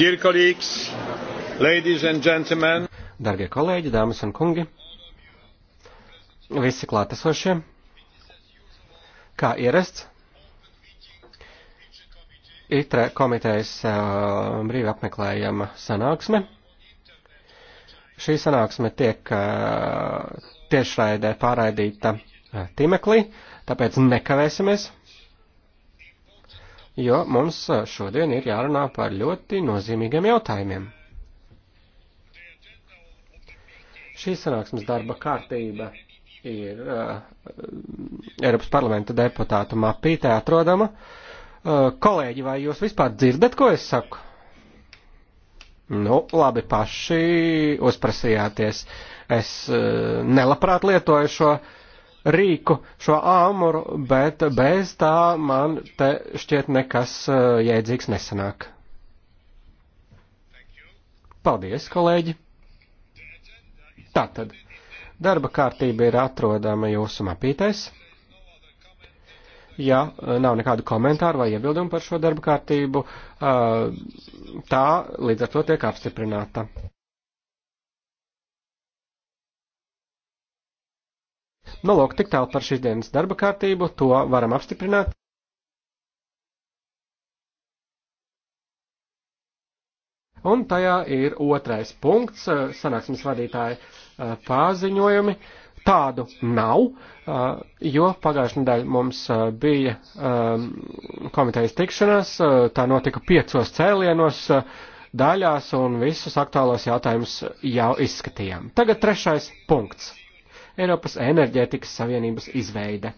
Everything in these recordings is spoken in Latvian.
Dear colleagues, ladies and gentlemen. Dargie kolēģi, dāmas un kungi, visi klātesošie, kā ierasts, ITRE komitejas uh, brīvi apmeklējama sanāksme. Šī sanāksme tiek uh, tiešraidē pārraidīta uh, Timeklī, tāpēc nekavēsimies jo mums šodien ir jārunā par ļoti nozīmīgiem jautājumiem. Šīs sanāksmes darba kārtība ir uh, Eiropas parlamenta deputātu mapītē atrodama. Uh, kolēģi, vai jūs vispār dzirdat, ko es saku? Nu, labi, paši uzprasījāties. Es uh, nelabprāt lietoju šo uh, rīku, šo āmuru, bet bez tā man te šķiet nekas e, jēdzīgs nesanāk. Paldies, kolēģi! Tātad, darba kārtība ir atrodama jūsu mapītēs. Ja nav nekādu komentāru vai iebildumu par šo darba kārtību, e, tā līdz ar to tiek apstiprināta. Nu, lūk, tik tālu par šīs dienas darba kārtību, to varam apstiprināt. Un tajā ir otrais punkts, eh, sanāksmes vadītāja eh, pārziņojumi. Tādu nav, eh, jo pagājušajā nedēļā mums bija ehm, komitejas tikšanās, tā notika piecos cēlienos, daļās un visus aktuālos jautājumus jau izskatījām. Tagad trešais punkts. Eiropas enerģētikas savienības izveide.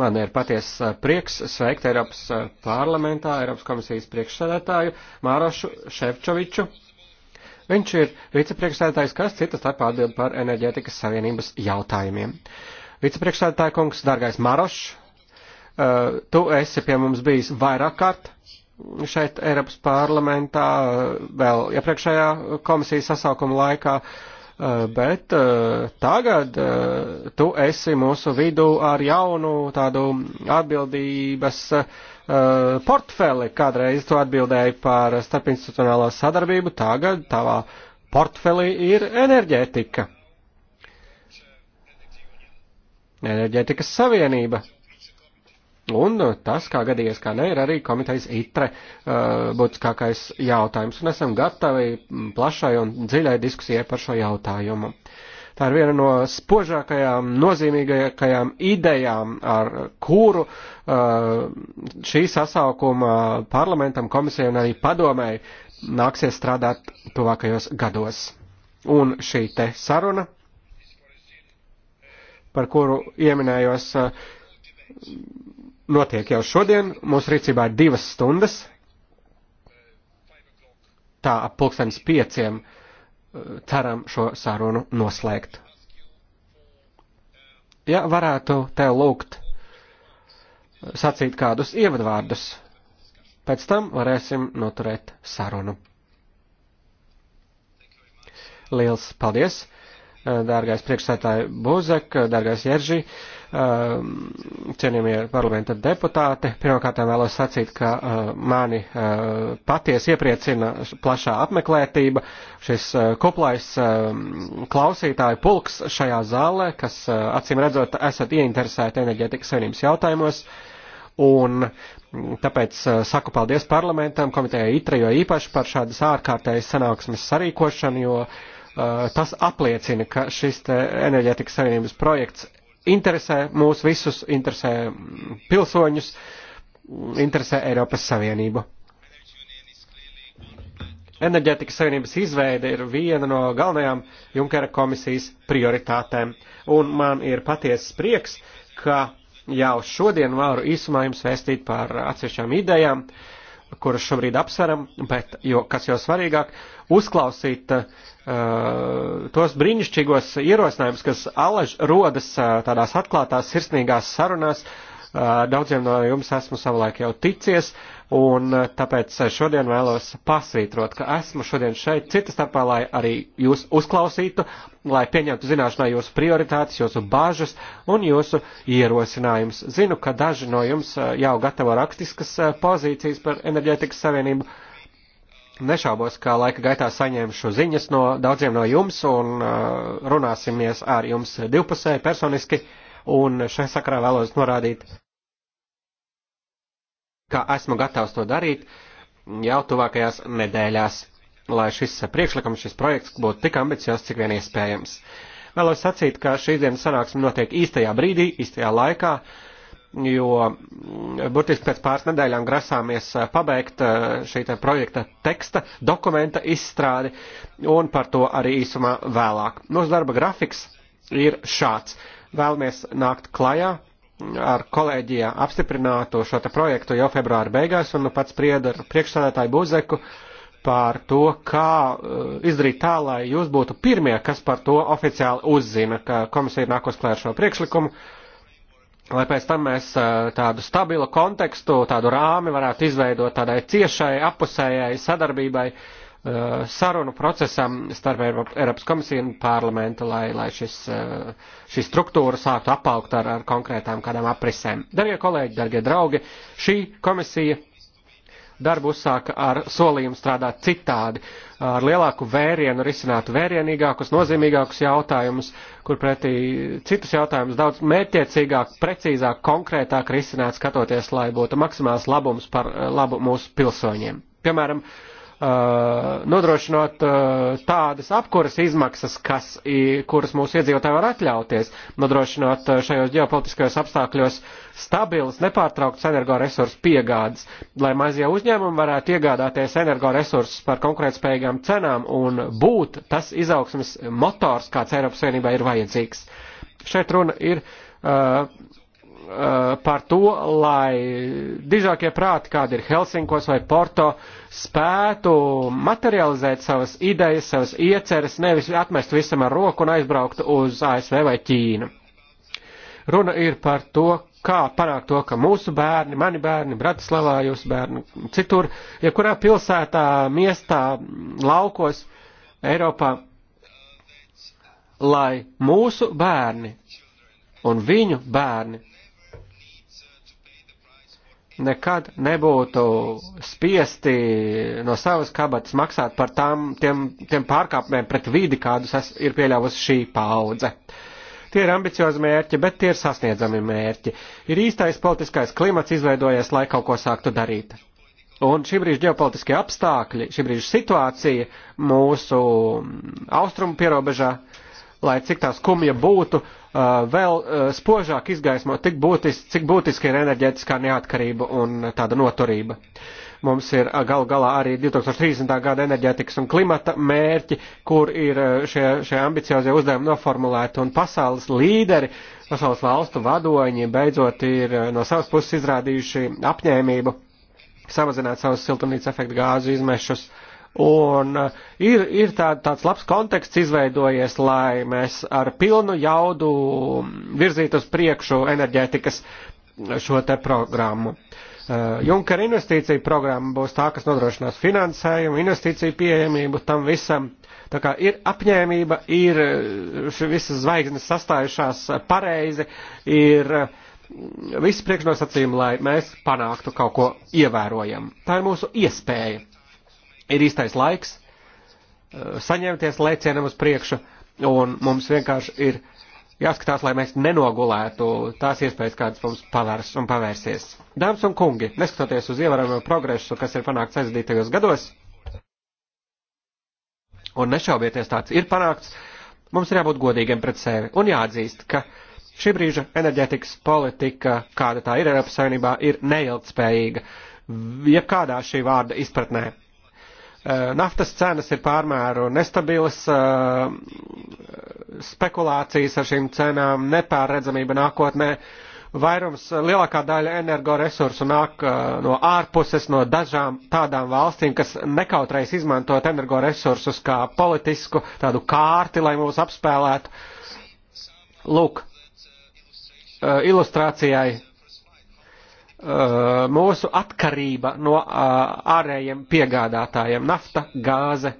Man ir paties prieks sveikt Eiropas parlamentā Eiropas komisijas priekšsēdētāju Mārošu Ševčoviču. Viņš ir vicepriekšsēdētājs, kas cita starpā atbild par enerģētikas savienības jautājumiem. Vicepriekšsēdētāja kungs, dārgais Marošs, tu esi pie mums bijis vairāk kārt šeit Eiropas parlamentā, vēl iepriekšējā komisijas sasaukuma laikā. Uh, Eh, bet eh, tagad eh, tu esi mūsu vidū ar jaunu tādu atbildības portfeli. Kādreiz tu atbildēji par starpinstitucionālo sadarbību, tagad tavā portfelī ir enerģētika. Enerģētikas savienība. Un uh, tas, kā gadījies, kā ne, ir arī komitejas itre uh, būtiskākais jautājums. Un esam gatavi plašai un dziļai diskusijai par šo jautājumu. Tā ir viena no spožākajām, nozīmīgākajām idejām, ar kuru uh, šī sasaukuma parlamentam, komisijai un arī padomēji nāksies strādāt tuvākajos gados. Un šī te saruna, par kuru ieminējos, uh, notiek jau šodien. Mūsu rīcībā ir divas stundas. Tā ap pulkstens pieciem uh, ceram šo sarunu noslēgt. Ja varētu tev lūgt uh, sacīt kādus ievadvārdus, pēc tam varēsim noturēt sarunu. Liels paldies, uh, dārgais priekšsētāji Buzek, dārgais Jerži. Ehm, cienījamie parlamenta deputāti. Pirmkārt, vēlos sacīt, ka eh, mani eh, patiesi iepriecina plašā apmeklētība, šis eh, kuplais ehm, klausītāju pulks šajā zālē, kas acīm redzot esat ieinteresēti enerģētikas savienības jautājumos. Un mm, tāpēc saku paldies parlamentam, komitējai ITRA, jo īpaši par šādas ārkārtējas sanāksmes sarīkošanu, jo uh, tas apliecina, ka šis enerģētikas savienības projekts interesē mūs visus, interesē pilsoņus, interesē Eiropas Savienību. Enerģētikas savienības izveide ir viena no galvenajām Junkera komisijas prioritātēm, un man ir patiesas prieks, ka jau šodien varu īsumā jums vēstīt par atsevišķām idejām, uh, kuras šobrīd apsveram, bet, jo, kas jau svarīgāk, uzklausīt uh, tos brīnišķīgos ierosinājumus, kas alaž rodas uh, tādās atklātās, sirsnīgās sarunās uh, Daudziem no jums esmu savulaik jau ticies, un tāpēc šodien vēlos pasvītrot, ka esmu šodien šeit cita starpā, lai arī jūs uzklausītu, lai pieņemtu zināšanā jūsu prioritātes, jūsu bāžas un jūsu ierosinājums. Zinu, ka daži no jums jau gatavo rakstiskas pozīcijas par enerģētikas savienību nešaubos, ka laika gaitā saņemšu ziņas no daudziem no jums un uh, runāsimies ar jums divpusēji personiski. Uh, un šai sakarā vēlos norādīt, ka esmu gatavs to darīt jau tuvākajās nedēļās, lai šis priekšlikums, šis projekts būtu tik ambiciozs, cik vien iespējams. Vēlos sacīt, ka šīs dienas sanāksme notiek īstajā brīdī, īstajā laikā, jo mm, burtiski pēc pāris nedēļām grasāmies eh, pabeigt eh, šī te projekta teksta, dokumenta izstrādi un par to arī īsumā vēlāk. Mūsu darba grafiks ir šāds vēlamies nākt klajā ar kolēģijā apstiprinātu šo te projektu jau februāra beigās un nu pats pried ar priekšsādātāju Buzeku par to, kā uh, izdarīt tā, lai jūs būtu pirmie, kas par to oficiāli uzzina, ka komisija ir nākos klēr šo priekšlikumu, lai pēc tam mēs uh, tādu stabilu kontekstu, tādu rāmi varētu izveidot tādai ciešai, apusējai sadarbībai uh, Uh, sarunu procesam starp Eiropas komisiju un parlamentu, lai, lai šis, uh, šī struktūra sāktu apaugt ar, ar konkrētām kādām aprisēm. Darbie kolēģi, darbie draugi, šī komisija darbu uzsāka ar solījumu strādāt citādi, ar lielāku vērienu risināt vērienīgākus, nozīmīgākus jautājumus, kur pretī citus jautājumus daudz mērķiecīgāk, precīzāk, konkrētāk risināt, skatoties, lai būtu maksimāls labums par labu mūsu pilsoņiem. Piemēram, uh, Uh, nodrošinot uh, tādas apkuras izmaksas, kas, kuras mūsu iedzīvotāji var atļauties, nodrošinot uh, šajos ģeopolitiskajos apstākļos stabilas, nepārtrauktas energoresursu piegādes, lai mazie uzņēmumi varētu iegādāties energoresursus par konkurētspējīgām cenām un būt tas izaugsmes motors, kāds Eiropas Savienībā ir vajadzīgs. Šeit runa ir uh, Eh, par to, lai dižākie prāti, kādi ir Helsinkos vai Porto, spētu materializēt savas idejas, savas ieceres, nevis atmest visam ar roku un aizbraukt uz ASV vai Ķīnu. Runa ir par to, kā panākt to, ka mūsu bērni, mani bērni, Bratislavā, jūsu bērni, citur, jebkurā ja pilsētā, miestā, laukos, Eiropā, lai mūsu bērni un viņu bērni nekad nebūtu spiesti no savas kabatas maksāt par tām, tiem, tiem pārkāpumiem pret vidi, kādus es, ir pieļāvusi šī paudze. Tie ir ambiciozi mērķi, bet tie ir sasniedzami mērķi. Ir īstais politiskais klimats izveidojies, lai kaut ko sāktu darīt. Un šī brīža ģeopolitiskie apstākļi, šī brīža situācija mūsu austrumu pierobežā, lai cik tā skumja būtu, uh, Uh, vēl uh, spožāk izgaismo, tik būtis, cik būtiski ir enerģētiskā neatkarība un tāda noturība. Mums ir uh, gal galā arī 2030. gada enerģētikas un klimata mērķi, kur ir šie, šie ambiciozie uzdevumi noformulēti un pasaules līderi, pasaules valstu vadoņi beidzot ir no savas puses izrādījuši apņēmību samazināt savus siltumnīca efektu gāzu izmešus uh, Un eh, ir, ir tā, tāds labs konteksts izveidojies, lai mēs ar pilnu jaudu virzītu uz priekšu enerģētikas eh, šo te programmu. Eh, Junker investīcija programma būs tā, kas nodrošinās finansējumu, investīciju pieejamību tam visam. Tā kā ir apņēmība, ir visas zvaigznes sastājušās pareizi, ir viss priekšnosacījumi, lai mēs panāktu kaut ko ievērojamu. Tā ir mūsu iespēja ir īstais laiks eh, saņemties lecienam uz priekšu, un mums vienkārši ir jāskatās, lai mēs nenogulētu tās iespējas, kādas mums pavērs un pavērsies. Dāmas un kungi, neskatoties uz ievērojamo progresu, kas ir panākts aizdītajos gados, un nešaubieties tāds ir panākts, mums ir jābūt godīgiem pret sevi un jāatzīst, ka šī brīža enerģētikas politika, kāda tā ir Eiropas Savienībā, ir neilgtspējīga, jebkādā šī vārda izpratnē Eh, naftas cenas ir pārmēru nestabilas, eh, spekulācijas ar šīm cenām, nepārredzamība nākotnē. Vairums eh, lielākā daļa energoresursu nāk no ārpuses, no dažām tādām valstīm, kas nekautreiz izmantot energoresursus kā politisku tādu kārti, lai mūs apspēlētu. Lūk, ilustrācijai Eh, mūsu atkarība no eh, ārējiem piegādātājiem - nafta, gāze.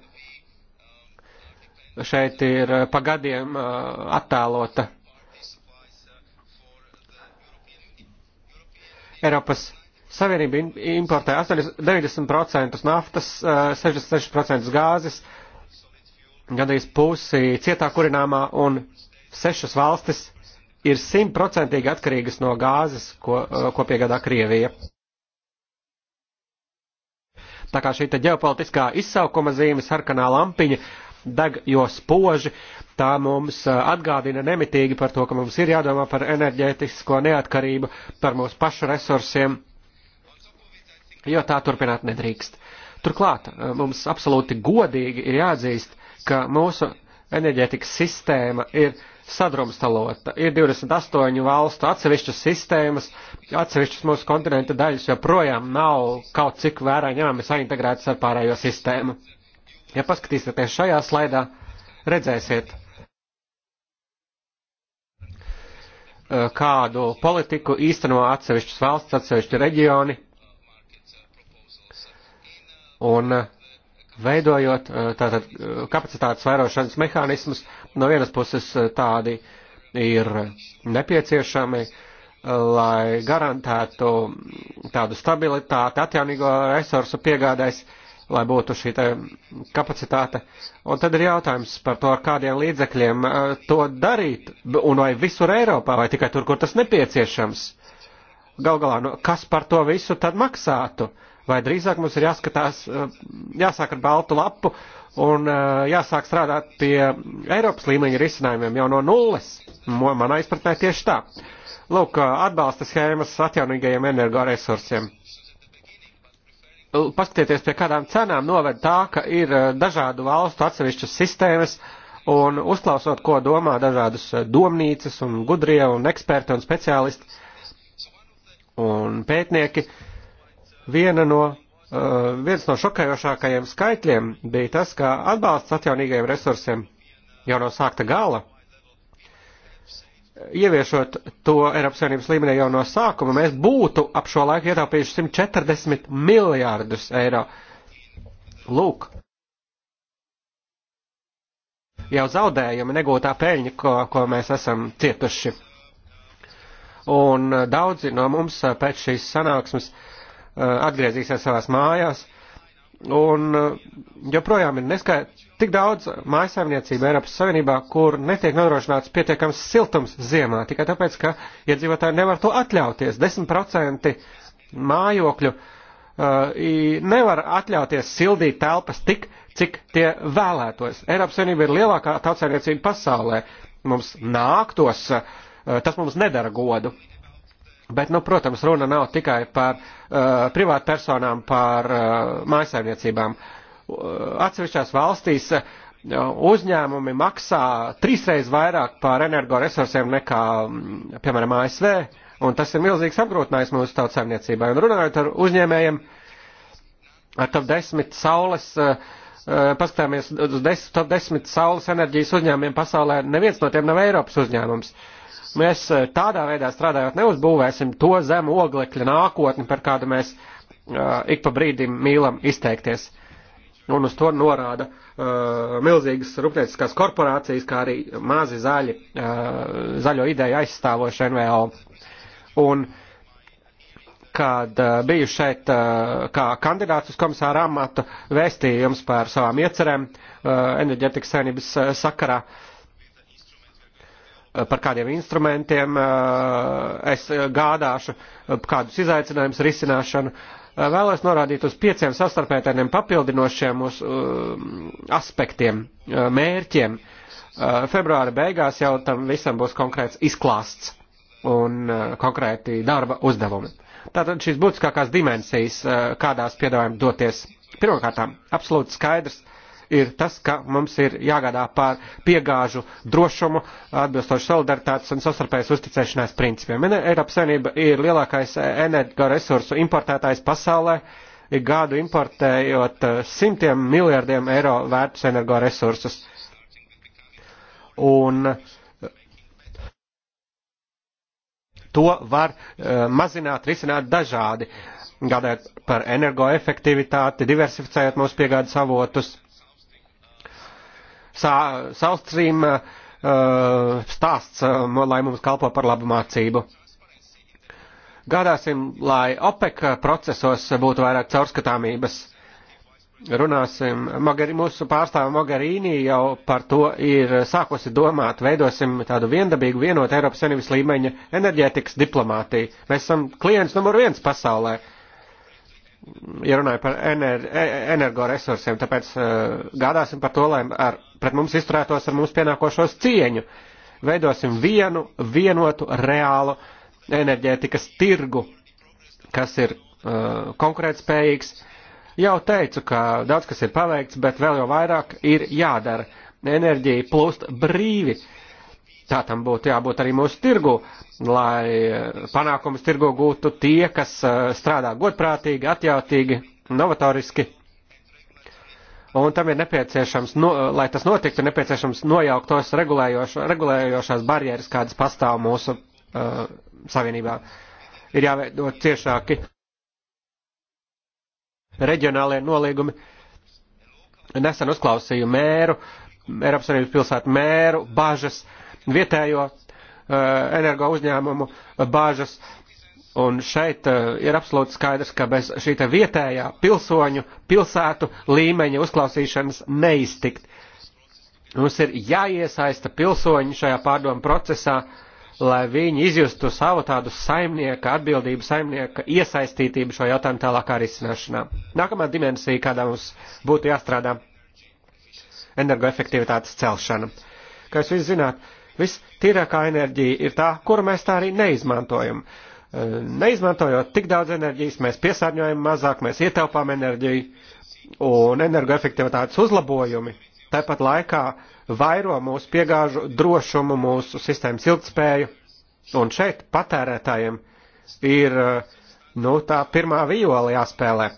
Šeit ir eh, pagadiem attēlota Eiropas Savienība importē 90% naftas, 66% gāzes, gandrīz pusi cietā kurināmā un sešas valstis ir simtprocentīgi atkarīgas no gāzes, ko, eh, ko piegādā Krievija. Tā kā šī ģeopolitiskā izsaukuma zīme, sarkanā lampiņa, deg jo spoži, tā mums eh, atgādina nemitīgi par to, ka mums ir jādomā par enerģētisko neatkarību, par mūsu pašu resursiem, jo tā turpināt nedrīkst. Turklāt eh, mums absolūti godīgi ir jāatzīst, ka mūsu enerģētikas sistēma ir uh, sadrumstalota. Ir 28 valstu atsevišķas sistēmas, atsevišķas mūsu kontinenta daļas joprojām nav kaut cik vērā ņemami saintegrētas ar pārējo sistēmu. Ja paskatīsieties šajā slaidā, redzēsiet, eh, kādu politiku īsteno atsevišķas valsts, atsevišķi reģioni. Un uh, veidojot eh, tātad eh, kapacitātes vairošanas mehānismus, no vienas puses eh, tādi ir nepieciešami, lai garantētu tādu stabilitāti atjaunīgo resursu piegādais, lai būtu šī kapacitāte. Un tad ir jautājums par to, ar kādiem līdzekļiem to darīt, un vai visur Eiropā, vai tikai tur, kur tas nepieciešams. Gal galā, nu, kas par to visu tad maksātu? Uh, vai drīzāk mums ir jāskatās, eh, jāsāk ar baltu lapu un eh, jāsāk strādāt pie Eiropas līmeņa risinājumiem jau no nulles. Manā izpratnē tieši tā. Lūk, eh, atbalsta schēmas atjaunīgajiem energoresursiem. Paskatieties, pie kādām cenām noved tā, ka ir dažādu valstu atsevišķas sistēmas, un uzklausot, ko domā dažādas domnīcas un gudrie un eksperti un speciālisti un pētnieki, uh, Viena no, eh, viens no šokējošākajiem skaitļiem bija tas, ka atbalsts atjaunīgajiem resursiem jau no sākta gala ieviešot to Eiropas Savienības līmenī jau no sākuma, mēs būtu ap šo laiku ietaupījuši 140 miljārdus eiro. Lūk, jau zaudējumi, negūtā peļņa, ko, ko mēs esam cietuši. Un eh, daudzi no mums eh, pēc šīs sanāksmes uh, Eh, atgriezīsies savās mājās. Un eh, joprojām ir neskaidrs, tik daudz mājasēmniecība Eiropas Savienībā, kur netiek nodrošināts pietiekams siltums ziemā, tikai tāpēc, ka iedzīvotāji nevar to atļauties. 10% mājokļu uh, nevar atļauties sildīt telpas tik, cik tie vēlētos. Eiropas Savienība ir lielākā tautsēmniecība pasaulē. Mums nāktos, uh, tas mums nedara godu. Bet, nu, protams, runa nav tikai par uh, privātpersonām, par uh, eh, mājasaimniecībām. Uh, eh, atsevišķās valstīs uh, uzņēmumi maksā trīsreiz vairāk par energoresursiem nekā, mm, piemēram, ASV, un tas ir milzīgs apgrūtinājums mūsu tautsaimniecībai. Un runājot ar uzņēmējiem, ar top desmit saules, paskatāmies uz top desmit saules enerģijas uzņēmumiem pasaulē, neviens no tiem nav Eiropas uzņēmums. Uh, Mēs eh, tādā veidā strādājot neuzbūvēsim to zemu oglekļa nākotni, par kādu mēs uh, ik pa brīdim mīlam izteikties. Un uz to norāda uh, milzīgas rūpnieciskās korporācijas, kā arī mazi zaļi, uh, zaļo ideju aizstāvoši NVO. Un kad uh, biju šeit uh, kā kandidāts uz komisāra amatu, vēstījums par savām iecerēm uh, enerģetikas savienības uh, sakarā. Uh, Eh, par kādiem instrumentiem eh, es gādāšu, eh, kādus izaicinājumus risināšanu. Vēlos norādīt uz pieciem sastarpētēniem papildinošiem uz aspektiem, mērķiem. Februāra beigās jau tam visam būs konkrēts izklāsts un konkrēti darba uzdevumi. Tātad šīs būtiskākās dimensijas, kādās piedāvājam doties. Pirmkārtām, absolūti skaidrs, ir tas, ka mums ir jāgādā par piegāžu drošumu atbilstoši solidaritātes un sastarpējas uzticēšanās principiem. Eiropas Savienība ir lielākais eh, energoresursu importētājs pasaulē, ik gādu importējot eh, simtiem miljardiem eiro vērtus energoresursus. Un uh, to var uh, mazināt, risināt dažādi, gādājot par energoefektivitāti, diversificējot mūsu piegādes avotus, South Stream uh, stāsts, um, lai mums kalpo par labu mācību. Gādāsim, lai OPEC procesos būtu vairāk caurskatāmības. Runāsim, Magari, mūsu pārstāva Mogarīnī jau par to ir sākusi domāt, veidosim tādu viendabīgu vienotu Eiropas Savienības līmeņa enerģētikas diplomātiju. Mēs esam klients numur viens pasaulē. Uh, ja runāju par ener, e, energoresursiem, tāpēc e, gādāsim par to, lai ar, pret mums izturētos ar mums pienākošos cieņu. Veidosim vienu vienotu reālu enerģētikas tirgu, kas ir uh, konkurētspējīgs. Jau teicu, ka daudz kas ir paveikts, bet vēl jau vairāk ir jādara. Enerģija plūst brīvi. Uh, Tā tam būtu jābūt arī mūsu tirgu, lai panākumus tirgu gūtu tie, kas strādā godprātīgi, atjautīgi, novatoriski. Un tam ir nepieciešams, no, lai tas notiktu, nepieciešams nojauktos regulējošās barjeras, kādas pastāv mūsu uh, savienībā. Ir jāveido ciešāki reģionālie nolīgumi. Nesen uzklausīju mēru, Eiropas Savienības pilsētu mēru bažas uh, vietējo eh, energo uzņēmumu bāžas. Un šeit eh, ir absolūti skaidrs, ka bez šī te vietējā pilsoņu, pilsētu līmeņa uzklausīšanas neiztikt. Mums ir jāiesaista pilsoņi šajā pārdomu procesā, lai viņi izjustu savu tādu saimnieka atbildību, saimnieka iesaistītību šo jautājumu tālākā risināšanā. Nākamā dimensija, kādā mums būtu jāstrādā, energoefektivitātes celšana. Kā jūs visi zināt, uh, Viss tīrākā enerģija ir tā, kuru mēs tā arī neizmantojam. Eh, neizmantojot tik daudz enerģijas, mēs piesārņojam mazāk, mēs ietaupām enerģiju un energoefektivitātes uzlabojumi. Tāpat laikā vairo mūsu piegāžu drošumu, mūsu sistēmas ilgtspēju. Un šeit patērētājiem ir eh, nu, tā pirmā viola jāspēlē.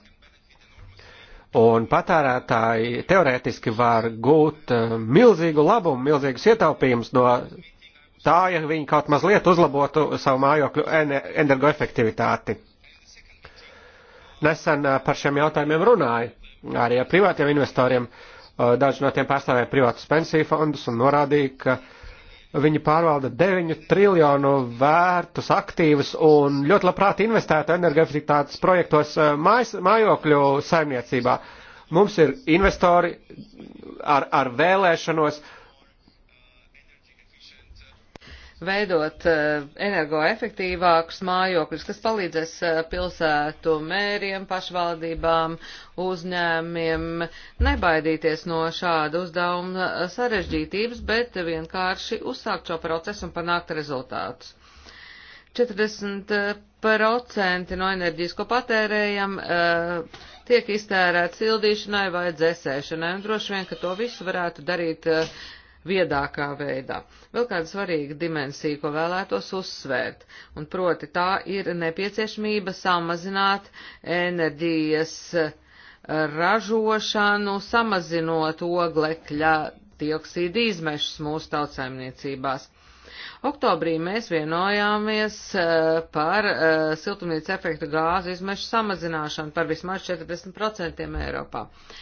Un patērētāji teorētiski var gūt eh, milzīgu labumu, milzīgus ietaupījumus no tā, ja viņi kaut mazliet uzlabotu savu mājokļu energoefektivitāti. Nesen eh, par šiem jautājumiem runāju arī ar privātiem investoriem. Eh, daži no tiem pārstāvēja privātus pensiju fondus un norādīja, ka uh, Viņi pārvalda 9 triljonu vērtus aktīvus un ļoti labprāt investētu energoefektivitātes projektos eh, mājas, mājokļu saimniecībā. Mums ir investori ar, ar vēlēšanos veidot eh, energoefektīvākus mājokļus, kas palīdzēs eh, pilsētu mēriem, pašvaldībām, uzņēmiem nebaidīties no šāda uzdevuma sarežģītības, bet vienkārši uzsākt šo procesu un panākt rezultātus. 40% no enerģijas, ko patērējam, eh, tiek iztērēts sildīšanai vai dzēsēšanai, un droši vien, ka to visu varētu darīt viedākā veidā. Vēl kāda svarīga dimensija, ko vēlētos uzsvērt, un proti tā ir nepieciešamība samazināt enerģijas eh, ražošanu, samazinot oglekļa dioksīda izmešus mūsu tautsaimniecībās. Oktobrī mēs vienojāmies eh, par eh, siltumnīca efekta gāzu izmešu samazināšanu par vismaz 40% Eiropā. Uh,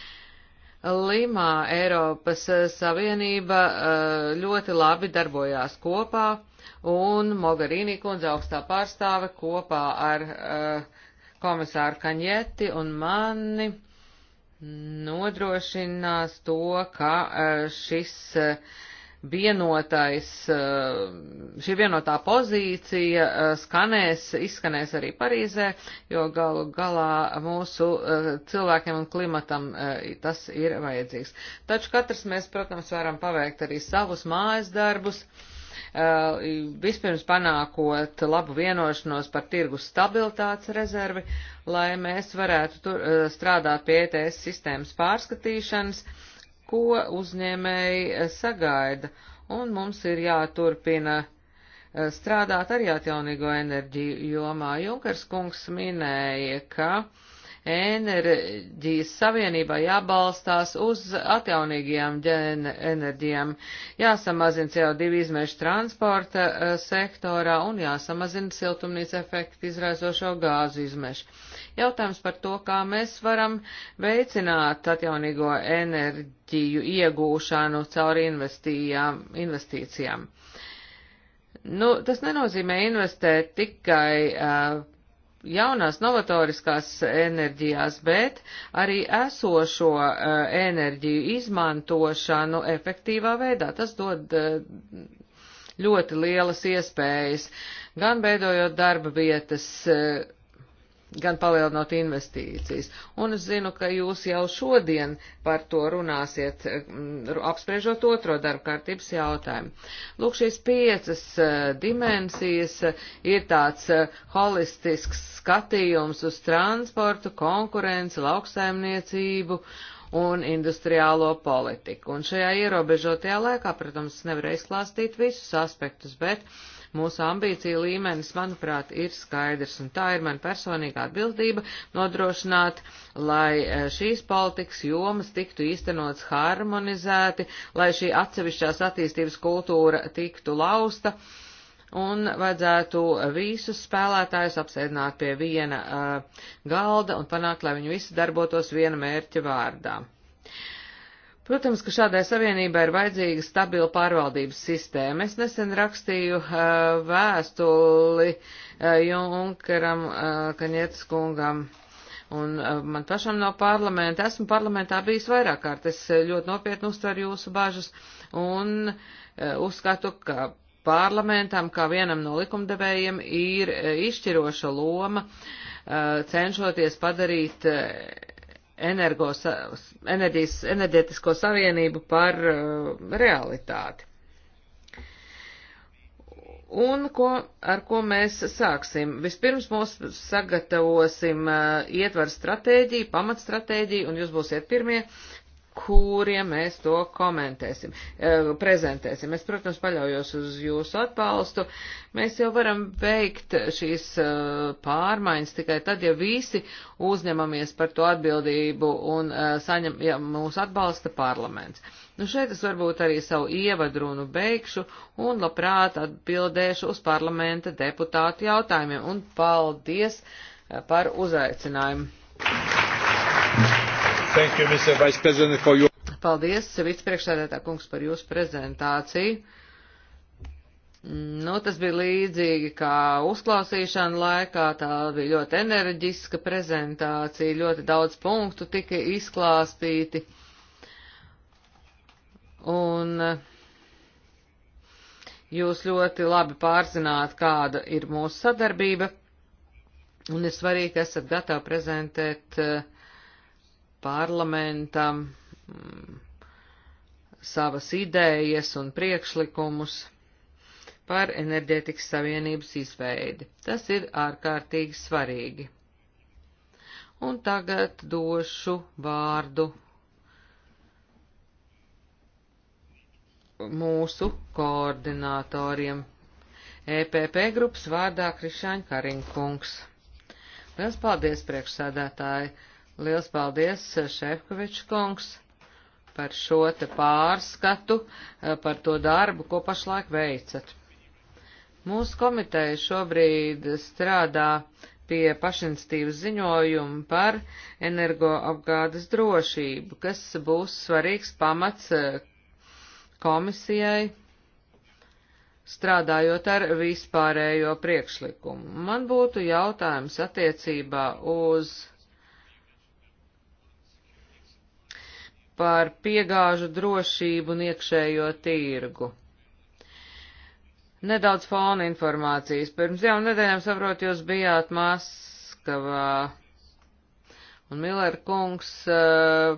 Limā Eiropas eh, Savienība eh, ļoti labi darbojās kopā, un Mogherini kundze augstā pārstāve kopā ar eh, komisāru Kaņeti un mani nodrošinās to, ka šis uh, vienotais, eh, šī vienotā pozīcija eh, skanēs, izskanēs arī Parīzē, jo galu galā mūsu eh, cilvēkiem un klimatam tas ir vajadzīgs. Taču katrs mēs, protams, varam paveikt arī savus mājas darbus. Vispirms panākot labu vienošanos par tirgus stabilitātes rezervi, lai mēs varētu tur, strādāt pie ETS sistēmas pārskatīšanas, uh, ko uzņēmēji eh, sagaida, un mums ir jāturpina eh, strādāt arī atjaunīgo enerģiju jomā. Junkers kungs minēja, ka enerģijas savienībā jābalstās uz atjaunīgajām enerģijām, jāsamazina CO2 izmešu transporta eh, sektorā un jāsamazina siltumnīca efektu izraisošo gāzu izmešu. Jautājums par to, kā mēs varam veicināt atjaunīgo enerģiju iegūšanu caur investīcijām. Nu, tas nenozīmē investēt tikai uh, jaunās novatoriskās enerģijās, bet arī esošo eh, enerģiju izmantošanu efektīvā veidā. Tas dod eh, ļoti lielas iespējas, gan veidojot darba vietas, eh, gan palielinot investīcijas. Un es zinu, ka jūs jau šodien par to runāsiet, mm, apspriežot otro darba kārtības jautājumu. Lūk, šīs piecas eh, dimensijas eh, ir tāds eh, holistisks skatījums uz transportu, konkurenci, lauksaimniecību un industriālo politiku. Un šajā ierobežotajā laikā, protams, nevar izklāstīt visus aspektus, bet uh, Mūsu ambīcija līmenis, manuprāt, ir skaidrs, un tā ir man personīgā atbildība nodrošināt, lai e, šīs politikas jomas tiktu īstenots harmonizēti, lai šī atsevišķās attīstības kultūra tiktu lausta un vajadzētu visus spēlētājus apsēdināt pie viena uh, galda un panākt, lai viņi visi darbotos viena mērķa vārdā. Protams, ka šādai savienībai ir vajadzīga stabila pārvaldības sistēma. Es nesen rakstīju uh, vēstuli uh, Junkaram, uh, Kaņietas kungam. Un uh, man pašam no parlamenta, esmu parlamentā bijis vairāk kārt, es uh, ļoti nopietni uztveru jūsu bažas un uh, uzskatu, ka parlamentam, kā vienam no likumdevējiem, ir uh, izšķiroša loma uh, cenšoties padarīt energos, enerģijas, enerģetisko savienību par uh, realitāti. Un ko, ar ko mēs sāksim? Vispirms mūs sagatavosim uh, ietvaru stratēģiju, pamatstratēģiju, un jūs būsiet pirmie, kuriem mēs to komentēsim, e, prezentēsim. Es, protams, paļaujos uz jūsu atbalstu. Mēs jau varam veikt šīs e, pārmaiņas tikai tad, ja visi uzņemamies par to atbildību un e, saņem ja mūsu atbalsta parlaments. Nu, šeit es varbūt arī savu ievadrunu beigšu un labprāt atbildēšu uz parlamenta deputātu jautājumiem un paldies par uzaicinājumu. Thank you, Mr. Vice President, for your... Paldies, vicepriekšsēdētā kungs, par jūsu prezentāciju. Nu, tas bija līdzīgi kā uzklausīšana laikā, tā bija ļoti enerģiska prezentācija, ļoti daudz punktu tika izklāstīti. Un jūs ļoti labi pārzināt, kāda ir mūsu sadarbība, un ir svarīgi, ka esat gatavi prezentēt uh, parlamentam mm, savas idejas un priekšlikumus par enerģētikas savienības izveidi. Tas ir ārkārtīgi svarīgi. Un tagad došu vārdu mūsu koordinatoriem. EPP grupas vārdā Krišāņa Karinkungs. Liels paldies, priekšsēdētāji! Liels paldies, eh, Šefkovičs kungs, par šo te pārskatu, eh, par to darbu, ko pašlaik veicat. Mūsu komiteja šobrīd strādā pie pašinstīvas ziņojuma par energoapgādes drošību, kas būs svarīgs pamats eh, komisijai, strādājot ar vispārējo priekšlikumu. Man būtu jautājums attiecībā uz par piegāžu drošību un iekšējo tirgu. Nedaudz fona informācijas. Pirms jau nedēļām saprot, jūs bijāt Maskavā, un Miller kungs uh,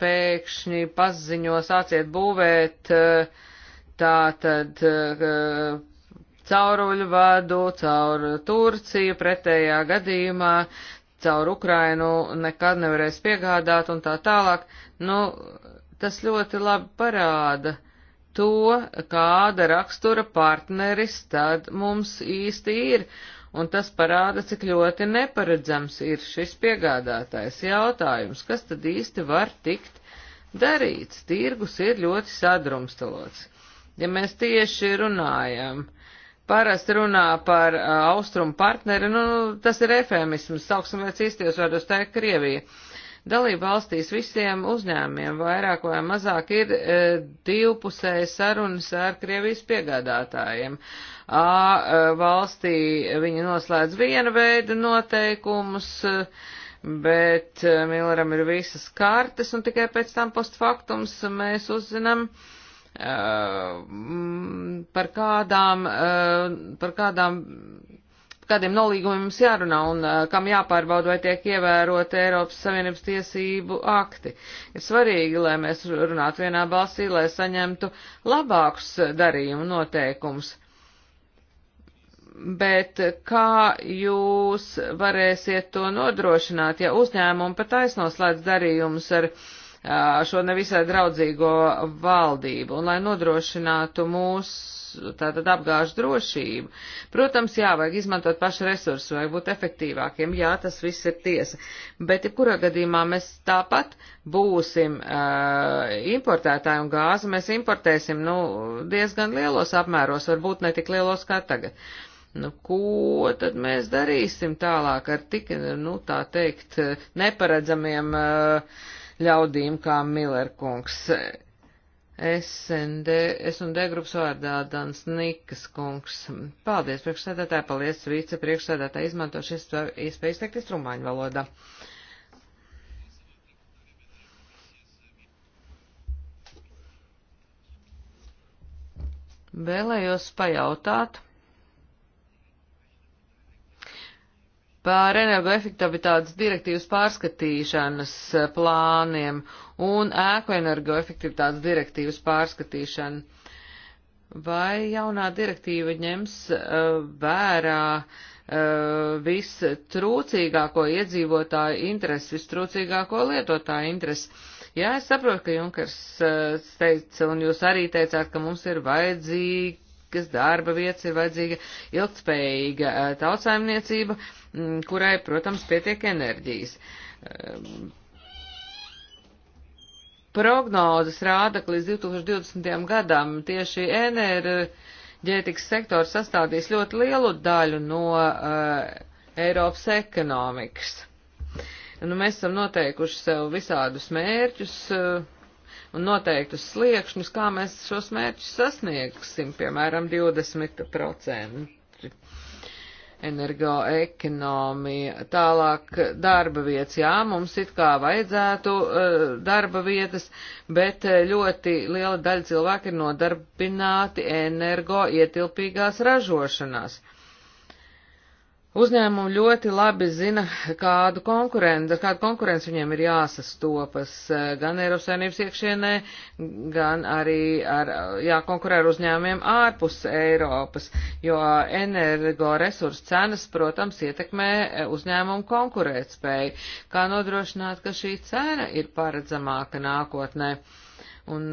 pēkšņi paziņo sāciet būvēt uh, eh, tā tad uh, eh, cauruļu vadu caur Turciju, pretējā gadījumā caur Ukrainu nekad nevarēs piegādāt un tā tālāk. Nu, tas ļoti labi parāda to, kāda rakstura partneris tad mums īsti ir, un tas parāda, cik ļoti neparedzams ir šis piegādātais jautājums, kas tad īsti var tikt darīts. Tirgus ir ļoti sadrumstalots. Ja mēs tieši runājam parasti runā par uh, austrumu partneri, nu, tas ir efēmisms, sauksim lietas īstajos vārdos, tā ir Krievija. Dalība valstīs visiem uzņēmiem vairāk vai mazāk ir e, uh, divpusēja sarunas ar Krievijas piegādātājiem. A, e, uh, valstī viņi noslēdz viena veida noteikumus, e, bet e, Milleram ir visas kartes, un tikai pēc tam postfaktums mēs uzzinām, e, Eh, mm, eh, par kādām, par kādām, kādiem nolīgumiem mums jārunā un eh, kam jāpārbauda, vai tiek ievērot Eiropas Savienības tiesību akti. Ir svarīgi, lai mēs runātu vienā balsī, lai saņemtu labākus darījumu noteikumus. Bet kā jūs varēsiet to nodrošināt, ja uzņēmumi pat aiznoslēdz darījumus ar uh, šo nevisai draudzīgo valdību un lai nodrošinātu mūsu tātad apgāžu drošību. Protams, jā, vajag izmantot pašu resursu, vajag būt efektīvākiem, jā, tas viss ir tiesa, bet jebkurā gadījumā mēs tāpat būsim uh, importētāji un gāzi mēs importēsim, nu, diezgan lielos apmēros, varbūt ne tik lielos kā tagad. Nu, ko tad mēs darīsim tālāk ar tik, nu, tā teikt, neparedzamiem uh, ļaudīm kā Millerkungs. SND, SND grupas vārdā Dans Nikas kungs. Paldies, priekšsēdētāji, paldies, vice priekšsēdētāji, izmanto šis iespēju izteikties rumāņu valodā. Vēlējos pajautāt. par energoefektivitātes direktīvas pārskatīšanas eh, plāniem un ēku energoefektivitātes direktīvas pārskatīšanu. Vai jaunā direktīva ņems uh, vērā uh, vistrūcīgāko iedzīvotāju interesi, vistrūcīgāko lietotāju interesi? Jā, es saprotu, ka Junkers uh, teica, un jūs arī teicāt, ka mums ir vajadzīgi kas darba vietas ir vajadzīga ilgtspējīga tautsaimniecība, kurai, protams, pietiek enerģijas. Prognozes rāda, ka līdz 2020. gadam tieši enerģētikas sektors sastādīs ļoti lielu daļu no uh, Eiropas ekonomikas. Nu, mēs esam noteikuši sev visādus mērķus, uh, un noteiktus sliekšņus, kā mēs šos mērķus sasniegsim, piemēram, 20% energoekonomija, tālāk darba vietas. Jā, mums it kā vajadzētu uh, darba vietas, bet eh, ļoti liela daļa cilvēku ir nodarbināti energo ietilpīgās ražošanās. Uh, Uzņēmumi ļoti labi zina, kādu konkurenci, ar kādu konkurenci viņiem ir jāsastopas eh, gan Eiropas saimnības iekšienē, gan arī ar, eh, jākonkurē ar uzņēmumiem ārpus Eiropas, jo energoresursu cenas, protams, ietekmē eh, uzņēmumu konkurētspēju. Kā nodrošināt, ka šī cena ir paredzamāka nākotnē? Un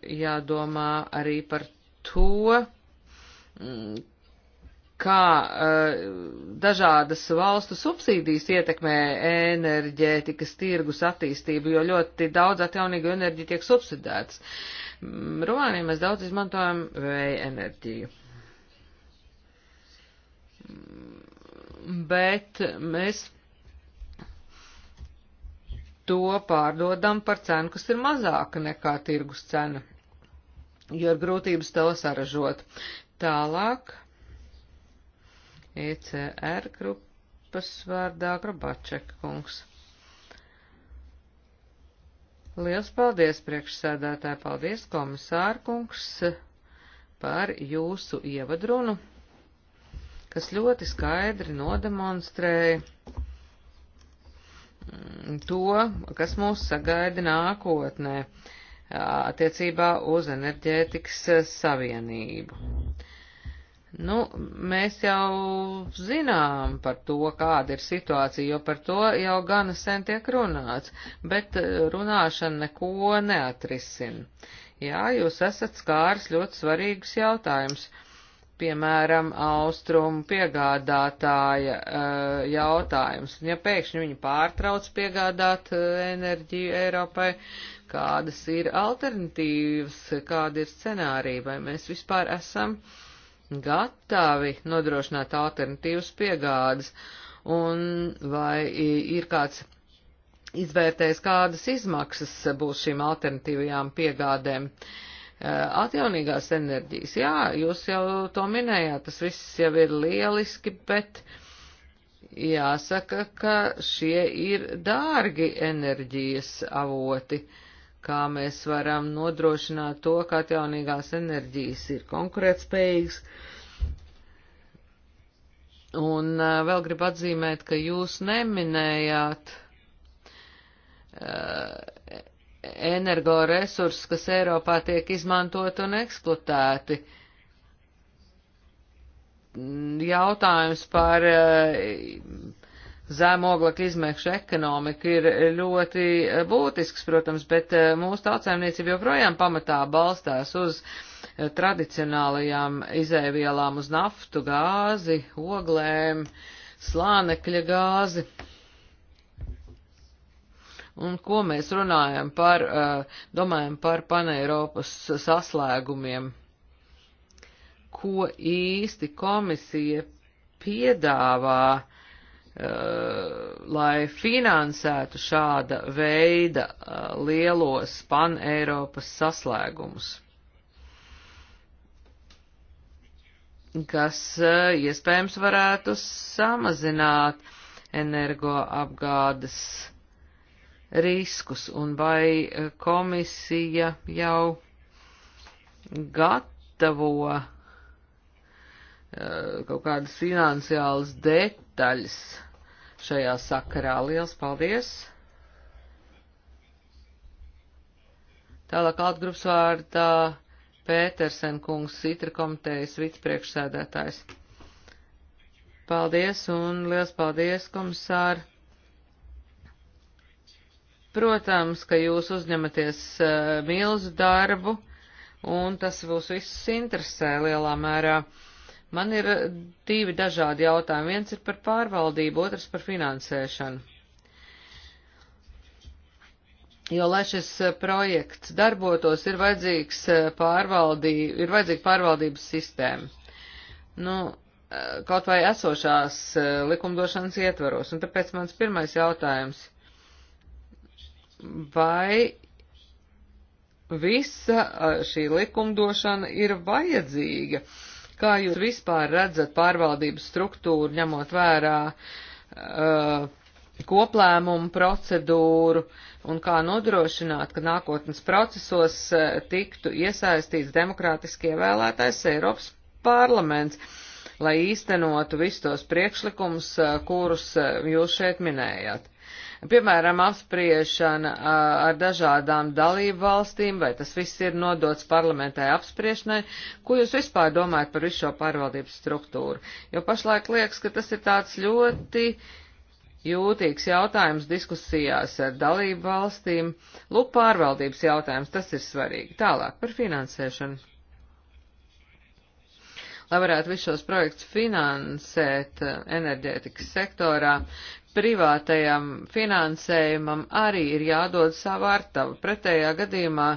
jādomā arī par to, mm, kā uh, dažādas valstu subsīdijas ietekmē enerģētikas tirgus attīstību, jo ļoti daudz atjaunīgu enerģiju tiek subsidēts. Mm, Rumānijā mēs daudz izmantojam vēja enerģiju. Mm, bet mēs to pārdodam par cenu, kas ir mazāka nekā tirgus cena, jo ir grūtības to saražot. Tālāk ECR grupas vārdā Grabačeka kungs. Liels paldies, priekšsēdētāji, paldies, komisārkungs, par jūsu ievadrunu, kas ļoti skaidri nodemonstrēja to, kas mūs sagaida nākotnē attiecībā uz enerģētikas savienību. Nu, mēs jau zinām par to, kāda ir situācija, jo par to jau gana sen tiek runāts, bet eh, runāšana neko neatrisina. Jā, jūs esat skārs ļoti svarīgus jautājumus. Piemēram, austrumu piegādātāja uh, jautājums. Ja pēkšņi viņi pārtrauc piegādāt uh, enerģiju Eiropai, kādas ir alternatīvas, kāda ir scenārija, vai mēs vispār esam uh, gatavi nodrošināt alternatīvas piegādes, un vai ir kāds izvērtējis, kādas izmaksas būs šīm alternatīvajām piegādēm. E, atjaunīgās enerģijas, jā, jūs jau to minējāt, tas viss jau ir lieliski, bet jāsaka, ka šie ir dārgi enerģijas avoti. Uh, kā mēs varam nodrošināt to, ka atjaunīgās enerģijas ir konkurētspējīgas. Un eh, vēl gribu atzīmēt, ka jūs neminējāt uh, energoresursus, kas Eiropā tiek izmantot un eksploatēti. Jautājums par uh, zemoglaka izmēkšu ekonomika ir ļoti eh, būtisks, protams, bet eh, mūsu tautsēmniecība joprojām pamatā balstās uz eh, tradicionālajām izēvielām, uz naftu, gāzi, oglēm, slānekļa gāzi. Un ko mēs runājam par, domājam par paneiropas saslēgumiem? Ko īsti komisija piedāvā? Uh, lai finansētu šāda veida uh, lielos paneiropas saslēgumus, kas uh, iespējams varētu samazināt energoapgādes riskus, un vai komisija jau gatavo kaut kādas finansiālas detaļas, sadaļas šajā sakarā. Liels paldies! Tālāk atgrups vārdā Pētersen kungs, Sitra komitejas vicepriekšsēdētājs. Paldies un liels paldies, komisāri! Protams, ka jūs uzņematies uh, milzu darbu, un tas būs viss interesē lielā mērā. Uh, Man ir eh, divi dažādi jautājumi. Viens ir par pārvaldību, otrs par finansēšanu. Jo, lai šis eh, projekts darbotos, ir, vajadzīgs eh, pārvaldī, ir vajadzīga pārvaldības sistēma. Nu, kaut vai esošās likumdošanas ietvaros. Un tāpēc mans pirmais jautājums. Vai visa šī likumdošana ir vajadzīga? Uh, Kā jūs vispār redzat pārvaldības struktūru, ņemot vērā uh, koplēmumu procedūru un kā nodrošināt, ka nākotnes procesos uh, tiktu iesaistīts demokrātiski ievēlētais Eiropas parlaments, lai īstenotu visus tos priekšlikumus, uh, kurus uh, jūs šeit minējāt? Piemēram, apspriešana ar dažādām dalību valstīm, vai tas viss ir nodots parlamentai apspriešanai, ko jūs vispār domājat par visu šo pārvaldības struktūru? Jo pašlaik liekas, ka tas ir tāds ļoti jūtīgs jautājums diskusijās ar dalību valstīm. Lūk, pārvaldības jautājums, tas ir svarīgi. Tālāk par finansēšanu. Lai varētu visus šos projektus finansēt enerģētikas sektorā, privātajam finansējumam arī ir jādod savu artavu. Pretējā gadījumā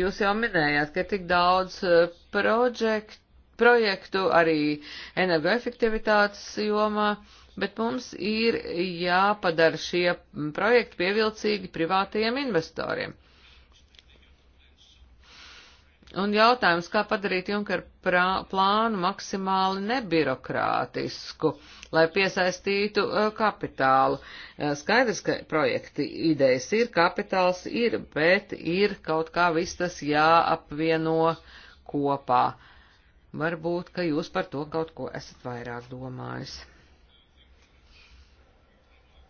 jūs jau minējāt, ka tik daudz e, projektu, projektu arī energoefektivitātes jomā, bet mums ir jāpadara šie projekti pievilcīgi privātajiem investoriem. Un jautājums, kā padarīt Junker plānu maksimāli nebirokrātisku, lai piesaistītu kapitālu. Skaidrs, ka projekti idejas ir, kapitāls ir, bet ir kaut kā viss tas jāapvieno kopā. Varbūt, ka jūs par to kaut ko esat vairāk domājis.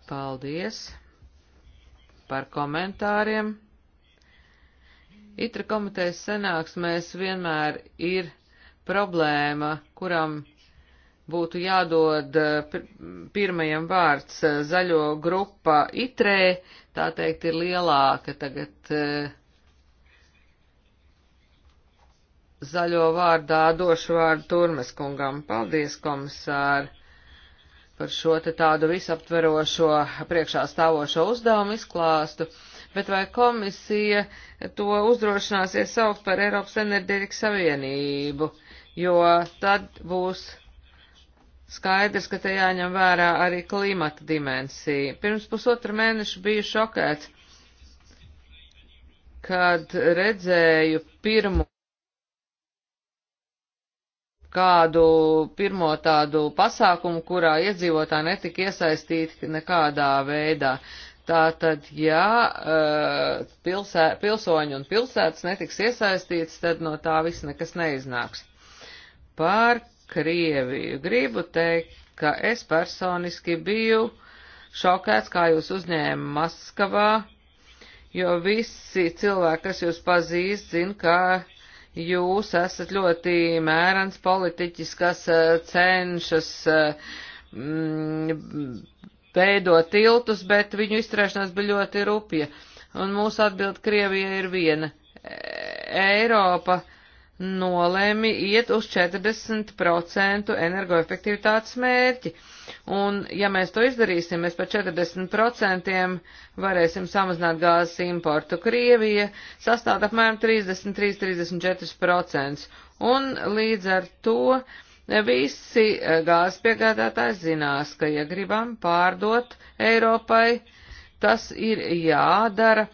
Paldies par komentāriem. Itra komitejas senāksmēs vienmēr ir problēma, kuram būtu jādod eh, pirmajam vārds eh, zaļo grupa itrē, tā teikt, ir lielāka tagad eh, zaļo vārdā došu vārdu Turmes kungam. Paldies, komisār, par šo te tādu visaptverošo priekšā stāvošo uzdevumu izklāstu bet vai komisija to uzdrošināsies saukt par Eiropas enerģētikas savienību, jo tad būs skaidrs, ka te jāņem vērā arī klimata dimensija. Pirms pusotra mēneša biju šokēts, kad redzēju pirmo kādu pirmo tādu pasākumu, kurā iedzīvotāji netika iesaistīti nekādā veidā. Tātad, ja uh, pilsē, pilsoņi un pilsētas netiks iesaistīts, tad no tā viss nekas neiznāks. Par Krieviju gribu teikt, ka es personiski biju šokēts, kā jūs uzņēma Maskavā, jo visi cilvēki, kas jūs pazīst, zina, ka jūs esat ļoti mērens politiķis, kas uh, cenšas uh, mm, veidot tiltus, bet viņu izturēšanās bija ļoti rupja. Un mūsu atbild Krievija ir viena. E, Eiropa nolēmi iet uz 40% energoefektivitātes mērķi. Un, ja mēs to izdarīsim, mēs par 40% varēsim samazināt gāzes importu. Krievija sastāv apmēram 33-34%. Un līdz ar to Visi eh, gāzes piegādātāji zinās, ka, ja gribam pārdot Eiropai, tas ir jādara.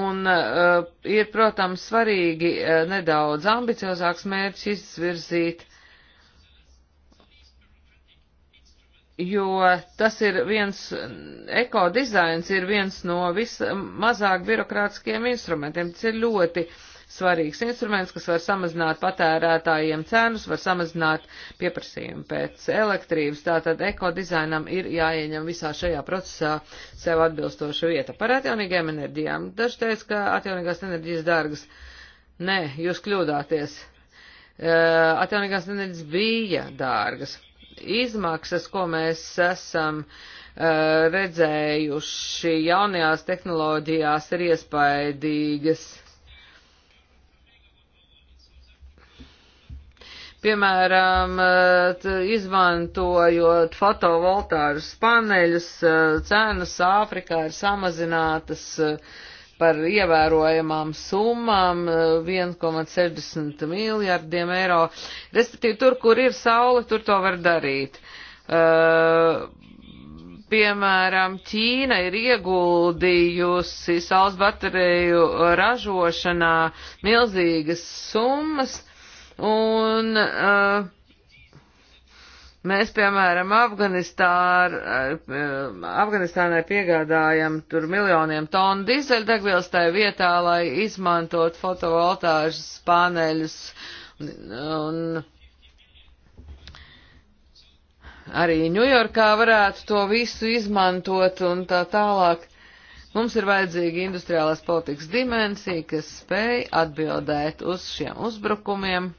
Un uh, ir, protams, svarīgi uh, nedaudz ambiciozāks mērķis izvirzīt, jo tas ir viens, ekodizains ir viens no vismazāk birokrātiskiem instrumentiem. Tas ir ļoti uh, svarīgs instruments, kas var samazināt patērētājiem cenus, var samazināt pieprasījumu pēc elektrības. Tātad ekodizainam ir jāieņem visā šajā procesā sev atbilstoša vieta. Par atjaunīgiem enerģijām. Daži teica, ka atjaunīgās enerģijas dārgas. Nē, jūs kļūdāties. Atjaunīgās enerģijas bija dārgas. Izmaksas, ko mēs esam redzējuši jaunajās tehnoloģijās ir iespaidīgas. Piemēram, eh, izmantojot fotovoltārus paneļus, eh, cenas Āfrikā ir samazinātas eh, par ievērojamām summām 1,60 miljardiem eiro. Respektīvi, tur, kur ir saule, tur to var darīt. Uh, piemēram, Ķīna ir ieguldījusi saules bateriju ražošanā milzīgas summas, Un uh, mēs, piemēram, Afganistānai eh, Afganistānai piegādājam tur miljoniem tonu dizeļdegvielas tajā vietā, lai izmantot fotovoltāžas paneļus un, un arī Ņujorkā varētu to visu izmantot un tā tālāk. Mums ir vajadzīga industriālās politikas dimensija, kas spēj atbildēt uz šiem uzbrukumiem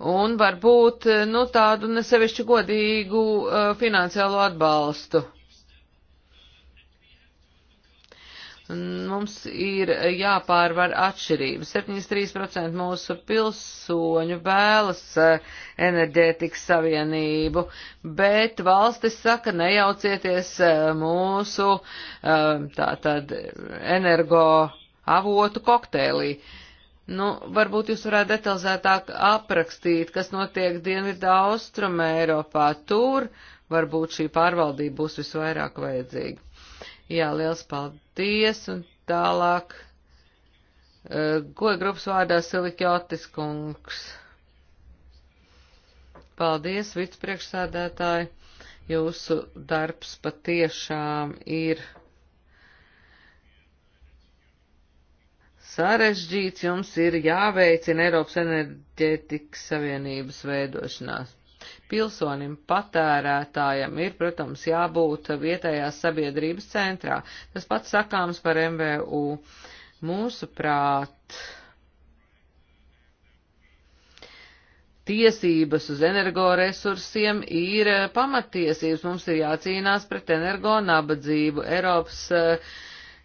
un varbūt eh, nu, tādu nesevišķi godīgu uh, finansiālo atbalstu. Mums ir jāpārvar atšķirības. 73% mūsu pilsoņu vēlas eh, enerģētikas savienību, bet valstis saka, nejaucieties mūsu tātad energo avotu kokteilī. Uh, Nu, varbūt jūs varētu detalizētāk aprakstīt, kas notiek Dienvidā Austrumē Eiropā. Tur varbūt šī pārvaldība būs visvairāk vajadzīga. Jā, liels paldies un tālāk. Eh, goja grupas vārdā Silikjotis kungs. Paldies, vicepriekšsādētāji. Jūsu darbs patiešām ir sarežģīts, jums ir jāveicina Eiropas enerģētikas savienības veidošanās. Pilsonim, patērētājam ir, protams, jābūt vietējās sabiedrības centrā. Tas pats sakāms par MVU. Mūsuprāt, tiesības uz energoresursiem ir pamatiesības. Mums ir jācīnās pret energo nabadzību. Eiropas uh,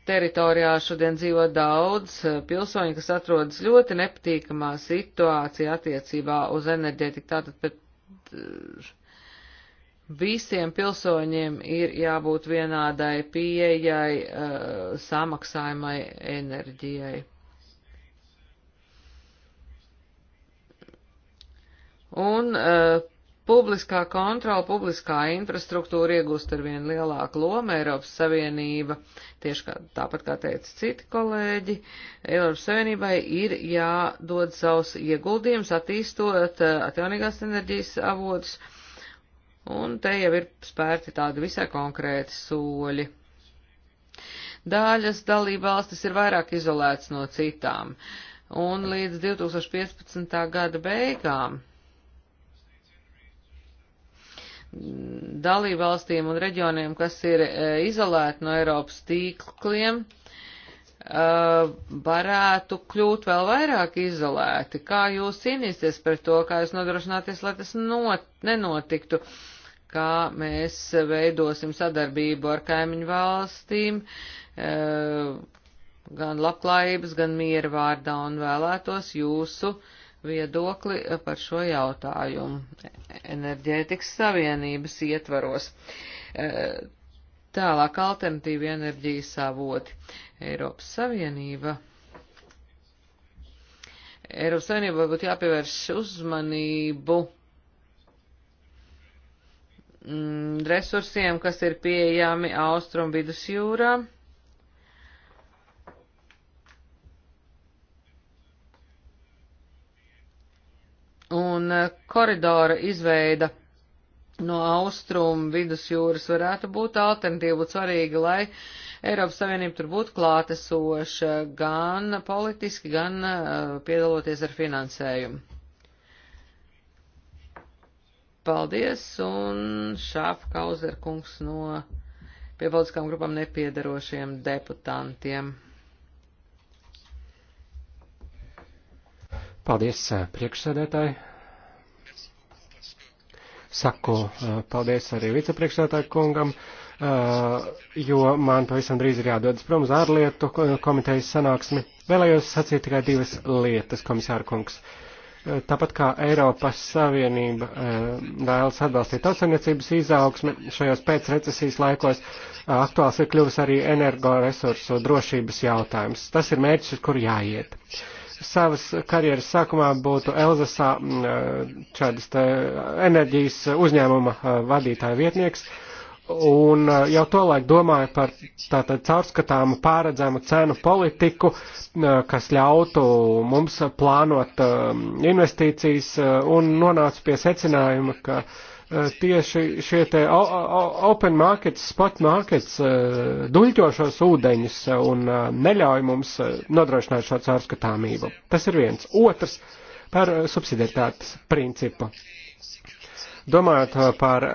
teritorijā šodien dzīvo daudz eh, pilsoņu, kas atrodas ļoti nepatīkamā situācijā attiecībā uz enerģētiku. Tātad pret eh, visiem pilsoņiem ir jābūt vienādai pieejai, eh, samaksājumai enerģijai. Un uh, Publiskā kontrola, publiskā infrastruktūra iegūst ar vien lielāku lomu Eiropas Savienība, tieši kā, tāpat kā teica citi kolēģi, Eiropas Savienībai ir jādod savus ieguldījums attīstot eh, atjaunīgās enerģijas avotus, un te jau ir spērti tādi visai konkrēti soļi. Daļas dalībvalstis ir vairāk izolētas no citām, un līdz 2015. gada beigām dalībvalstīm un reģioniem, kas ir e, izolēti no Eiropas tīkliem, e, varētu kļūt vēl vairāk izolēti. Kā jūs cīnīsieties par to, kā jūs nodrošināties, lai tas not, nenotiktu, kā mēs veidosim sadarbību ar kaimiņu valstīm, e, gan labklājības, gan miera vārdā un vēlētos jūsu uh, viedokli par šo jautājumu enerģētikas savienības ietvaros. E, tālāk alternatīvi enerģijas avoti. Eiropas Savienība. Eiropas Savienība būtu jāpievērš uzmanību mm, resursiem, kas ir pieejami Austrum vidusjūrā. jūrā un eh, koridora izveida no austrumu vidusjūras varētu būt alternatīva, būtu svarīgi, lai Eiropas Savienība tur būtu klātesoša gan politiski, gan eh, piedaloties ar finansējumu. Paldies, un Šāfkauzer kungs no piebaldiskām grupām nepiedarošiem deputantiem. Paldies eh, priekšsēdētāji. Saku eh, paldies arī vicepriekšsēdētāju kungam, eh, jo man pavisam drīz ir jādodas prom uz ārlietu komitejas sanāksmi. Vēlējos sacīt tikai divas lietas, komisāra kungs. Tāpat kā Eiropas Savienība vēlas atbalstīt tautsarniecības izaugsmi šajos pēcrecesijas laikos, aktuāls ir kļuvis arī energoresursu drošības jautājums. Tas ir mērķis, uz kuru jāiet. Uh, savas karjeras sākumā būtu Elzasā šādas enerģijas uzņēmuma vadītāja vietnieks. Un jau tolaik domāju par tātad caurskatāmu pāredzamu cenu politiku, kas ļautu mums plānot investīcijas un nonācu pie secinājuma, ka uh, Eh, tieši šie te open markets, spot markets eh, duļķošos ūdeņus un eh, neļauj mums nodrošināt šo caurskatāmību. Tas ir viens. Otrs par subsidietātes principu. Domājot par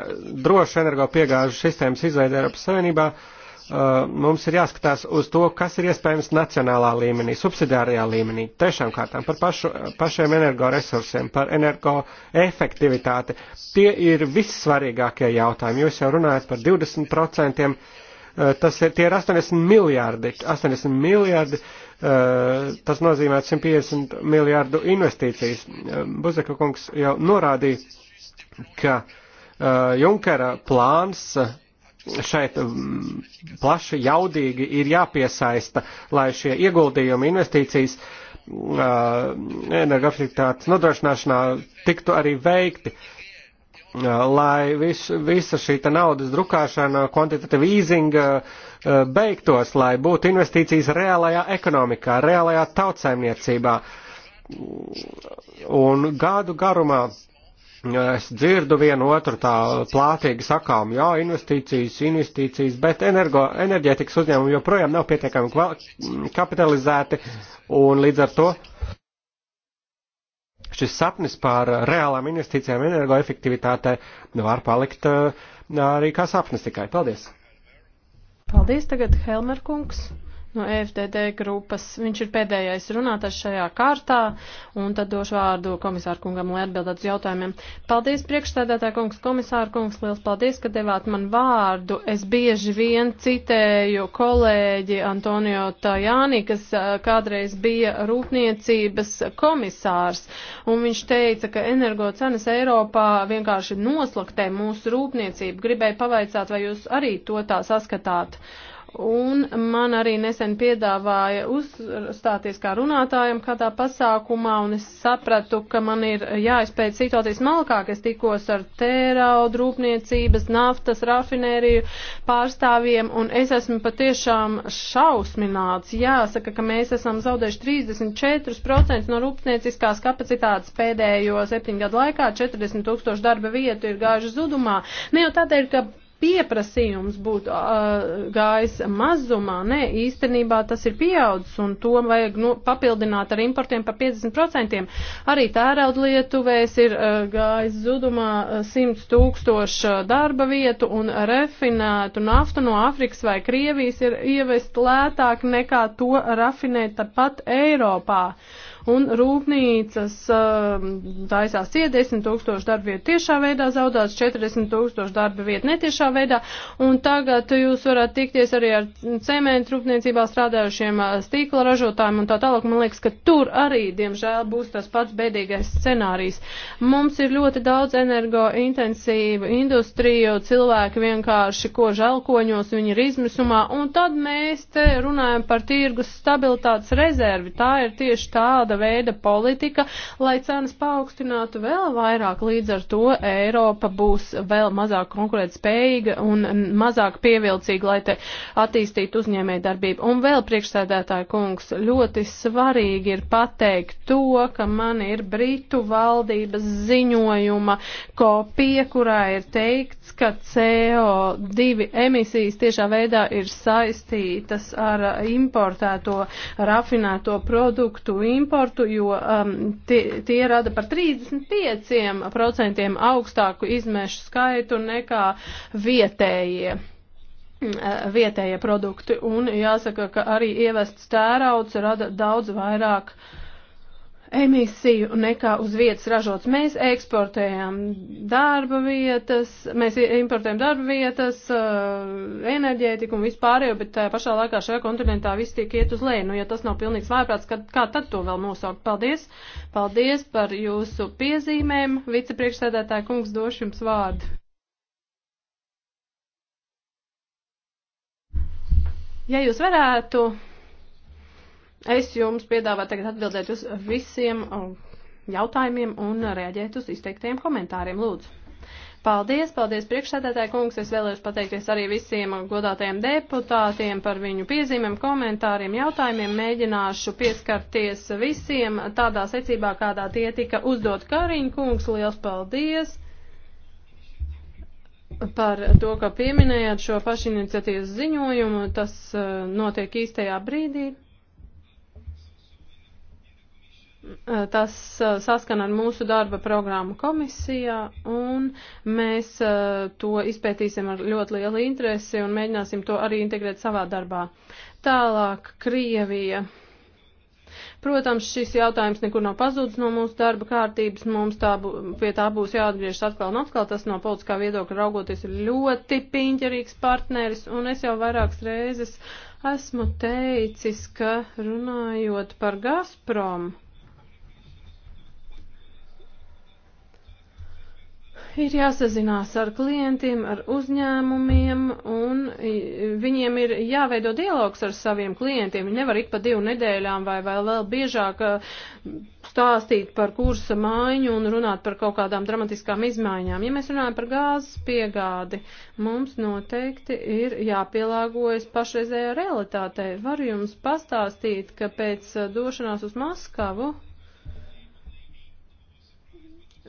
drošu energo piegāžu sistēmas izveidu Eiropas Savienībā, uh, Uh, mums ir jāskatās uz to, kas ir iespējams nacionālā līmenī, subsidiārajā līmenī, trešām kārtām par pašu, pašiem energoresursiem, par energoefektivitāti. Tie ir vissvarīgākie jautājumi. Jūs jau runājat par 20%, uh, tas ir, tie ir 80 miljārdi, 80 miljārdi, tas nozīmē 150 miljārdu investīcijas. Uh, Buzeka kungs jau norādīja, ka Junkera plāns šeit um, plaši jaudīgi ir jāpiesaista, lai šie ieguldījumi investīcijas uh, energoefektivitātes nodrošināšanā tiktu arī veikti uh, lai vis, visa šī naudas drukāšana, kvantitatīva īzinga uh, beigtos, lai būtu investīcijas reālajā ekonomikā, reālajā tautsaimniecībā. Un gādu garumā Es dzirdu vienu otru tā plātīgi sakām, jā, investīcijas, investīcijas, bet energo, enerģētikas uzņēmumi joprojām nav pietiekami kapitalizēti un līdz ar to šis sapnis par reālām investīcijām energoefektivitātei var palikt arī kā sapnis tikai. Paldies! Paldies tagad, Helmer kungs! no e FDD grupas. Viņš ir pēdējais runātājs šajā kārtā, un tad došu vārdu komisāru kungam, lai atbildētu uz jautājumiem. Paldies, priekšstādātā kungs, komisāru kungs, liels paldies, ka devāt man vārdu. Es bieži vien citēju kolēģi Antonio Tajāni, kas kādreiz bija rūpniecības komisārs, un viņš teica, ka energo cenas Eiropā vienkārši noslaktē mūsu rūpniecību. Gribēju pavaicāt, vai jūs arī to tā saskatāt. Uh, Un man arī nesen piedāvāja uzstāties kā runātājam kādā pasākumā, un es sapratu, ka man ir jāizpēc situācijas malkāk. Es tikos ar tērauda, rūpniecības, naftas, rafinēriju pārstāvjiem, un es esmu patiešām šausmināts. Jāsaka, ka mēs esam zaudējuši 34% no rūpnieciskās kapacitātes pēdējo septiņu gadu laikā, 40 tūkstoši darba vietu ir gājuši zudumā. Ne jau tādēļ, ka pieprasījums būtu uh, gājis mazumā. Nē, īstenībā tas ir pieaudzis un to vajag no, nu, papildināt ar importiem par 50%. Arī tērauda lietuvēs ir uh, gājis zudumā 100 tūkstoši darba vietu un refinētu naftu no Afrikas vai Krievijas ir ievest lētāk nekā to rafinēt pat Eiropā. Uh, un rūpnīcas um, taisās iet 10 tūkstoši darba vietu tiešā veidā, zaudās 40 tūkstoši darba vietu netiešā veidā, un tagad jūs varat tikties arī ar cementu rūpniecībā strādājušiem uh, stīkla ražotājiem un tā tālāk. Man liekas, ka tur arī, diemžēl, būs tas pats bēdīgais scenārijs. Mums ir ļoti daudz energointensīvu industriju, cilvēki vienkārši ko žalkoņos, viņi ir izmisumā, un tad mēs te runājam par tirgus stabilitātes rezervi. Tā ir tieši tāda kāda veida politika, lai cenas paaugstinātu vēl vairāk. Līdz ar to Eiropa būs vēl mazāk konkurētspējīga un mazāk pievilcīga, lai te attīstītu uzņēmēju darbību. Un vēl priekšsēdētāja kungs ļoti svarīgi ir pateikt to, ka man ir Britu valdības ziņojuma kopija, kurā ir teikts, ka CO2 emisijas tiešā veidā ir saistītas ar importēto rafinēto produktu importu importu, jo um, tie, tie rada par 35% augstāku izmešu skaitu nekā vietējie mm, uh, vietējie produkti, un jāsaka, ka arī ievests tērauds rada daudz vairāk uh, emisiju nekā uz vietas ražots. Mēs eksportējam darba vietas, mēs importējam darba vietas, eh, enerģētiku un vispārējo, bet tajā pašā laikā šajā kontinentā viss tiek iet uz leju. Nu, ja tas nav pilnīgs vājprāts, kā tad to vēl nosaukt? Paldies! Paldies par jūsu piezīmēm. Vicepriekšsēdētāja kungs došu jums vārdu. Ja jūs varētu Es jums piedāvāju tagad atbildēt uz visiem um, jautājumiem un reaģēt uz izteiktajiem komentāriem, lūdzu. Paldies, paldies priekšsēdētāji kungs. Es vēlējos pateikties arī visiem um, godātajiem deputātiem par viņu piezīmēm, komentāriem, jautājumiem. Mēģināšu pieskarties visiem tādā secībā, kādā tie tika uzdot Kariņa kungs. Liels paldies par to, ka pieminējāt šo pašiniciatīvas ziņojumu. Tas uh, notiek īstajā brīdī. Eh, tas eh, saskan ar mūsu darba programmu komisijā, un mēs eh, to izpētīsim ar ļoti lielu interesi un mēģināsim to arī integrēt savā darbā. Tālāk, Krievija. Protams, šis jautājums nekur nav pazudis no mūsu darba kārtības, mums tā, pie tā būs jāatgriežas atkal un atkal, tas no politiskā viedokļa raugoties ir ļoti piņķerīgs partneris, un es jau vairākas reizes esmu teicis, ka runājot par Gazprom, uh, ir jāsazinās ar klientiem, ar uzņēmumiem, un viņiem ir jāveido dialogs ar saviem klientiem. Viņi nevar ik pa divu nedēļām vai, vai vēl biežāk stāstīt par kursa maiņu un runāt par kaut kādām dramatiskām izmaiņām. Ja mēs runājam par gāzes piegādi, mums noteikti ir jāpielāgojas pašreizējā realitātei. Varu jums pastāstīt, ka pēc došanās uz Maskavu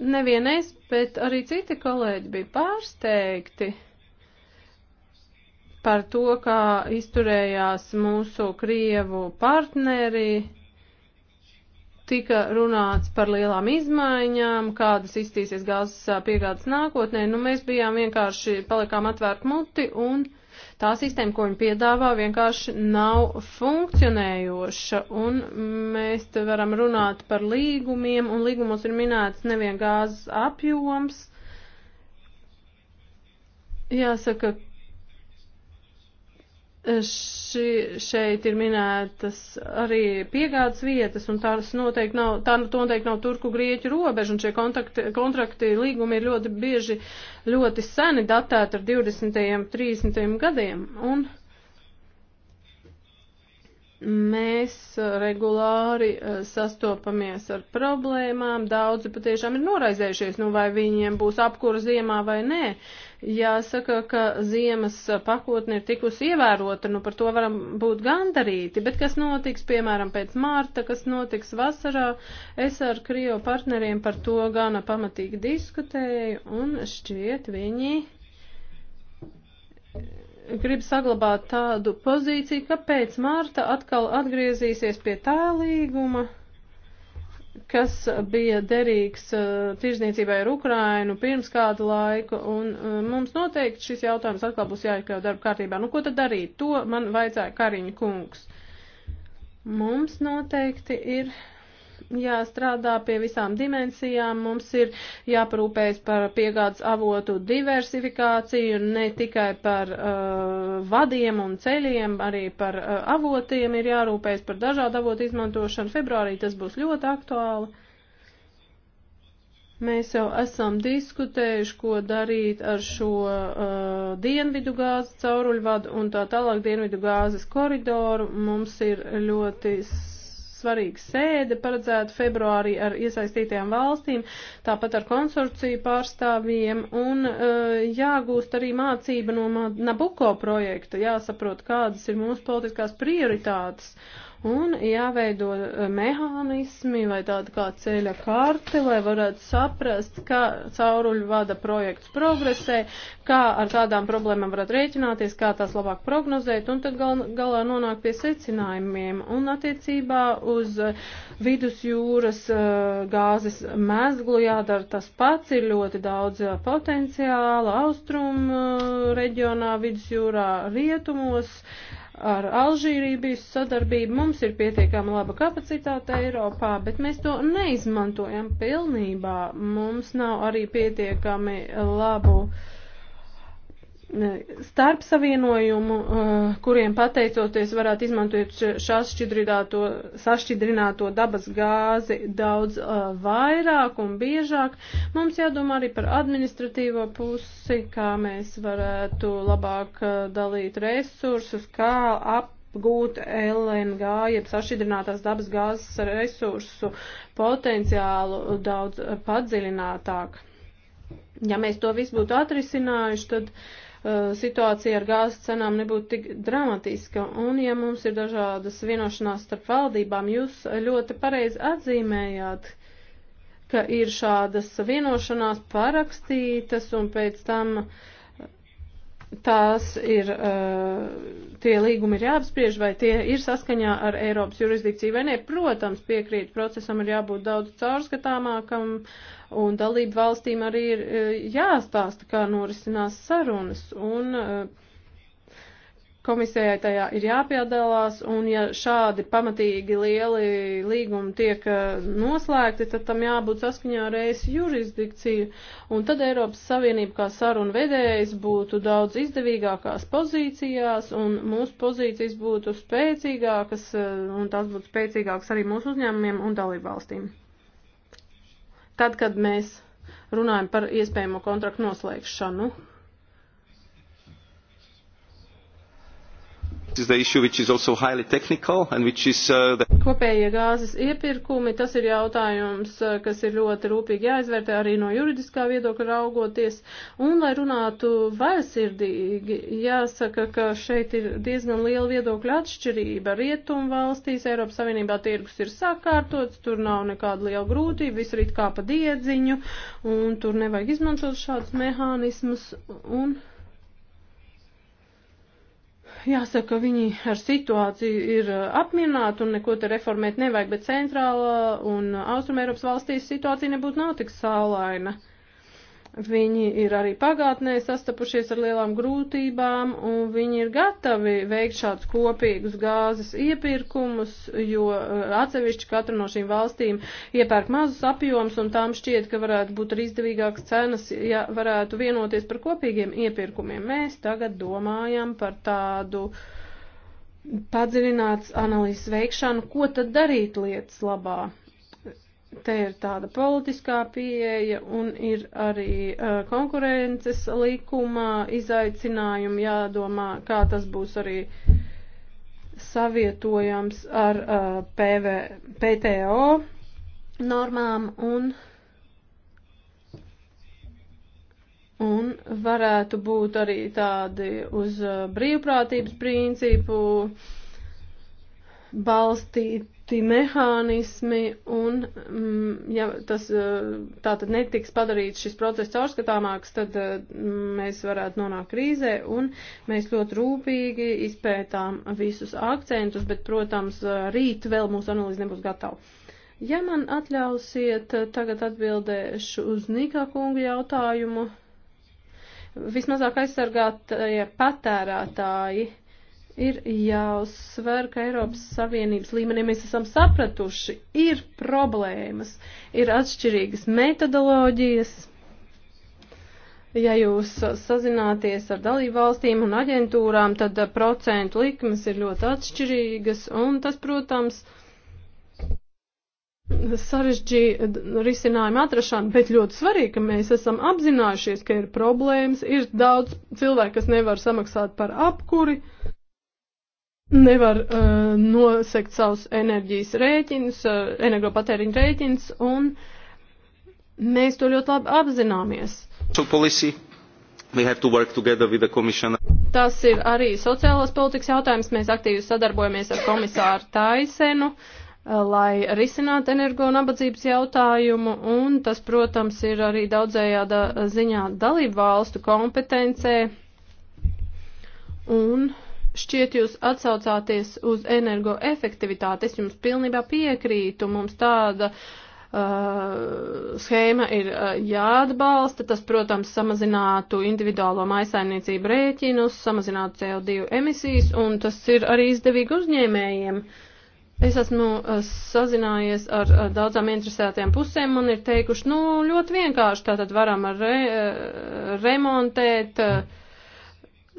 nevien es, bet arī citi kolēģi bija pārsteigti par to, kā izturējās mūsu Krievu partneri. Tika runāts par lielām izmaiņām, kādas iztīsies gāzes piegādes nākotnē. Nu, mēs bijām vienkārši palikām atvērt muti un Tā sistēma, ko viņi piedāvā, vienkārši nav funkcionējoša, un mēs te varam runāt par līgumiem, un līgumos ir minēts nevien gāzes apjoms. Jāsaka, Ši, šeit ir minētas arī piegādes vietas, un tās noteikti nav, tā noteikti nav turku grieķu robeža, un šie kontakti, kontrakti līgumi ir ļoti bieži ļoti seni datēti ar 20. 30. gadiem, un mēs uh, regulāri uh, sastopamies ar problēmām, daudzi patiešām ir noraizējušies, nu vai viņiem būs apkura ziemā vai nē, uh, Jāsaka, ka ziemas pakotne ir tikusi ievērota, nu par to varam būt gandarīti, bet kas notiks, piemēram, pēc mārta, kas notiks vasarā, es ar Krio partneriem par to gana pamatīgi diskutēju un šķiet viņi grib saglabāt tādu pozīciju, ka pēc mārta atkal atgriezīsies pie tā līguma kas bija derīgs uh, tirzniecībai ar Ukrainu pirms kādu laiku, un uh, mums noteikti šis jautājums atkal būs jāiekļau darba kārtībā. Nu, ko tad darīt? To man vajadzēja Kariņa kungs. Mums noteikti ir jāstrādā pie visām dimensijām, mums ir jāparūpējas par piegādes avotu diversifikāciju, ne tikai par uh, vadiem un ceļiem, arī par uh, avotiem ir jārūpējas par dažādu avotu izmantošanu. Februārī tas būs ļoti aktuāli. Mēs jau esam diskutējuši, ko darīt ar šo uh, dienvidu gāzes cauruļvadu un tā tālāk dienvidu gāzes koridoru. Mums ir ļoti svarīga sēde paredzēta februārī ar iesaistītajām valstīm, tāpat ar konsorciju pārstāvjiem un eh, jāgūst arī mācība no Nabuko projekta, jāsaprot, kādas ir mūsu politiskās prioritātes un jāveido eh, mehānismi vai tāda kā ceļa karte, lai varētu saprast, kā cauruļu vada projekts progresē, kā ar kādām problēmām varat rēķināties, kā tās labāk prognozēt, un tad gal, galā nonāk pie secinājumiem. Un attiecībā uz eh, vidusjūras eh, gāzes mezglu jādara tas pats, ir ļoti daudz potenciāla austrumu reģionā, vidusjūrā, rietumos. Uh, ar Alžīriju bijusi sadarbība, mums ir pietiekama laba kapacitāte Eiropā, bet mēs to neizmantojam pilnībā. Mums nav arī pietiekami labu uh, starpsavienojumu, uh, kuriem pateicoties varētu izmantot sašķidrināto dabas gāzi daudz uh, vairāk un biežāk. Mums jādomā arī par administratīvo pusi, kā mēs varētu labāk uh, dalīt resursus, kā ap gūt LNG, jeb sašķidrinātās dabas gāzes resursu potenciālu daudz padziļinātāk. Ja mēs to visu būtu atrisinājuši, tad uh, Eh, situācija ar gāzes cenām nebūtu tik dramatiska. Un, ja mums ir dažādas vienošanās starp valdībām, jūs ļoti pareizi atzīmējāt, ka ir šādas vienošanās parakstītas un pēc tam tās ir, eh, tie līgumi ir jāapspriež, vai tie ir saskaņā ar Eiropas jurisdikciju vai nē. Protams, piekrīt procesam ir jābūt daudz caurskatāmākam un dalību valstīm arī ir e, jāstāsta, kā norisinās sarunas, un e, komisijai tajā ir jāpiedalās, un ja šādi pamatīgi lieli līgumi tiek e, noslēgti, tad tam jābūt saskaņā ar ES jurisdikciju, un tad Eiropas Savienība kā sarunu vedējs būtu daudz izdevīgākās pozīcijās, un mūsu pozīcijas būtu spēcīgākas, un tās būtu spēcīgākas arī mūsu uzņēmumiem un dalībvalstīm. Tad, kad mēs runājam par iespējamo kontraktu noslēgšanu, Uh, the... Kopējie gāzes iepirkumi, tas ir jautājums, uh, kas ir ļoti rūpīgi jāizvērtē arī no juridiskā viedokļa raugoties. Un, lai runātu vairsirdīgi, jāsaka, ka šeit ir diezgan liela viedokļa atšķirība. Rietumu valstīs Eiropas Savienībā tirgus ir sakārtots, tur nav nekāda liela grūtība, visur it kā pa diedziņu, un tur nevajag izmantot šādus mehānismus. Un... Jāsaka, viņi ar situāciju ir uh, apmierināti un neko te reformēt nevajag, bet centrāla un austruma Eiropas valstīs situācija nebūtu nav tik saulaina. Uh, Viņi ir arī pagātnē sastapušies ar lielām grūtībām, un viņi ir gatavi veikt šādus kopīgus gāzes iepirkumus, jo eh, atsevišķi katra no šīm valstīm iepērk mazus apjoms, un tām šķiet, ka varētu būt arī izdevīgākas cenas, ja varētu vienoties par kopīgiem iepirkumiem. Mēs tagad domājam par tādu padziļināts analīzes veikšanu, ko tad darīt lietas labā. Te ir tāda politiskā pieeja un ir arī uh, konkurences likuma izaicinājumi jādomā, kā tas būs arī savietojams ar uh, eh, PV, PTO normām un, un varētu būt arī tādi uz uh, brīvprātības principu balstīti noteikti mehānismi un, mm, ja tas eh, tā tad netiks padarīts šis process caurskatāmāks, tad mm, mēs varētu nonākt krīzē un mēs ļoti rūpīgi izpētām visus akcentus, bet, protams, rīt vēl mūsu analīze nebūs gatava. Ja man atļausiet, tagad atbildēšu uz Nikā kungu jautājumu. Vismazāk aizsargātie patērētāji ir jāuzsver, ka Eiropas Savienības līmenī mēs esam sapratuši, ir problēmas, ir atšķirīgas metodoloģijas. Ja jūs sazināties ar dalību valstīm un aģentūrām, tad eh, procentu likmes ir ļoti atšķirīgas, un tas, protams, sarežģīja risinājumu atrašanu, bet ļoti svarīgi, ka mēs esam apzinājušies, ka ir problēmas, ir daudz cilvēku, kas nevar samaksāt par apkuri, uh, nevar uh, nosekt savus enerģijas rēķinus, uh, eh, energopatēriņu rēķinus, un mēs to ļoti labi apzināmies. So policy, we have to work together with the commission. Tas ir arī sociālās politikas jautājums. Mēs aktīvi sadarbojamies ar komisāru Taisenu, uh, lai risinātu energo nabadzības jautājumu, un tas, protams, ir arī daudzējādā ziņā dalību valstu kompetencē. Un Šķiet, jūs atsaucāties uz energoefektivitāti. Es jums pilnībā piekrītu. Mums tāda uh, schēma ir uh, jāatbalsta. Tas, protams, samazinātu individuālo maisainiecību rēķinus, samazinātu CO2 emisijas, un tas ir arī izdevīgi uzņēmējiem. Es esmu uh, sazinājies ar uh, daudzām interesētajām pusēm un ir teikuši, nu, ļoti vienkārši, tātad varam re, uh, remontēt. Mm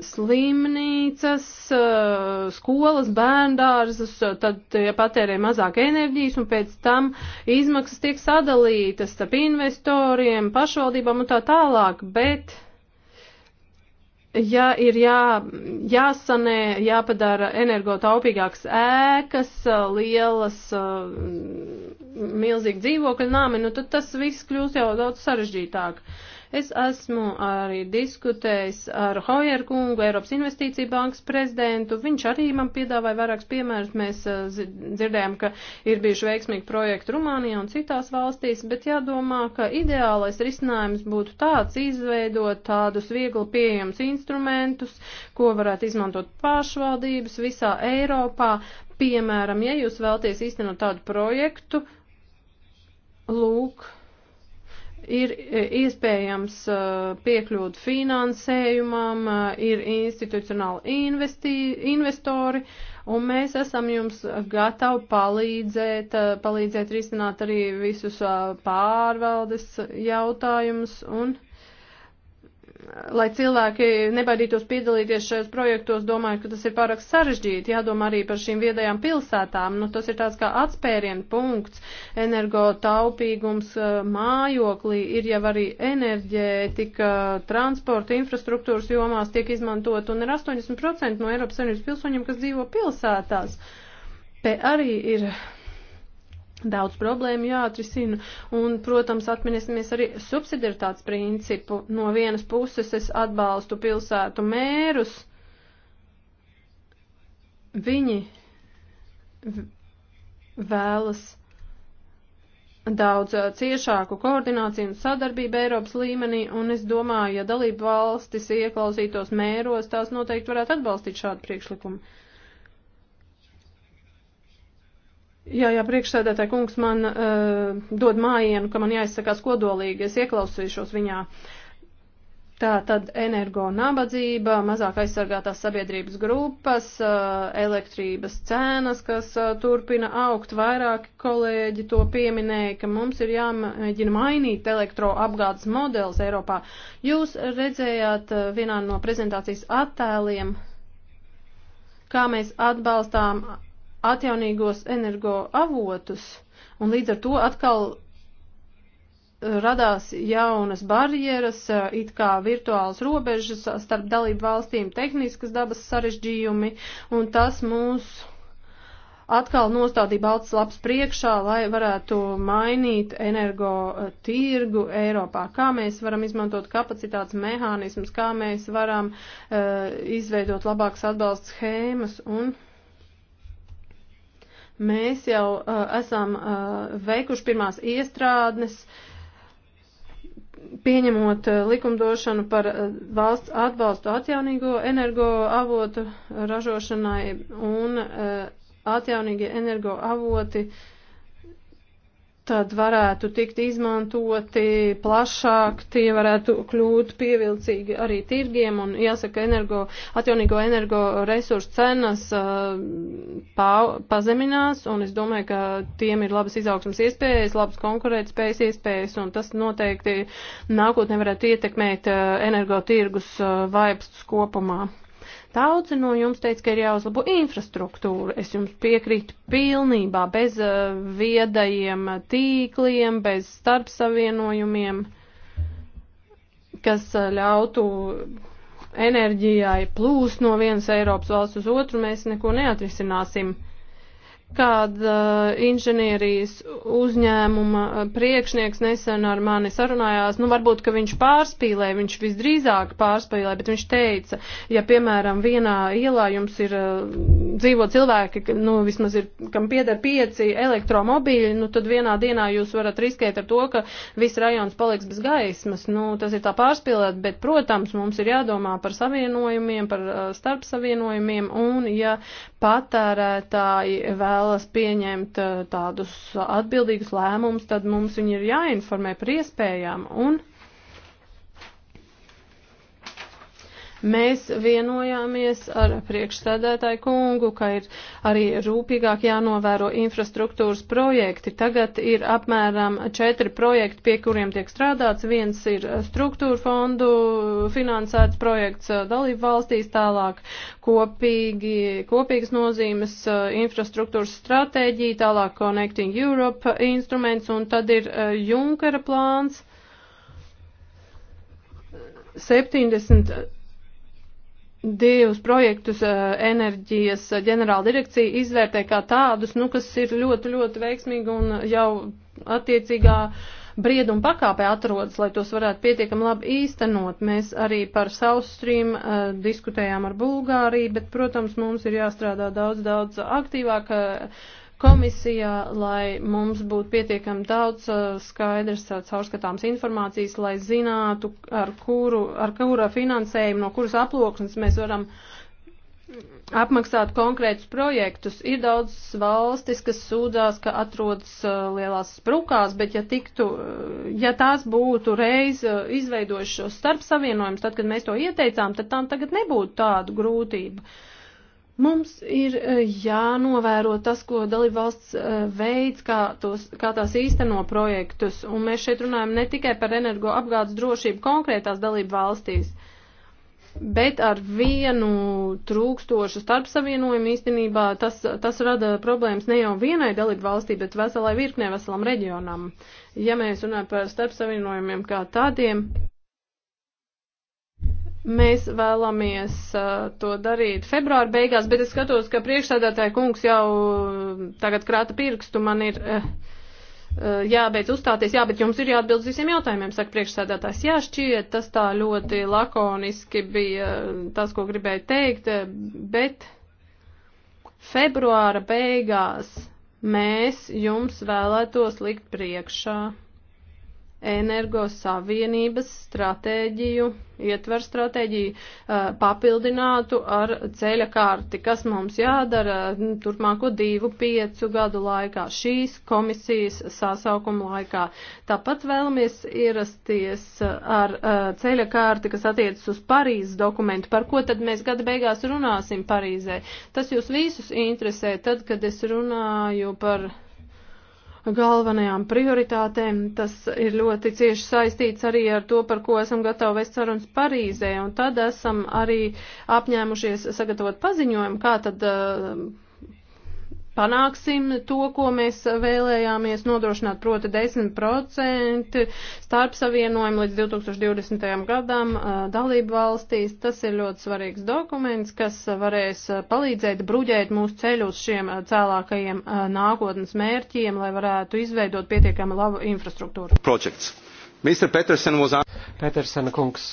slimnīcas, eh, skolas, bērndārzas, eh, tad tie ja patērē mazāk enerģijas un pēc tam izmaksas tiek sadalītas starp investoriem, pašvaldībām un tā tālāk, bet ja ir jā, jāsanē, jāpadara energotaupīgākas ēkas, eh, lielas, milzīgi dzīvokļu nāmi, nu tad tas viss kļūst jau daudz sarežģītāk. Uh, Es esmu arī diskutējis ar Hojer kungu, Eiropas investīcija bankas prezidentu. Viņš arī man piedāvāja vairākus piemērus. Mēs uh, dzirdējām, ka ir bijuši veiksmīgi projekti Rumānijā un citās valstīs, bet jādomā, ka ideālais risinājums būtu tāds izveidot tādus viegli pieejams instrumentus, ko varētu izmantot pašvaldības visā Eiropā. Piemēram, ja jūs vēlties īstenot tādu projektu, lūk, ir e, iespējams e, piekļūt finansējumam, e, ir institucionāli investī, investori, un mēs esam jums gatavi palīdzēt, palīdzēt risināt arī visus pārvaldes jautājumus un lai cilvēki nebaidītos piedalīties šajos projektos, domāju, ka tas ir pārāk sarežģīti. Jādomā arī par šīm viedajām pilsētām. Nu, tas ir tāds kā atspērienu punkts. Energo taupīgums eh, mājoklī ir jau arī enerģētika, transporta, infrastruktūras jomās tiek izmantot un ir 80% no Eiropas Savienības pilsoņiem, kas dzīvo pilsētās. Te arī ir Daudz problēmu jāatrisina, un, protams, atminēsimies arī subsidiaritātes principu. No vienas puses es atbalstu pilsētu mērus. Viņi vēlas daudz ciešāku koordināciju un sadarbību Eiropas līmenī, un es domāju, ja dalību valstis ieklausītos mēros, tās noteikti varētu atbalstīt šādu priekšlikumu. Jā, jā, priekšsēdētāji kungs man uh, dod mājienu, ka man jāizsakās kodolīgi, es ieklausīšos viņā. Tā tad energo nabadzība, mazāk aizsargātās sabiedrības grupas, uh, elektrības cenas, kas uh, turpina augt. Vairāki kolēģi to pieminēja, ka mums ir jāmēģina mainīt elektroapgādes modelis Eiropā. Jūs redzējāt uh, vienā no prezentācijas attēliem, kā mēs atbalstām atjaunīgos energoavotus, un līdz ar to atkal radās jaunas barjeras, eh, it kā virtuālas robežas starp dalību valstīm, tehniskas dabas sarežģījumi, un tas mūs atkal nostādīja balts labs priekšā, lai varētu mainīt energo eh, tirgu Eiropā. Kā mēs varam izmantot kapacitātes mehānismus, kā mēs varam uh, izveidot labākas atbalsts schēmas un. Mēs jau uh, esam uh, veikuši pirmās iestrādnes, pieņemot uh, likumdošanu par uh, valsts atbalstu atjaunīgo energo avotu ražošanai un uh, atjaunīgie energo avoti uh, tad varētu tikt izmantoti plašāk, tie varētu kļūt pievilcīgi arī tirgiem un jāsaka, energo, atjaunīgo energo resursu cenas uh, pa, pazeminās un es domāju, ka tiem ir labas izaugsmas iespējas, labas konkurētspējas iespējas un tas noteikti nākotnē varētu ietekmēt uh, energo tirgus uh, vibes kopumā. Daudzi no jums teica, ka ir jāuzlabo infrastruktūra. Es jums piekrītu pilnībā, bez uh, viedajiem tīkliem, bez starpsavienojumiem, kas uh, ļautu enerģijai plūst no vienas Eiropas valsts uz otru, mēs neko neatrisināsim. Uh, kāda eh, inženierijas uzņēmuma eh, priekšnieks nesen ar mani sarunājās, nu varbūt, ka viņš pārspīlē, viņš visdrīzāk pārspīlē, bet viņš teica, ja piemēram vienā ielā jums ir eh, dzīvo cilvēki, nu vismaz ir, kam pieder pieci elektromobīļi, nu tad vienā dienā jūs varat riskēt ar to, ka viss rajons paliks bez gaismas, nu tas ir tā pārspīlēt, bet protams mums ir jādomā par savienojumiem, par starpsavienojumiem un ja patērētāji vēlas pieņemt eh, tādus atbildīgus lēmumus, tad mums viņi ir jāinformē par iespējām un Mēs vienojāmies ar priekšstādētāju kungu, ka ir arī rūpīgāk jānovēro infrastruktūras projekti. Tagad ir apmēram četri projekti, pie kuriem tiek strādāts. Viens ir struktūra fondu finansēts projekts dalību valstīs, tālāk kopīgi, kopīgas nozīmes infrastruktūras stratēģija, tālāk Connecting Europe instruments un tad ir Junkera plāns. 70 divus projektus eh, enerģijas eh, ģenerāldirekcija izvērtē kā tādus, nu, kas ir ļoti, ļoti veiksmīgi un jau attiecīgā brieduma pakāpē atrodas, lai tos varētu pietiekami labi īstenot. Mēs arī par South Stream uh, diskutējām ar Bulgāriju, bet, protams, mums ir jāstrādā daudz, daudz aktīvāk. Uh, komisijā, lai mums būtu pietiekami daudz uh, skaidrs, uh, caurskatāms informācijas, lai zinātu, ar kuru, ar kura finansējumu, no kuras aploksnes mēs varam apmaksāt konkrētus projektus. Ir daudz valstis, kas sūdzās, ka atrodas uh, lielās sprukās, bet ja, tiktu, ja tās būtu reiz izveidojušos starp savienojumus, tad, kad mēs to ieteicām, tad tām tagad nebūtu tādu grūtību. Uh, Mums ir eh, jānovēro tas, ko dalībvalsts eh, veids, kā, tos, kā tās īsteno projektus, un mēs šeit runājam ne tikai par energoapgādes drošību konkrētās dalībvalstīs, bet ar vienu trūkstošu starpsavienojumu īstenībā tas, tas rada problēmas ne jau vienai dalībvalstī, bet veselai virknē veselam reģionam. Ja mēs runājam par starpsavienojumiem kā tādiem, Mēs vēlamies uh, to darīt februāra beigās, bet es skatos, ka priekšsēdētāja kungs jau uh, tagad krāta pirkstu, man ir uh, uh, jābeidz uzstāties, jā, bet jums ir jāatbild visiem jautājumiem, saka priekšsēdētājs. Jā, šķiet, tas tā ļoti lakoniski bija uh, tas, ko gribēju teikt, uh, bet februāra beigās mēs jums vēlētos likt priekšā energosavienības stratēģiju, ietver stratēģiju, papildinātu ar ceļa kārti, kas mums jādara turpmāko divu, piecu gadu laikā, šīs komisijas sasaukuma laikā. Tāpat vēlamies ierasties ar ceļa kārti, kas attiecas uz Parīzes dokumentu, par ko tad mēs gada beigās runāsim Parīzē. Tas jūs visus interesē, tad, kad es runāju par galvenajām prioritātēm. Tas ir ļoti cieši saistīts arī ar to, par ko esam gatavi vest sarunas Parīzē, un tad esam arī apņēmušies sagatavot paziņojumu, kā tad uh, panāksim to, ko mēs vēlējāmies nodrošināt, proti 10% starp savienojumu līdz 2020. gadam dalību valstīs. Tas ir ļoti svarīgs dokuments, kas varēs palīdzēt bruģēt mūsu ceļu uz šiem cēlākajiem nākotnes mērķiem, lai varētu izveidot pietiekami labu infrastruktūru. Projects. Petersen, was... Petersen kungs,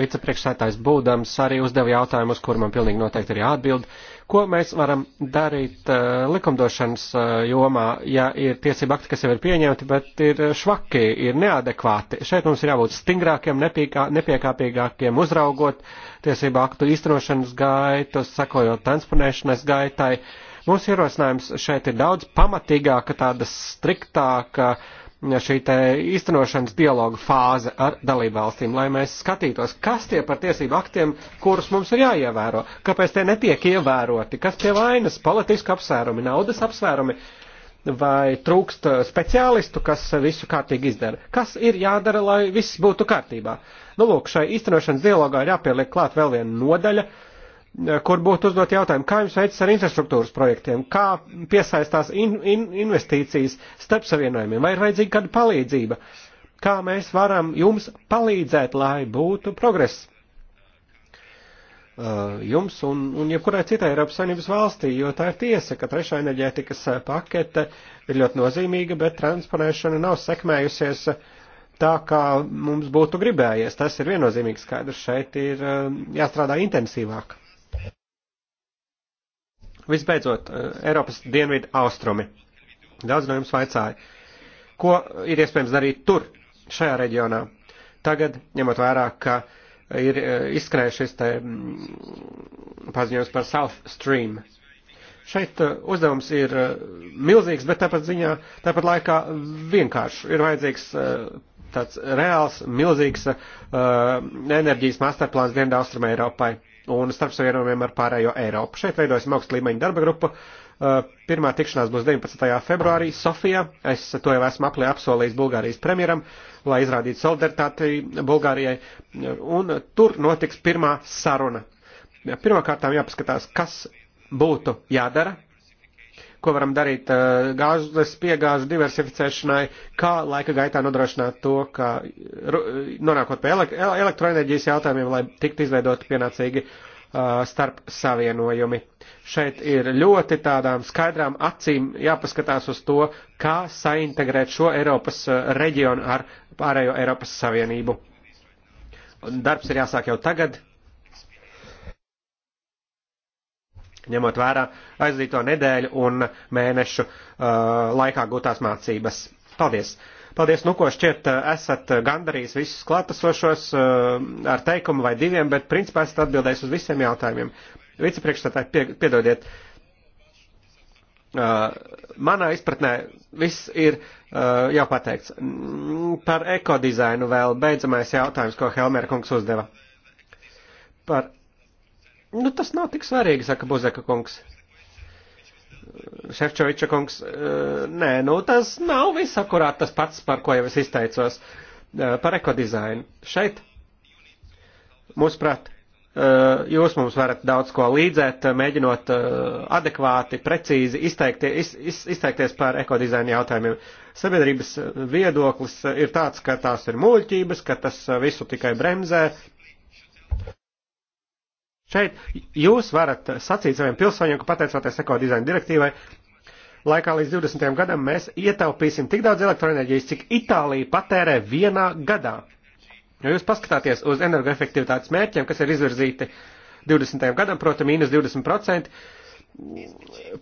vicepriekšsētājs būdams, arī uzdeva jautājumus, kur man pilnīgi noteikti ir jāatbild. Uh, Ko mēs varam darīt uh, likumdošanas uh, jomā, ja ir tiesība akti, kas jau ir pieņemti, bet ir eh, švaki, ir neadekvāti? Šeit mums ir jābūt stingrākiem, nepiekā, nepiekāpīgākiem, uzraugot tiesību aktu īstenošanas gaitu, sakojot transponēšanas gaitai. Mūsu ierosinājums šeit ir daudz pamatīgāka, tāda striktāka. Uh, šī te īstenošanas dialoga fāze ar dalībvalstīm, lai mēs skatītos, kas tie par tiesību aktiem, kurus mums ir jāievēro, kāpēc tie netiek ievēroti, kas tie vainas, politiski apsvērumi, naudas apsvērumi, vai trūkst speciālistu, kas visu kārtīgi izdara. Kas ir jādara, lai viss būtu kārtībā? Nu, lūk, šai īstenošanas dialogā ir jāpieliek klāt vēl viena nodaļa, uh, Eh, kur būtu uzdot jautājumu, kā jums veicas ar infrastruktūras projektiem, kā piesaistās in, in, investīcijas starp savienojumiem, vai ir vajadzīga kāda palīdzība, kā mēs varam jums palīdzēt, lai būtu progress eh, jums un, un jebkurai citai Eiropas Savienības valstī, jo tā ir tiesa, ka trešā enerģētikas eh, pakete ir ļoti nozīmīga, bet transponēšana nav sekmējusies tā, kā mums būtu gribējies. Tas ir viennozīmīgi skaidrs, šeit ir jāstrādā intensīvāk. Visbeidzot, eh, Eiropas dienvidu austrumi. Daudz no jums vaicāja, ko ir iespējams darīt tur, šajā reģionā. Tagad, ņemot vērā, ka ir eh, izskrējušies te mm, paziņojums par South Stream. Šeit eh, uzdevums ir milzīgs, bet tāpat ziņā, tāpat laikā vienkārši ir vajadzīgs tāds reāls, milzīgs enerģijas masterplāns Dienvidu Austrum Eiropai un starp savienojumiem ar pārējo Eiropu. Šeit veidosim augstu līmeņu darba grupu. Uh, pirmā tikšanās būs 19. februārī Sofijā. Es to jau esmu aplē apsolījis Bulgārijas premjeram, lai izrādītu solidaritāti Bulgārijai. Un tur notiks pirmā saruna. Pirmkārtām jāpaskatās, kas būtu jādara, ko varam darīt eh, gāzes piegāžu diversificēšanai, kā laika gaitā nodrošināt to, ka nonākot pie elektroenerģijas jautājumiem, lai tiktu izveidot pienācīgi eh, starp savienojumi. Šeit ir ļoti tādām skaidrām acīm jāpaskatās uz to, kā saintegrēt šo Eiropas eh, reģionu ar pārējo Eiropas Savienību. Darbs ir jāsāk jau tagad, ņemot vērā aizdīto nedēļu un mēnešu uh, laikā gūtās mācības. Paldies! Paldies, nu ko šķiet, uh, esat gandarījis visus klātesošos uh, ar teikumu vai diviem, bet principā esat atbildējis uz visiem jautājumiem. Vicepriekšstādāji, pie, piedodiet, uh, manā izpratnē viss ir uh, jau pateikts. Mm, par ekodizainu vēl beidzamais jautājums, ko Helmēra kungs uzdeva. Par Nu, tas nav tik svarīgi, saka Bozeka kungs. Šefčoviča kungs, e, nē, nu tas nav visakurāt tas pats, par ko jau es izteicos, e, par ekodizainu. Šeit, mūsuprāt, e, jūs mums varat daudz ko līdzēt, mēģinot adekvāti, precīzi izteikties, iz, iz, izteikties par ekodizainu jautājumiem. Sabiedrības viedoklis ir tāds, ka tās ir muļķības, ka tas visu tikai bremzē, Šeit jūs varat sacīt saviem pilsoņiem, ka pateicoties ekodizaina direktīvai, laikā līdz 20. gadam mēs ietaupīsim tik daudz elektroenerģijas, cik Itālija patērē vienā gadā. Ja jūs paskatāties uz energoefektivitātes mērķiem, kas ir izvirzīti 20. gadam, proti, mīnus 20%,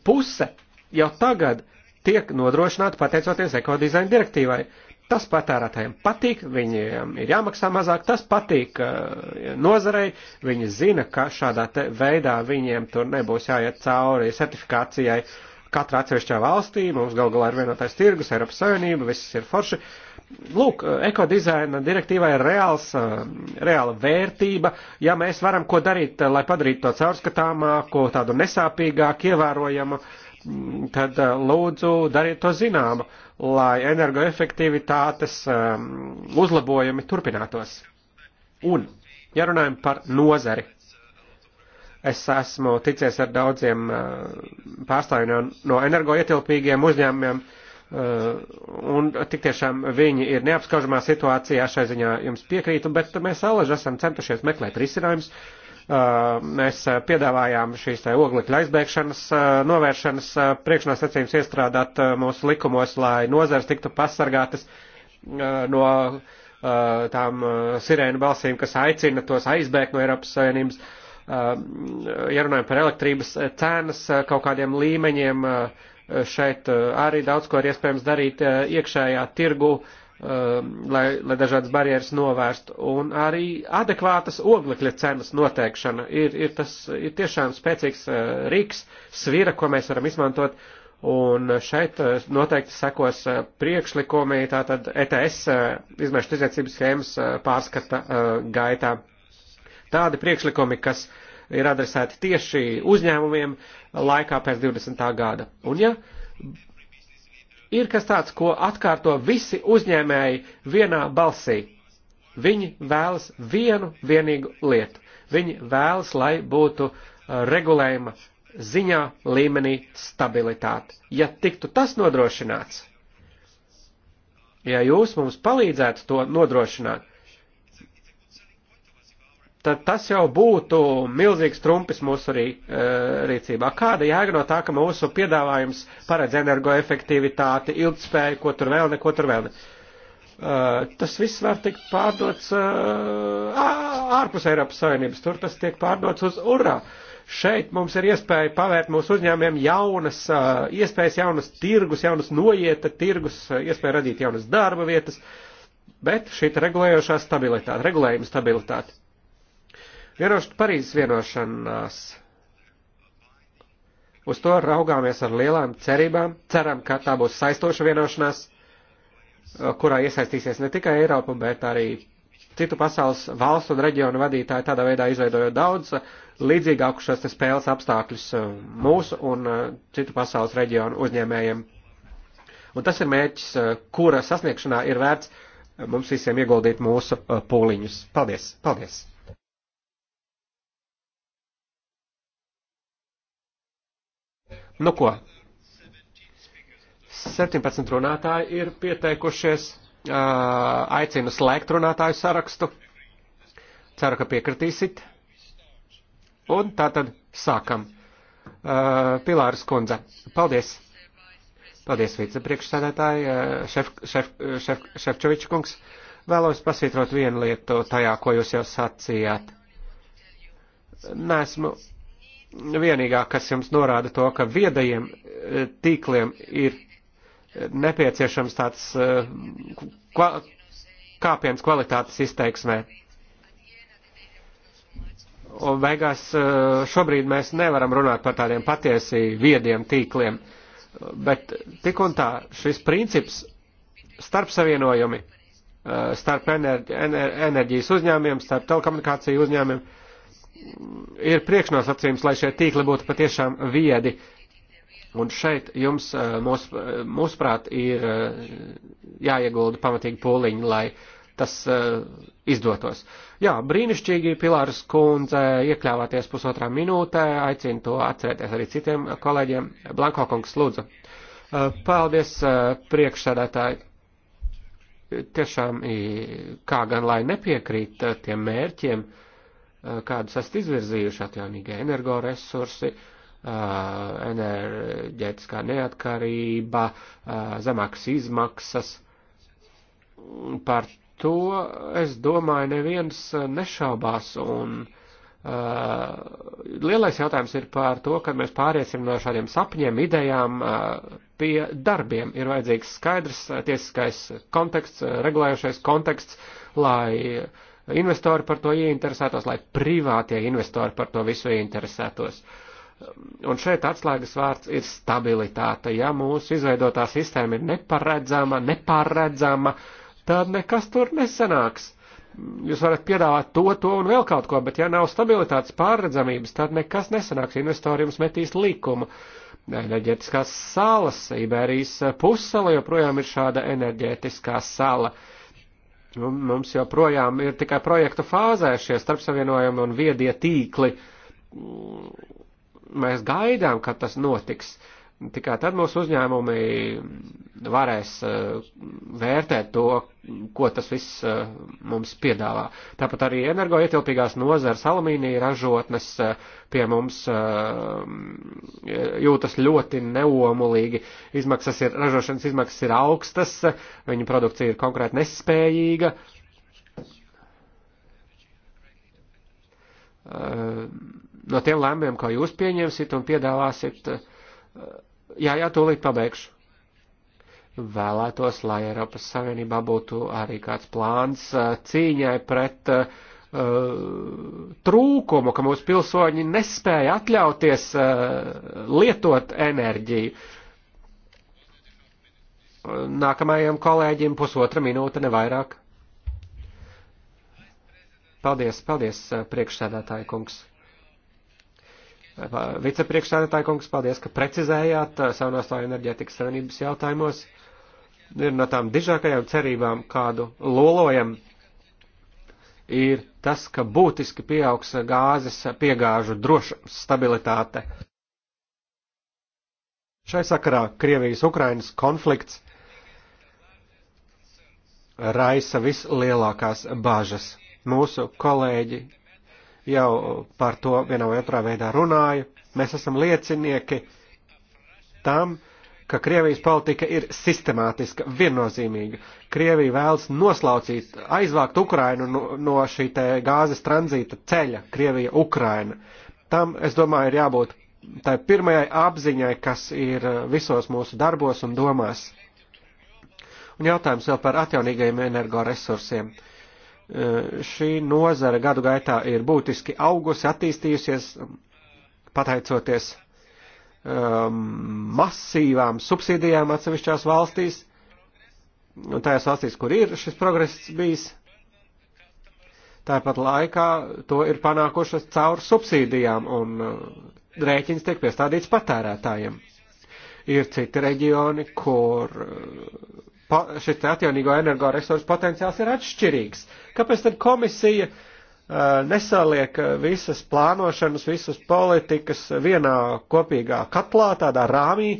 puse jau tagad tiek nodrošināta pateicoties ekodizaina direktīvai. Tas patērētājiem patīk, viņiem ir jāmaksā mazāk, tas patīk eh, nozarei, viņi zina, ka šādā veidā viņiem tur nebūs jāiet cauri certifikācijai katrā atsevišķā valstī, mums gal galā ir vienotais tirgus, Eiropas Savienība, viss ir forši. Lūk, eh, ekodizaina direktīvā ir reāls, eh, reāla vērtība, ja mēs varam ko darīt, lai padarītu to caurskatāmāko, tādu nesāpīgāku, ievērojamu, mm, tad lūdzu dariet to zināmu lai energoefektivitātes um, uzlabojumi turpinātos. Un, ja runājam par nozari, es esmu ticies ar daudziem uh, pārstāvjiem no, no energoietilpīgiem uzņēmumiem, uh, un tik tiešām viņi ir neapskaužamā situācijā, šai ziņā jums piekrītu, bet mēs alaži esam centušies meklēt risinājumus. Uh, mēs piedāvājām šīs te oglekļa aizbēgšanas novēršanas priekšnosacījums iestrādāt mūsu likumos, lai nozars tiktu pasargātas no tām sirēnu balsīm, kas aicina tos aizbēgt no Eiropas Savienības. Ja runājam par elektrības cenas kaut kādiem līmeņiem, šeit arī daudz ko ir iespējams darīt iekšējā tirgu Um, lai, lai dažādas barjeras novērst. Un arī adekvātas oglekļa cenas noteikšana ir, ir, tas, ir tiešām spēcīgs uh, rīks, svira, ko mēs varam izmantot. Un šeit uh, noteikti sekos uh, priekšlikumi, tātad ETS izmešu tirdzniecības schēmas pārskata gaitā. Tādi priekšlikumi, kas ir adresēti tieši uzņēmumiem laikā pēc 20. gada. Un ja ir kas tāds, ko atkārto visi uzņēmēji vienā balsī. Viņi vēlas vienu vienīgu lietu. Viņi vēlas, lai būtu uh, regulējuma ziņā līmenī stabilitāte. Ja tiktu tas nodrošināts, ja jūs mums palīdzētu to nodrošināt, tad tas jau būtu milzīgs trumpis mūsu rī, e, rīcībā. Kāda jēga no tā, ka mūsu piedāvājums paredz energoefektivitāti, ilgspēju, ko tur vēl ne, ko tur vēl ne? E, tas viss var tikt pārdots e, ārpus Eiropas Savienības, tur tas tiek pārdots uz urā. Šeit mums ir iespēja pavērt mūsu uzņēmiem jaunas iespējas, jaunas tirgus, jaunas noieta tirgus, iespēja radīt jaunas darba vietas, bet šī regulējošā stabilitāte, regulējuma stabilitāte. Vienošana Parīzes vienošanās. Uz to raugāmies ar lielām cerībām, ceram, ka tā būs saistoša vienošanās, eh, kurā iesaistīsies ne tikai Eiropa, bet arī citu pasaules valstu un reģionu vadītāji, tādā veidā izveidojot daudz eh, līdzīgāku šos spēles apstākļus eh, mūsu un citu pasaules reģionu uzņēmējiem. Un tas ir mērķis, kura sasniegšanā ir vērts mums visiem ieguldīt mūsu pūliņus. Paldies! Paldies! Nu ko? 17 runātāji ir pieteikušies. Aicinu slēgt runātāju sarakstu. Ceru, ka piekritīsit. Un tātad sākam. Pilārs Kundze. Paldies. Paldies, vicepriekšsēdētāji, šef, šef, šef, Šefčoviča kungs. Vēlos pasvītrot vienu lietu tajā, ko jūs jau sacījāt. Nesmu vienīgā, kas jums norāda to, ka viedajiem eh, tīkliem ir eh, nepieciešams tāds eh, kva, kāpiens kvalitātes izteiksmē. Un beigās šobrīd mēs nevaram runāt par tādiem patiesi viediem tīkliem, bet tik un tā šis princips starp savienojumi, starp enerģijas uzņēmiem, starp telekomunikāciju uzņēmiem, ir priekšnosacījums, lai šie tīkli būtu patiešām viedi. Un šeit jums, eh, mūs, eh, mūsuprāt, ir eh, jāiegulda pamatīgi pūliņi, lai tas izdotos. Jā, brīnišķīgi Pilārs kundze iekļāvāties pusotrā minūtē, aicinu to atcerēties arī citiem kolēģiem. Blanko kungs lūdzu. Paldies, priekšsēdētāji. Tiešām, kā gan lai nepiekrīt tiem mērķiem, uh, Eh, kādas esat izvirzījuši atjaunīgie energoresursi, eh, enerģētiskā neatkarība, eh, zemākas izmaksas. Par to, es domāju, neviens nešaubās un lielais jautājums ir par to, kad mēs pāriesim no šādiem sapņiem, idejām pie darbiem. Ir vajadzīgs skaidrs tiesiskais konteksts, regulējošais konteksts, lai uh, investori par to ieinteresētos, lai privātie investori par to visu ieinteresētos. Un šeit atslēgas vārds ir stabilitāte. Ja mūsu izveidotā sistēma ir neparedzama, neparedzama, tad nekas tur nesanāks. Jūs varat piedāvāt to, to un vēl kaut ko, bet ja nav stabilitātes pārredzamības, tad nekas nesanāks. Investori jums metīs likumu. Enerģetiskās salas, Iberijas pussala joprojām ir šāda enerģetiskā sala. Uh, Nu, mums joprojām ir tikai projektu fāzē šie starpsavienojumi un viedie tīkli. Mēs gaidām, ka tas notiks. Uh, Tikai tad mūsu uzņēmumi varēs eh, vērtēt to, ko tas viss eh, mums piedāvā. Tāpat arī energoietilpīgās nozars alumīnija ražotnes eh, pie mums jūtas ļoti neomulīgi. Izmaksas ir, ražošanas izmaksas ir augstas, viņu produkcija ir konkrēti nespējīga. No tiem lēmumiem, ko jūs pieņemsiet un piedāvāsiet, Jā, jā, tūlīt pabeigšu. Vēlētos, lai Eiropas Savienībā būtu arī kāds plāns uh, cīņai pret uh, uh, trūkumu, ka mūsu pilsoņi nespēja atļauties uh, lietot enerģiju. Nākamajam kolēģim pusotra minūte, nevairāk. Paldies, paldies, uh, priekšsēdētāji kungs. Vicepriekšsēdētāja kungs, paldies, ka precizējāt uh, savu nostāju enerģētikas savienības jautājumos. Ir no tām dižākajām cerībām, kādu lolojam, ir tas, ka būtiski pieaugs gāzes piegāžu drošums, stabilitāte. Šai sakarā Krievijas-Ukrainas konflikts raisa vislielākās bažas. Mūsu kolēģi jau par to vienā vai otrā veidā runāju. Mēs esam liecinieki tam, ka Krievijas politika ir sistemātiska, viennozīmīga. Krievija vēlas noslaucīt, aizvākt Ukrainu no, no šī te gāzes tranzīta ceļa, Krievija Ukraina. Tam, es domāju, ir jābūt tai pirmajai apziņai, kas ir visos mūsu darbos un domās. Un jautājums vēl par atjaunīgajiem energoresursiem. Uh, Eh, šī nozara gadu gaitā ir būtiski augusi, attīstījusies, pateicoties um, masīvām subsīdijām atsevišķās valstīs, un nu, tajās valstīs, kur ir šis progress bijis, tāpat laikā to ir panākušas caur subsīdijām, un uh, rēķins tiek piestādīts patērētājiem. Ir citi reģioni, kur uh, pa, šis atjaunīgo energoresursu potenciāls ir atšķirīgs. Kāpēc tad komisija uh, nesaliek uh, visas plānošanas, visas politikas vienā kopīgā katlā, tādā rāmī,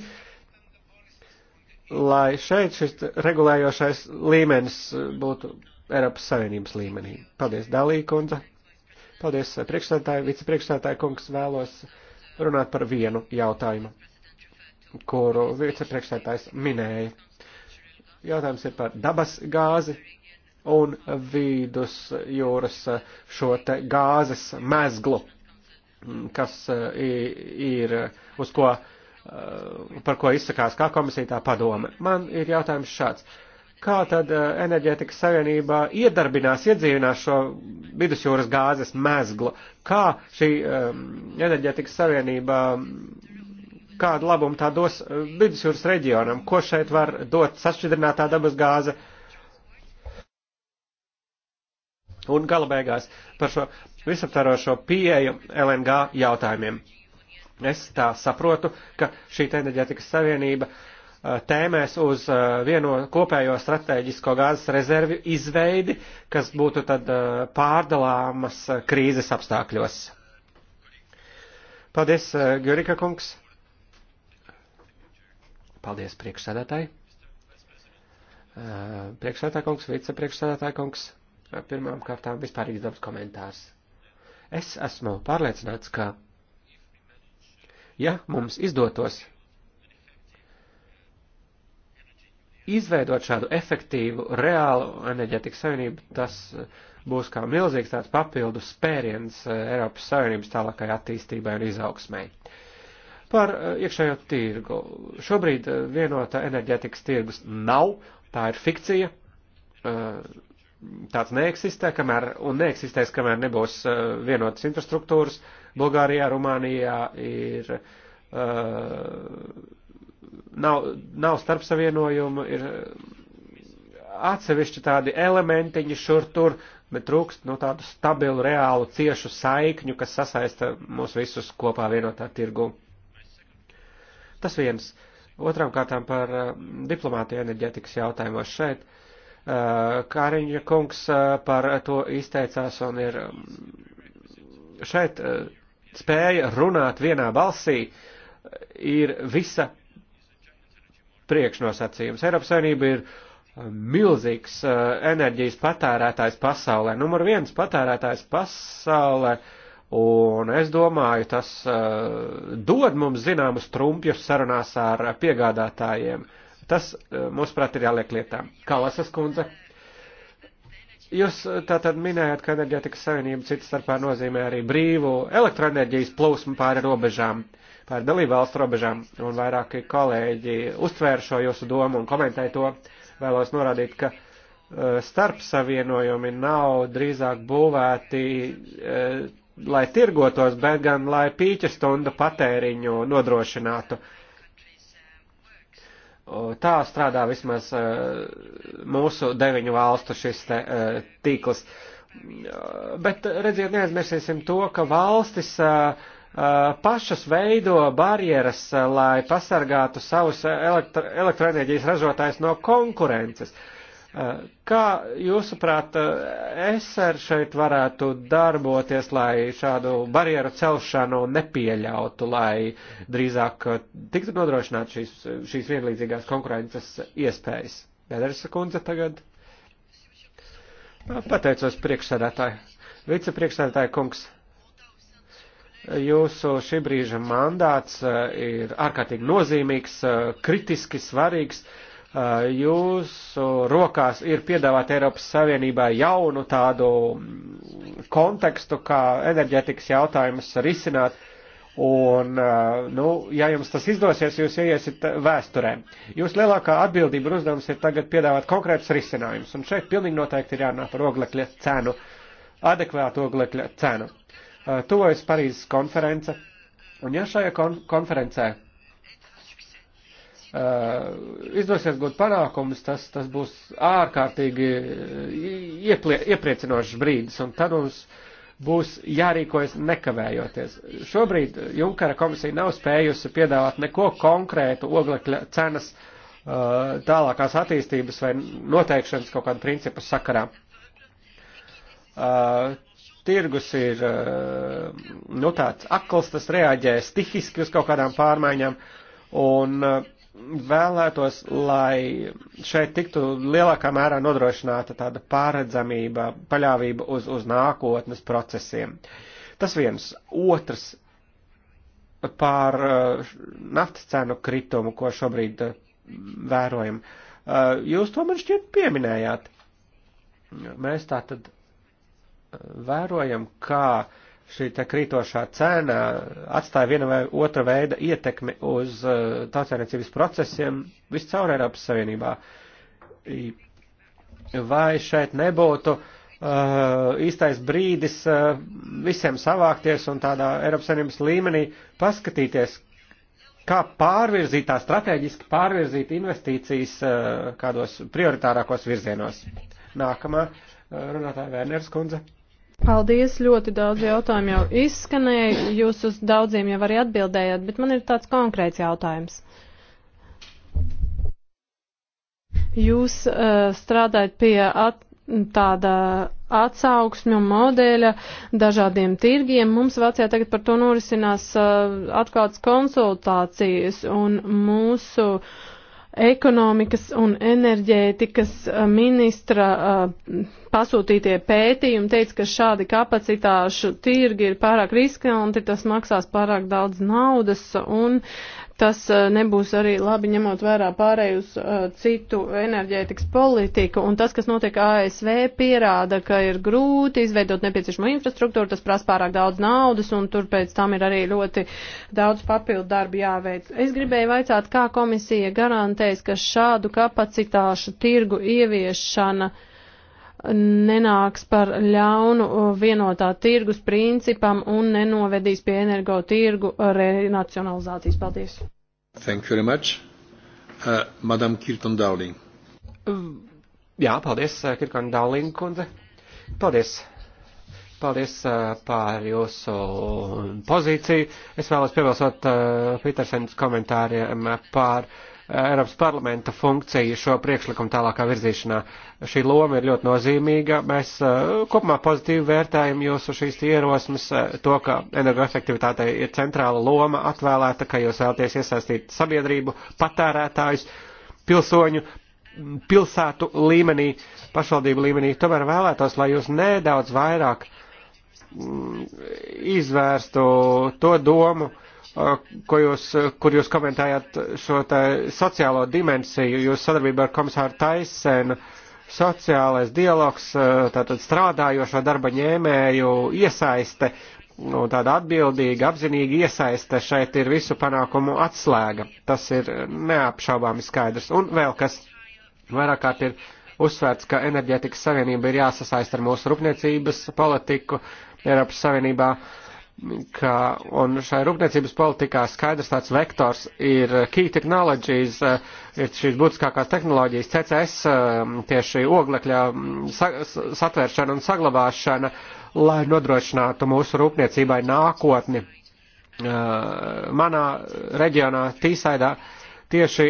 lai šeit šis regulējošais līmenis uh, būtu Eiropas Savienības līmenī. Paldies, Dalīja kundze. Paldies, uh, priekšstādātāji, vicepriekšstādātāji kungs vēlos runāt par vienu jautājumu, kuru vicepriekšstādātājs minēja Jautājums ir par dabas gāzi un vīdus jūras eh, šo te gāzes mezglu, mm, kas eh, ir eh, uz ko, par ko izsakās kā komisija tā padome. Man ir jautājums šāds. Kā tad enerģētikas savienībā iedarbinās, iedzīvinās šo vidusjūras gāzes mezglu? Kā šī enerģētikas savienība kādu labumu tā dos eh, vidusjūras reģionam, ko šeit var dot sašķidrinātā dabas gāze. Un gala beigās par šo visaptvarošo pieeju LNG jautājumiem. Es tā saprotu, ka šī enerģētikas savienība eh, tēmēs uz eh, vieno kopējo strateģisko gāzes rezervi izveidi, kas būtu tad pārdalāmas krīzes apstākļos. Paldies, Gjurika kungs! Paldies priekšsēdētāji. Priekšsēdētāja kungs, vicepriekšsēdētāja kungs, pirmām kārtām vispārīgs dabas komentārs. Es esmu pārliecināts, ka, ja mums izdotos izveidot šādu efektīvu, reālu enerģetikas savienību, tas būs kā milzīgs tāds papildus spēriens Eiropas Savienības tālākai attīstībai un izaugsmai. Uh, par eh, iekšējo tirgu. Šobrīd eh, vienotā enerģētikas tirgus nav, tā ir fikcija, eh, tāds neeksistē, kamēr, un neeksistēs, kamēr nebūs vienotas infrastruktūras. Bulgārijā, Rumānijā ir, nav, nav starpsavienojumu, ir atsevišķi tādi elementiņi šur tur, bet trūkst no nu, tādu stabilu, reālu, ciešu saikņu, kas sasaista mūs visus kopā vienotā tirgu. Tas viens. Otram kārtām par eh, diplomātiju enerģetikas jautājumos šeit. Eh, Kāriņa kungs eh, par to izteicās un ir mm, šeit spēja runāt vienā balsī ir visa priekšnosacījums. Eiropas Savienība ir milzīgs enerģijas patērētājs pasaulē. Numur viens patērētājs pasaulē uh, Un es domāju, tas uh, dod mums zināmus trumpjus sarunās ar piegādātājiem. Tas, uh, mūsuprāt, ir jāliek lietām. Kalasas kundze, jūs eh, tātad minējat, ka enerģētikas savienība cits starpā nozīmē arī brīvu elektroenerģijas plūsmu pāri robežām, pāri dalībvalstu robežām, un vairāki kolēģi uztvēra šo jūsu domu un komentēja to. Vēlos norādīt, ka uh, starpsavienojumi nav drīzāk būvēti. Uh, lai tirgotos, bet gan lai pīķa stundu patēriņu nodrošinātu. Tā strādā vismaz e, mūsu deviņu valstu šis te, e, tīkls. Bet, redziet, neaizmirsīsim to, ka valstis e, pašas veido barjeras, lai pasargātu savus elektro, elektroenerģijas ražotājus no konkurences. Uh, Eh, kā jūsuprāt, eh, SR šeit varētu darboties, lai šādu barjeru celšanu nepieļautu, lai drīzāk eh, tiktu nodrošināt šīs, šīs vienlīdzīgās konkurences iespējas? Bedersa kundze tagad. Pateicos priekšsēdētāji. Vicepriekšsēdētāji kungs, jūsu šī brīža mandāts ir ārkārtīgi nozīmīgs, kritiski svarīgs Eh, jūsu rokās ir piedāvāt Eiropas Savienībā jaunu tādu mm, kontekstu, kā enerģetikas jautājumus risināt. Un, eh, nu, ja jums tas izdosies, jūs ieiesiet vēsturē. Jūs lielākā atbildība un uzdevums ir tagad piedāvāt konkrētus risinājumus. Un šeit pilnīgi noteikti ir jārunā par oglekļa cenu, adekvātu oglekļa cenu. Eh, tuvojas Parīzes konference. Un ja šajā kon konferencē Eh, izdosies gūt panākumus, tas, tas būs ārkārtīgi eh, ieplie, iepriecinošs brīdis, un tad mums būs jārīkojas nekavējoties. Šobrīd Junkara komisija nav spējusi piedāvāt neko konkrētu oglekļa cenas eh, tālākās attīstības vai noteikšanas kaut kādu principu sakarā. Tirgus ir nu, tāds akls, tas reaģē stihiski uz kaut kādām pārmaiņām. Un uh, vēlētos, lai šeit tiktu lielākā mērā nodrošināta tāda pāredzamība, paļāvība uz, uz nākotnes procesiem. Tas viens. Otrs pār uh, naftas cenu kritumu, ko šobrīd uh, vērojam. Uh, jūs to man šķiet pieminējāt. Mēs tā tad vērojam, kā uh, šī te krītošā cēna atstāja viena vai otra veida ietekmi uz uh, tautsēmniecības procesiem viscaur Eiropas Savienībā. Vai šeit nebūtu uh, īstais brīdis uh, visiem savākties un tādā Eiropas Savienības līmenī paskatīties, kā pārvirzīt tā strateģiski pārvirzīt investīcijas kādos prioritārākos virzienos? Nākamā runātāja Vērners kundze. Paldies, ļoti daudz jautājumu jau izskanēja, jūs uz daudziem jau arī atbildējāt, bet man ir tāds konkrēts jautājums. Jūs uh, strādājat pie at, tāda atsauksmju modeļa dažādiem tirgiem. Mums Vācijā tagad par to norisinās uh, eh, atklātas konsultācijas un mūsu uh, ekonomikas un enerģētikas uh, ministra uh, pasūtītie pētījumi teica, ka šādi kapacitāšu tirgi ir pārāk riskanti, tas maksās pārāk daudz naudas un Tas eh, nebūs arī labi ņemot vērā pārējus eh, citu enerģētikas politiku. Un tas, kas notiek ASV, pierāda, ka ir grūti izveidot nepieciešamo infrastruktūru, tas prasa pārāk daudz naudas un tur pēc tam ir arī ļoti daudz papildu darbu jāveic. Es gribēju vaicāt, kā komisija garantēs, ka šādu kapacitāšu tirgu ieviešana uh, nenāks par ļaunu vienotā tirgus principam un nenovedīs pie energo tirgu renacionalizācijas. Paldies! Thank you very much. Uh, Madam Kirton Dowling. Mm, jā, paldies, uh, Kirton Dowling kundze. Paldies. Paldies uh, par jūsu pozīciju. Es vēlos piebilstot uh, Petersenas komentāriem par uh, Eiropas parlamenta funkcija šo priekšlikumu tālākā virzīšanā. Šī loma ir ļoti nozīmīga. Mēs uh, kopumā pozitīvi vērtējam jūsu šīs ierosmes, uh, to, ka energoefektivitātei ir centrāla loma atvēlēta, ka jūs vēlaties iesaistīt sabiedrību, patērētājus, pilsoņu, pilsētu līmenī, pašvaldību līmenī. Tomēr vēlētos, lai jūs nedaudz vairāk izvērstu to domu, ko jūs, kur jūs komentējāt šo tā sociālo dimensiju, jūs sadarbībā ar komisāru Taisenu, sociālais dialogs, tātad strādājošo darba ņēmēju iesaiste, nu, tāda atbildīga, apzinīga iesaiste šeit ir visu panākumu atslēga. Tas ir neapšaubāmi skaidrs. Un vēl kas vairāk kārt ir uzsvērts, ka enerģētikas savienība ir jāsasaist ar mūsu rūpniecības politiku Eiropas Savienībā. Uh, ka, un šai rūpniecības politikā skaidrs tāds vektors ir key technologies, eh, ir šīs būtiskākās tehnoloģijas, CCS, eh, tieši oglekļa mm, satvēršana un saglabāšana, lai nodrošinātu mūsu rūpniecībai nākotni. Eh, manā reģionā Tīsaidā tieši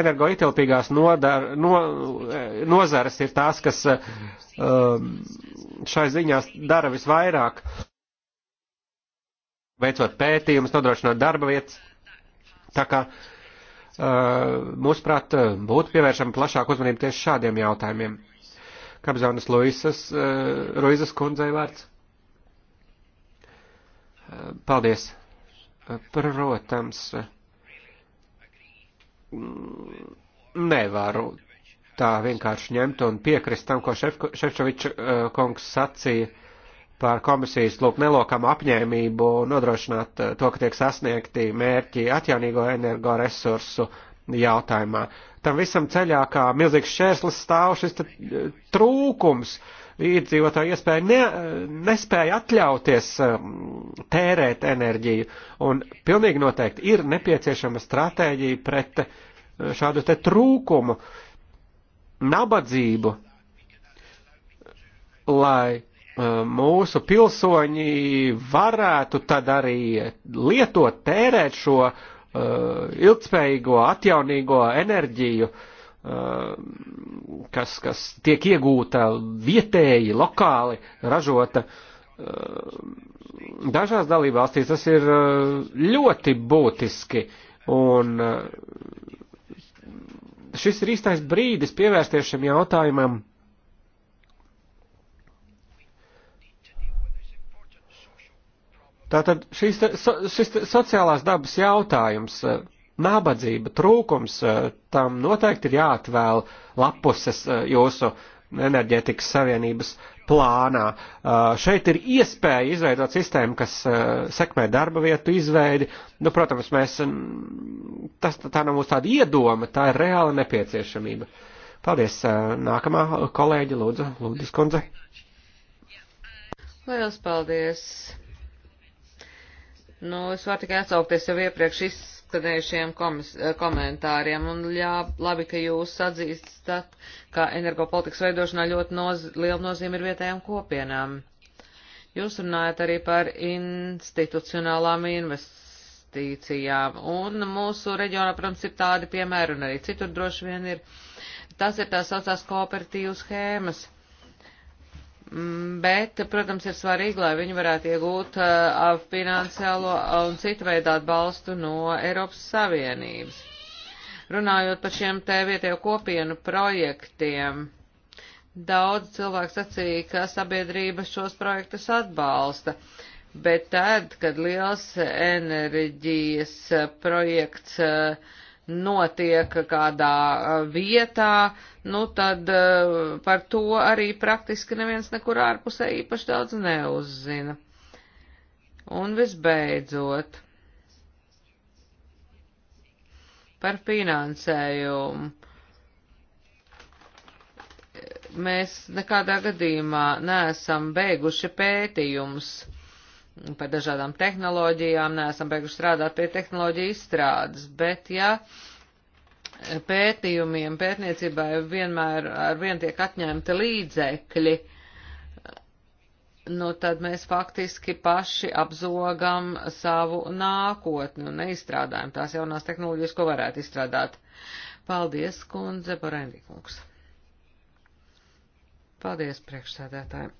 energoietilpīgās nodar, no, nozares ir tās, kas šai ziņās dara visvairāk veicot pētījumus, nodrošināt darba vietas. Tā kā mūsuprāt būtu pievēršama plašāka uzmanība tieši šādiem jautājumiem. Kapzaunas Luisas, Ruizas kundzei vārds. Paldies. Protams, mm, nevaru tā vienkārši ņemt un piekrist tam, ko Šefčoviča kungs sacīja par komisijas lūk nelokam apņēmību nodrošināt eh, to, ka tiek sasniegti mērķi atjaunīgo energoresursu jautājumā. Tam visam ceļā, kā milzīgs šķērslis stāv šis eh, trūkums, iedzīvotāji iespēja ne, eh, nespēja atļauties tērēt enerģiju, un pilnīgi noteikti ir nepieciešama stratēģija pret šādu te trūkumu, nabadzību, lai mūsu pilsoņi varētu tad arī lietot, tērēt šo uh, ilgspējīgo, atjaunīgo enerģiju, uh, kas, kas tiek iegūta vietēji, lokāli ražota. Uh, dažās dalībvalstīs tas ir ļoti būtiski, un šis ir īstais brīdis pievērsties šim jautājumam Tātad šis, šis sociālās dabas jautājums, eh, nabadzība, trūkums, eh, tam noteikti ir jāatvēl lapuses eh, jūsu enerģētikas savienības plānā. Šeit ir iespēja izveidot sistēmu, kas sekmē darba vietu izveidi. Nu, protams, mēs, mm, tas, tā nav mūsu tāda iedoma, tā ir reāla nepieciešamība. Paldies. Nākamā kolēģa, lūdzu, Lūdzu, skundze. Liels paldies. Nu, es varu tikai atsaukties jau iepriekš izskanējušiem eh, komentāriem, un jā, labi, ka jūs atzīstat, ka energopolitikas veidošanā ļoti noz liela nozīme ir vietējām kopienām. Jūs runājat arī par institucionālām investīcijām, un mūsu reģionā, protams, ir tādi piemēri, un arī citur droši vien ir. Tas ir tās saucās kooperatīvas schēmas. Uh, Mm, bet, protams, ir svarīgi, lai viņi varētu iegūt uh, finansiālo un citu veidu atbalstu no Eiropas Savienības. Runājot par šiem te vietējo kopienu projektiem, daudz cilvēku sacīja, ka sabiedrība šos projektus atbalsta, bet tad, kad liels enerģijas projekts uh, notiek kādā vietā, nu tad par to arī praktiski neviens nekur ārpusē īpaši daudz neuzzina. Un visbeidzot, par finansējumu. Mēs nekādā gadījumā neesam beiguši pētījumus par dažādām tehnoloģijām, neesam beiguši strādāt pie tehnoloģiju izstrādes, bet ja pētījumiem, pētniecībai vienmēr ar vien tiek atņemta līdzekļi, nu tad mēs faktiski paši apzogam savu nākotni un neizstrādājam tās jaunās tehnoloģijas, ko varētu izstrādāt. Paldies, kundze, Borendikungs. Paldies, priekšsēdētāji.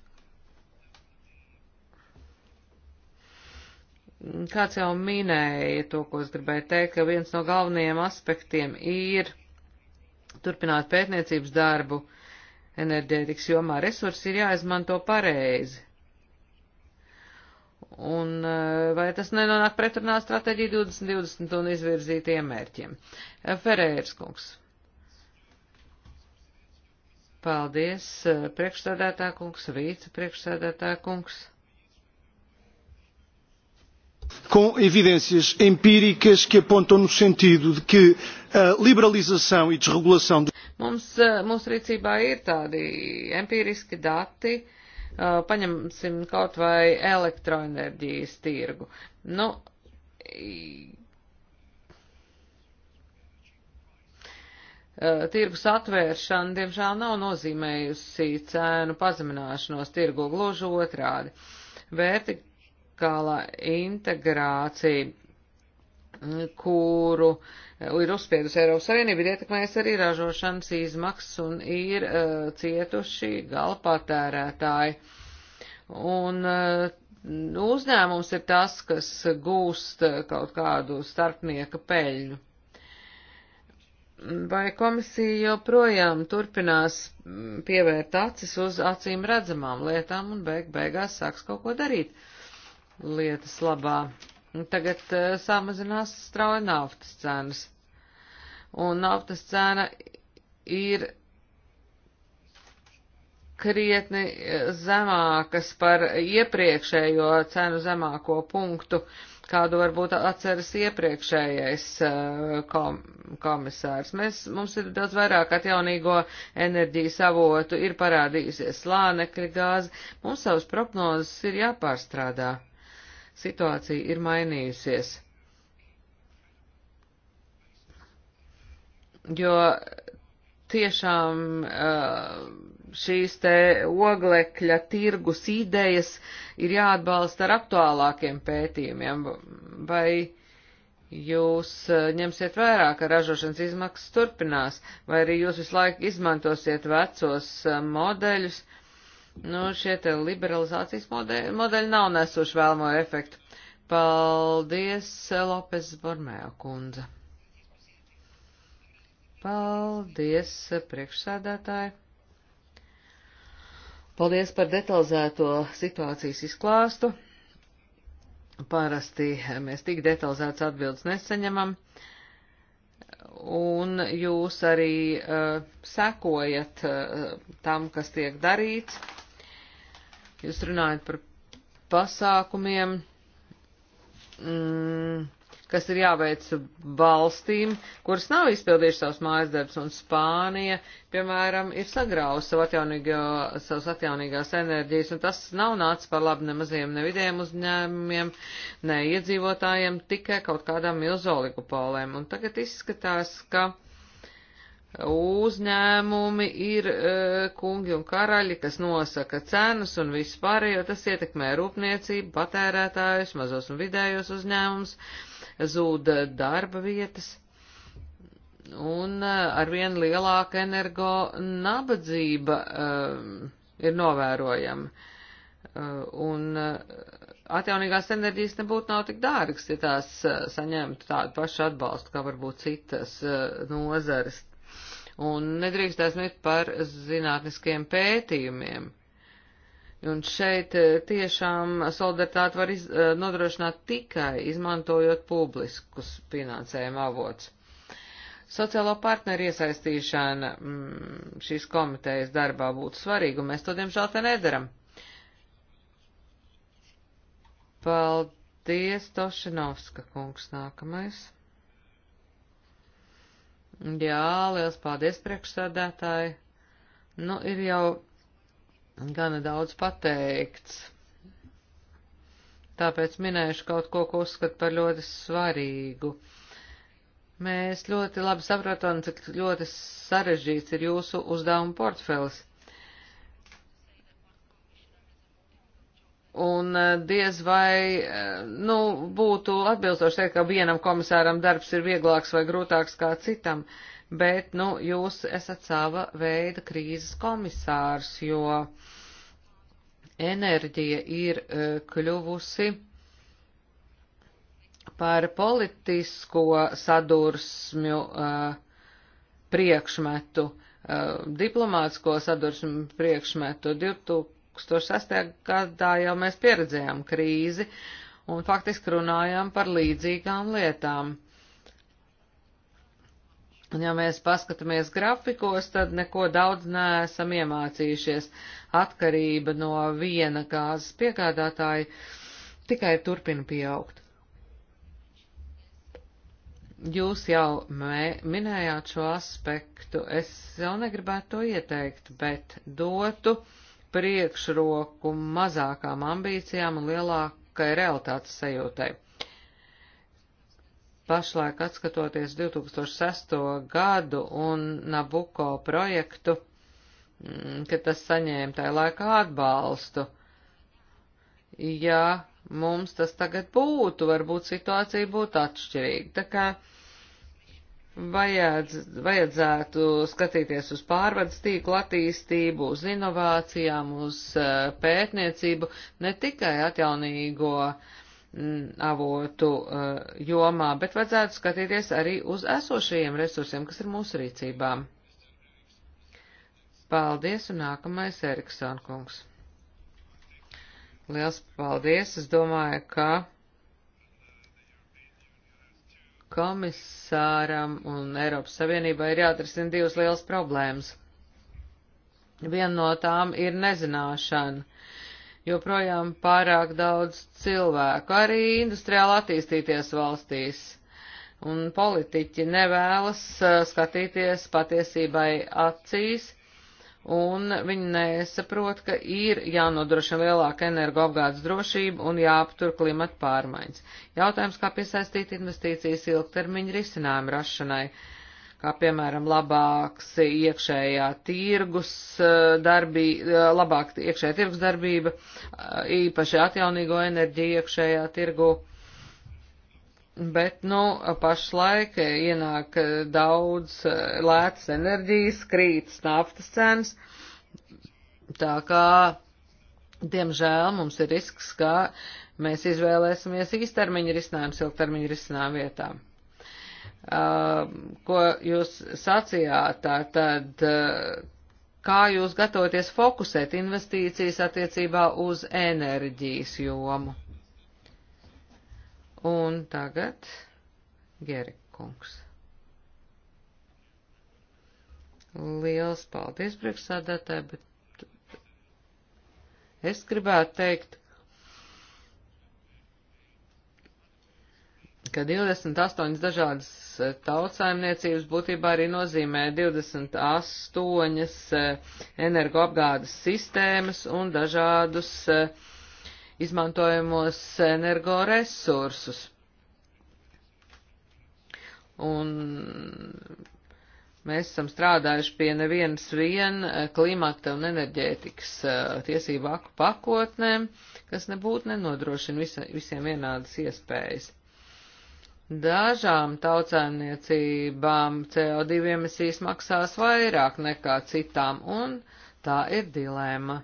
Kāds jau minēja to, ko es gribēju teikt, ka viens no galvenajiem aspektiem ir turpināt pētniecības darbu enerģētikas jomā. Resursi ir jāizmanto pareizi. Un eh, vai tas nenonāk pretrunā stratēģija 2020 un izvirzītiem mērķiem? Eh, Ferērs kungs. Paldies, eh, priekšsēdētā kungs, vīca priekšsēdētā kungs com evidências empíricas que apontam no sentido de que a liberalização e desregulação do... Mums, eh, mums rīcībā ir tādi empīriski dati, eh, paņemsim kaut vai elektroenerģijas tirgu. Nu, eh, tirgus atvēršana, diemžēl, nav nozīmējusi cēnu pazemināšanos tirgu gluži otrādi. Vērtik, vertikālā integrācija, kuru uh, ir uzspiedusi Eiropas Savienība, ir ietekmējusi arī ražošanas izmaksas un ir uh, cietuši gala patērētāji. Un uh, uzņēmums ir tas, kas gūst uh, kaut kādu starpnieka peļņu. Vai komisija joprojām turpinās mm, pievērt acis uz acīm redzamām lietām un beig beigās sāks kaut ko darīt? Uh, lietas labā. Tagad uh, samazinās strauji naftas cenas. Un naftas cena ir krietni eh, zemākas par iepriekšējo cenu zemāko punktu, kādu varbūt atceras iepriekšējais eh, kom komisārs. Mēs, mums ir daudz vairāk atjaunīgo enerģijas avotu, ir parādījusies slānekļa gāze, mums savas prognozes ir jāpārstrādā situācija ir mainījusies. Jo tiešām uh, šīs te oglekļa tirgus idejas ir jāatbalsta ar aktuālākiem pētījumiem, vai jūs uh, ņemsiet vērā, ka ražošanas izmaksas turpinās, vai arī jūs visu laiku izmantosiet vecos uh, modeļus, uh, nu, šie te liberalizācijas modeļi, modeļi nav nesuši vēlamo efektu. Paldies, Lopes Bormēja kundze. Paldies, priekšsēdētāji. Paldies par detalizēto situācijas izklāstu. Parasti mēs tik detalizētas atbildes nesaņemam, un jūs arī uh, sekojat uh, tam, kas tiek darīts Jūs runājat par pasākumiem, mm, kas ir jāveic valstīm, kuras nav izpildījušas savus mājas darbus, un Spānija, piemēram, ir sagrausa savu atjaunīgo, savas atjaunīgās enerģijas, un tas nav nācis par labu ne maziem, ne vidiem uzņēmumiem, ne iedzīvotājiem, tikai kaut kādām milzu oligopolēm. Un tagad izskatās, ka. Uh, uzņēmumi ir e, kungi un karaļi, kas nosaka cenas un vispār, jo tas ietekmē rūpniecību, patērētājus, mazos un vidējos uzņēmums, zūd darba vietas un e, arvien lielāka energo nabadzība e, ir novērojama. Un atjaunīgās enerģijas nebūtu nav tik dārgas, ja tās saņemtu tādu pašu atbalstu, kā varbūt citas nozares un nedrīkst aizmirst par zinātniskiem pētījumiem. Un šeit eh, tiešām solidaritāti var iz, eh, nodrošināt tikai izmantojot publiskus finansējuma avots. Sociālo partneru iesaistīšana mm, šīs komitejas darbā būtu svarīga, un mēs to diemžēl te nedaram. Paldies, Tošinovska kungs, nākamais. Jā, liels paldies priekšsādātāji. Nu, ir jau gana daudz pateikts. Tāpēc minēšu kaut ko, ko uzskatu par ļoti svarīgu. Mēs ļoti labi saprotam, cik ļoti sarežģīts ir jūsu uzdevuma portfelis. Un eh, diez vai, eh, nu, būtu atbilstoši teikt, ka vienam komisāram darbs ir vieglāks vai grūtāks kā citam, bet, nu, jūs esat sava veida krīzes komisārs, jo enerģija ir eh, kļuvusi par politisko sadursmju uh, priekšmetu, uh, diplomātsko sadursmju priekšmetu. 2000 2008. gadā jau mēs pieredzējām krīzi un faktiski runājām par līdzīgām lietām. Un ja mēs paskatāmies grafikos, tad neko daudz neesam iemācījušies. Atkarība no viena gāzes piegādātāja tikai turpina pieaugt. Jūs jau minējāt šo aspektu, es jau negribētu to ieteikt, bet dotu uh, priekšroku mazākām ambīcijām un lielākai realitātes sajūtai. Pašlaik atskatoties 2006. gadu un Nabuko projektu, mm, ka tas saņēma tajā laikā atbalstu. Ja mums tas tagad būtu, varbūt situācija būtu atšķirīga. Tā kā vajadz, vajadzētu skatīties uz pārvades tīklu attīstību, uz inovācijām, uz eh, pētniecību, ne tikai atjaunīgo mm, avotu eh, jomā, bet vajadzētu skatīties arī uz esošajiem resursiem, kas ir mūsu rīcībā. Paldies, un nākamais Eriksona kungs. Liels paldies, es domāju, ka Komisāram un Eiropas Savienībai ir jāatrisina divas lielas problēmas. Viena no tām ir nezināšana. Joprojām pārāk daudz cilvēku, arī industriāli attīstīties valstīs, un politiķi nevēlas uh, skatīties patiesībai acīs un viņi nesaprot, ka ir jānodrošina lielāka energoapgādes drošība un jāaptur klimata pārmaiņas. Jautājums, kā piesaistīt investīcijas ilgtermiņa risinājumu rašanai, kā piemēram labāks iekšējā tirgus eh, darbība, eh, labāk iekšējā tirgus darbība, eh, īpaši atjaunīgo enerģiju iekšējā tirgu Bet, nu, pašlaik ienāk eh, daudz eh, lētas enerģijas, krītas naftas cenas, tā kā, diemžēl, mums ir risks, ka mēs izvēlēsimies īstermiņa risinājumu siltermiņa risinājumu vietā. Uh, ko jūs sacījāt, tā tad, uh, kā jūs gatavoties fokusēt investīcijas attiecībā uz enerģijas jomu? Un tagad Gerikungs. Liels paldies priekšsādātāji, bet es gribētu teikt, ka 28 dažādas e, tautsaimniecības būtībā arī nozīmē 28 e, energoapgādes sistēmas un dažādus uh, izmantojamos energoresursus. Un mēs esam strādājuši pie nevienas vien klimata un enerģētikas eh, tiesību aktu pakotnēm, kas nebūtu nenodrošina visa, visiem vienādas iespējas. Dažām tautsēmniecībām CO2 emisijas maksās vairāk nekā citām, un tā ir dilēma.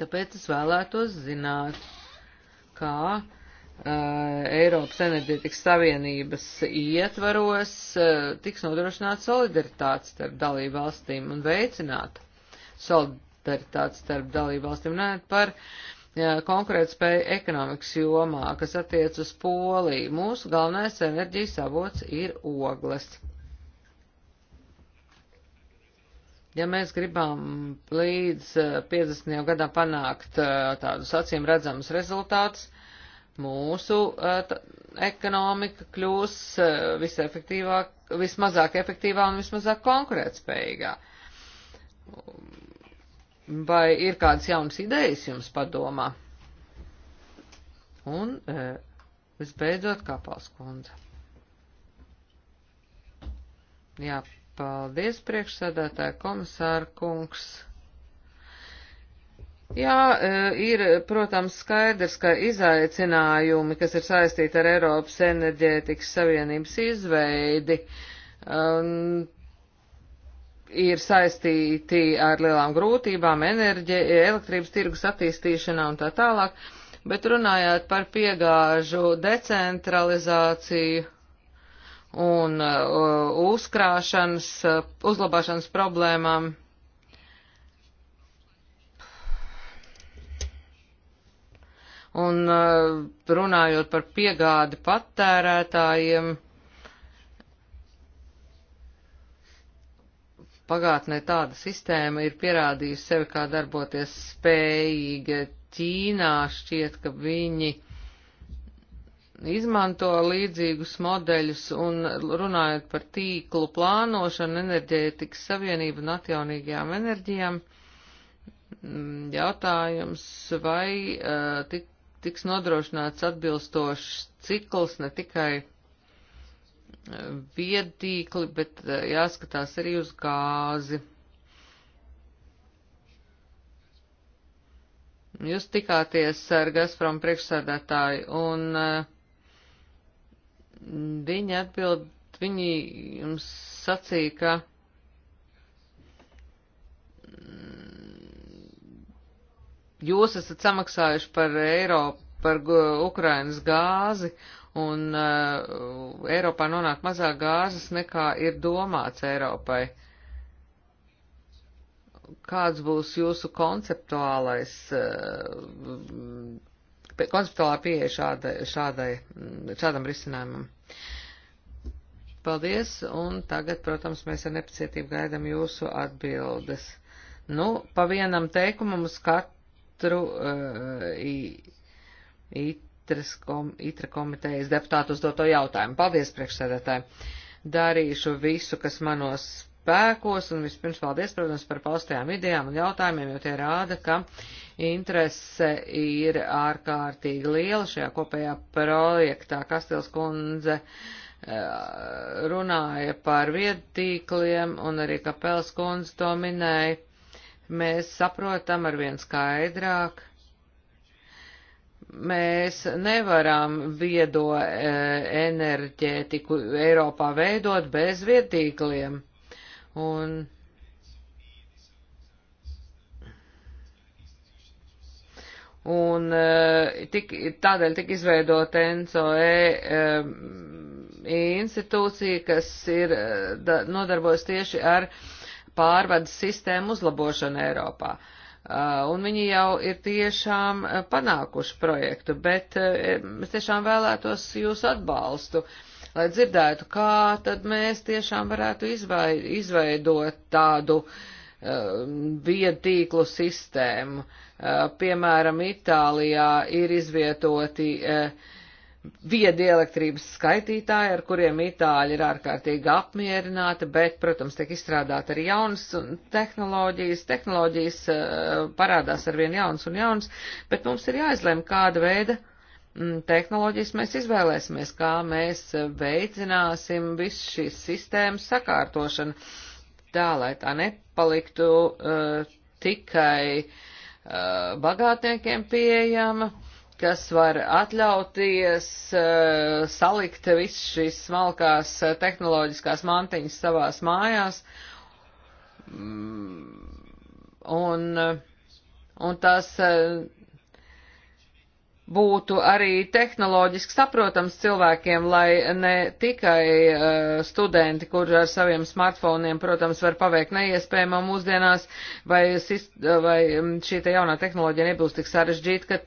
Tāpēc es vēlētos zināt, kā uh, Eiropas enerģētikas savienības ietvaros uh, tiks nodrošināta solidaritāte starp dalību valstīm un veicināt solidaritāti starp dalību valstīm. Nē, par uh, konkurētspēju ekonomikas jomā, kas attiec uz Poliju. Mūsu galvenais enerģijas avots ir ogles. Ja mēs gribam līdz 50. Eh, gadam panākt eh, tādus acīm redzamus rezultātus, mūsu eh, tā, ekonomika kļūs visefektīvāk, vismazāk efektīvā un vismazāk konkurētspējīgā. Vai ir kādas jaunas idejas jums padomā? Un visbeidzot, Kapals kundze. Jā, Paldies, priekšsēdētāja komisāra kungs. Jā, e, ir, protams, skaidrs, ka izaicinājumi, kas ir saistīti ar Eiropas enerģētikas savienības izveidi, um, ir saistīti ar lielām grūtībām, enerģi, elektrības tirgus attīstīšanā un tā tālāk, bet runājāt par piegāžu decentralizāciju un uh, uzkrāšanas, uh, uzlabāšanas problēmām. Un uh, runājot par piegādi patērētājiem, pagātnē tāda sistēma ir pierādījusi sevi kā darboties spējīga. Ķīnā šķiet, ka viņi izmanto līdzīgus modeļus un runājot par tīklu plānošanu, enerģētikas savienību un atjaunīgajām enerģijām, mm, jautājums, vai eh, tik, tiks nodrošināts atbilstošs cikls ne tikai eh, viedtīkli, bet eh, jāskatās arī uz gāzi. Jūs tikāties ar Gazprom priekšsēdētāju un uh, Viņi atbild, viņi jums sacīja, ka mm, jūs esat samaksājuši par eiro, par Ukrainas gāzi, un uh, Eiropā nonāk mazāk gāzes nekā ir domāts Eiropai. Kāds būs jūsu konceptuālais uh, konceptuālā pieeja šādai, šādai, mm, šādam risinājumam. Paldies, un tagad, protams, mēs ar nepacietību gaidam jūsu atbildes. Nu, pa vienam teikumam uz katru uh, itras kom, itra komitejas deputātu uzdoto jautājumu. Paldies, priekšsēdētāji. Darīšu visu, kas manos spēkos, un vispirms paldies, protams, par paustajām idejām un jautājumiem, jo tie rāda, ka uh, interese ir ārkārtīgi liela šajā kopējā projektā. Kastels kundze eh, runāja par viedtīkliem un arī Kapels kundze to minēja. Mēs saprotam arvien skaidrāk. Mēs nevaram viedo eh, enerģētiku Eiropā veidot bez viedtīkliem. Un un eh, tik, tādēļ tika izveidota NCOE eh, institūcija, kas ir eh, da, nodarbojas tieši ar pārvades sistēmu uzlabošanu Eiropā. Un viņi jau ir tiešām panākuši projektu, bet es tiešām vēlētos jūsu atbalstu, lai dzirdētu, kā tad mēs tiešām varētu izvaid, izveidot tādu uh, viedtīklu sistēmu. Uh, Eh, piemēram, Itālijā ir izvietoti eh, viedi elektrības skaitītāji, ar kuriem Itāļi ir ārkārtīgi apmierināti, bet, protams, tiek izstrādāt arī jaunas tehnoloģijas. Tehnoloģijas eh, parādās ar vien jaunas un jaunas, bet mums ir jāizlem, kāda veida mm, tehnoloģijas mēs izvēlēsimies, kā mēs veicināsim visu šīs sistēmas sakārtošanu, tā lai tā nepaliktu uh, tikai uh, Uh, bagātniekiem pieejama, kas var atļauties uh, salikt visu šīs smalkās uh, tehnoloģiskās mantiņas savās mājās. Mm, un, un tas būtu arī tehnoloģiski saprotams cilvēkiem, lai ne tikai uh, studenti, kur ar saviem smartfoniem, protams, var paveikt neiespējamo mūsdienās, vai, vai mm, šī te jaunā tehnoloģija nebūs tik sarežģīta, ka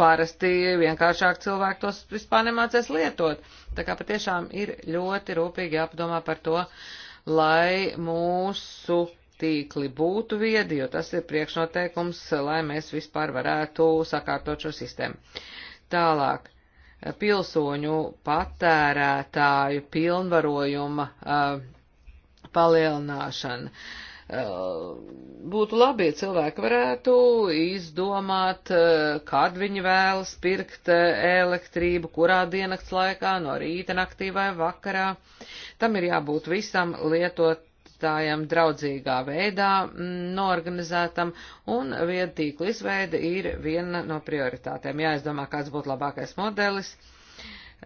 parasti vienkāršāk cilvēki tos vispār nemācēs lietot. Tā kā patiešām ir ļoti rūpīgi jāpadomā par to, lai mūsu tīkli būtu viedi, jo tas ir priekšnoteikums, lai mēs vispār varētu sakārtot šo sistēmu. Tālāk, pilsoņu patērētāju pilnvarojuma uh, palielināšana. Uh, būtu labi, ja cilvēki varētu izdomāt, uh, kad viņi vēlas pirkt elektrību, kurā dienas laikā, no rīta naktī vai vakarā. Tam ir jābūt visam lietot atstājam draudzīgā veidā mm, norganizētam, un viedtīkla izveida ir viena no prioritātēm. Jāizdomā, kāds būtu labākais modelis,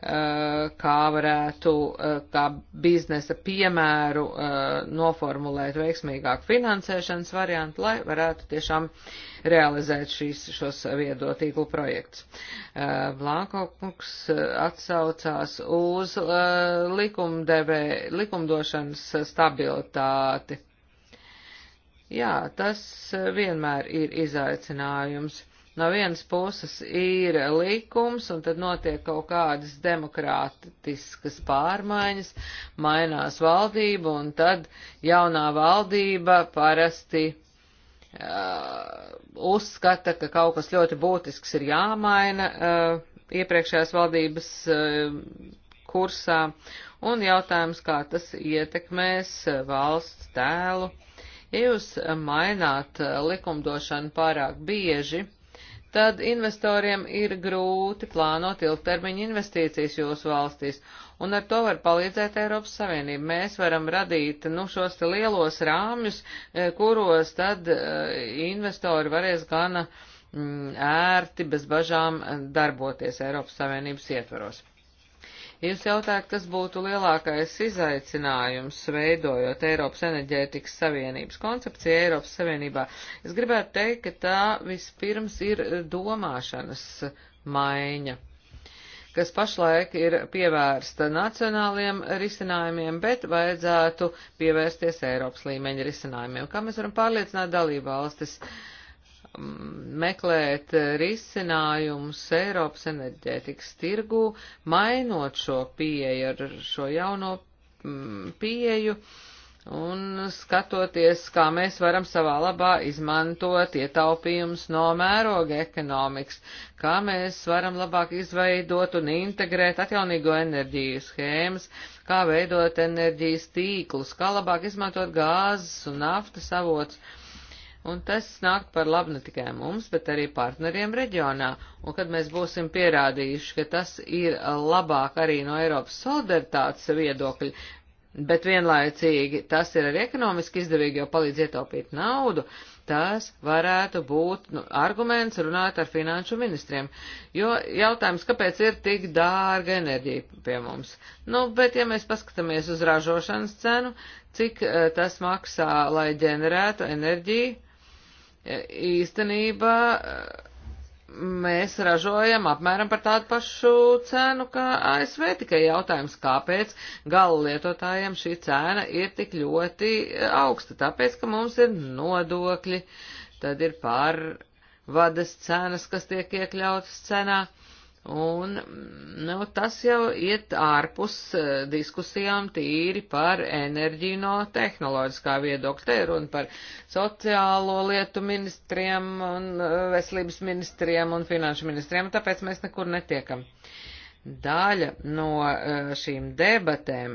eh, kā varētu eh, kā biznesa piemēru eh, noformulēt veiksmīgāku finansēšanas variantu, lai varētu tiešām uh, realizēt šīs, šos viedotīklu projektus. Eh, Blanko kungs eh, atsaucās uz eh, likumdevē, likumdošanas stabilitāti. Jā, tas vienmēr ir izaicinājums no vienas puses ir likums, un tad notiek kaut kādas demokrātiskas pārmaiņas, mainās valdība, un tad jaunā valdība parasti Uh, uzskata, ka kaut kas ļoti būtisks ir jāmaina uh, iepriekšējās valdības uh, kursā, un jautājums, kā tas ietekmēs valsts tēlu. Ja jūs maināt likumdošanu pārāk bieži, tad investoriem ir grūti plānot ilgtermiņa investīcijas jūsu valstīs, un ar to var palīdzēt Eiropas Savienība. Mēs varam radīt, nu, šos te lielos rāmjus, e, kuros tad e, investori varēs gana mm, ērti, bez bažām e, darboties Eiropas Savienības ietvaros. Jūs jautājat, kas būtu lielākais izaicinājums veidojot Eiropas enerģētikas savienības koncepciju Eiropas Savienībā? Es gribētu teikt, ka tā vispirms ir domāšanas maiņa, kas pašlaik ir pievērsta nacionāliem risinājumiem, bet vajadzētu pievērsties Eiropas līmeņa risinājumiem. Kā mēs varam pārliecināt dalību valstis? Uh, meklēt eh, risinājumus Eiropas enerģētikas tirgū, mainot šo pieeju ar šo jauno mm, pieeju un skatoties, kā mēs varam savā labā izmantot ietaupījums no mēroga ekonomikas, kā mēs varam labāk izveidot un integrēt atjaunīgo enerģiju schēmas, kā veidot enerģijas tīklus, kā labāk izmantot gāzes un naftas avots un tas nāk par labu ne tikai mums, bet arī partneriem reģionā. Un kad mēs būsim pierādījuši, ka tas ir labāk arī no Eiropas solidaritātes viedokļa, bet vienlaicīgi tas ir arī ekonomiski izdevīgi, jo palīdz ietaupīt naudu, tas varētu būt nu, arguments runāt ar finanšu ministriem. Jo jautājums, kāpēc ir tik dārga enerģija pie mums? Nu, bet ja mēs paskatāmies uz ražošanas cenu, cik uh, tas maksā, lai ģenerētu enerģiju, īstenībā eh, mēs ražojam apmēram par tādu pašu cenu kā ASV, tikai jautājums, kāpēc galu lietotājiem šī cena ir tik ļoti eh, augsta, tāpēc, ka mums ir nodokļi, tad ir pārvades cenas, kas tiek iekļautas cenā. Uh, Un, nu, tas jau iet ārpus e, diskusijām tīri par enerģiju no tehnoloģiskā viedokļa. Te ir runa par sociālo lietu ministriem un e, veselības ministriem un finanšu ministriem, tāpēc mēs nekur netiekam. Daļa no e, šīm debatēm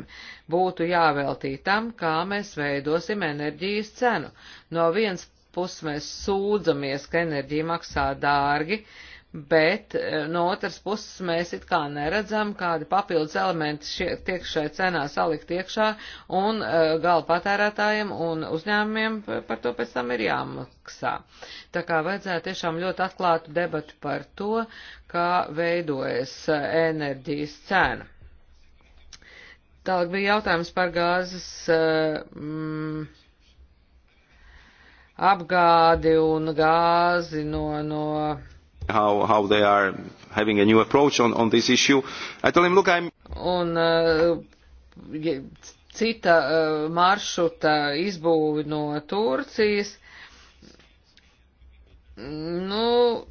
būtu jāveltīt tam, kā mēs veidosim enerģijas cenu. No vienas puses mēs sūdzamies, ka enerģija maksā dārgi, uh, bet eh, no otras puses mēs it kā neredzam, kādi papildus elementi šie, tiek šai cenā salikt iekšā, un uh, gala patērētājiem un uzņēmumiem par to pēc tam ir jāmaksā. Tā kā vajadzētu tiešām ļoti atklātu debatu par to, kā veidojas eh, enerģijas cena. Tālāk bija jautājums par gāzes. Uh, mm, apgādi un gāzi no, no how, how they are having a new approach on, on this issue. I tell him, look, I'm... Un, uh, cita uh, maršruta izbūvi no Turcijas. Nu,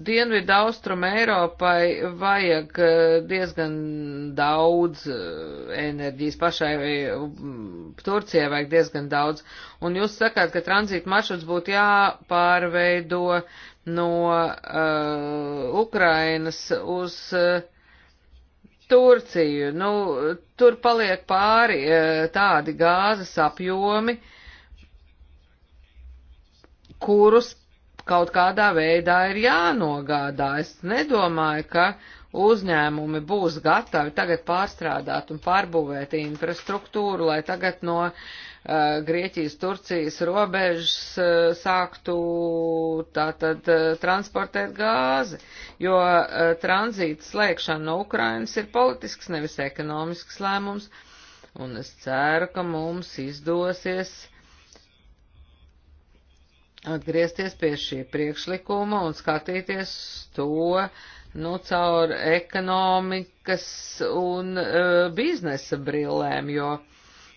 Dienvidu austrumu Eiropai vajag eh, diezgan daudz eh, enerģijas pašai, eh, Turcijai vajag diezgan daudz, un jūs sakāt, ka tranzīta maršruts būtu jāpārveido no uh, Ukrainas uz uh, Turciju. Nu, tur paliek pāri uh, tādi gāzes apjomi, kurus kaut kādā veidā ir jānogādā. Es nedomāju, ka uzņēmumi būs gatavi tagad pārstrādāt un pārbūvēt infrastruktūru, lai tagad no uh, Grieķijas, Turcijas robežas uh, sāktu tātad uh, transportēt gāzi, jo uh, tranzīta slēgšana no Ukrainas ir politisks, nevis ekonomisks lēmums, un es ceru, ka mums izdosies atgriezties pie šī priekšlikuma un skatīties to, nu, caur ekonomikas un uh, biznesa brillēm, jo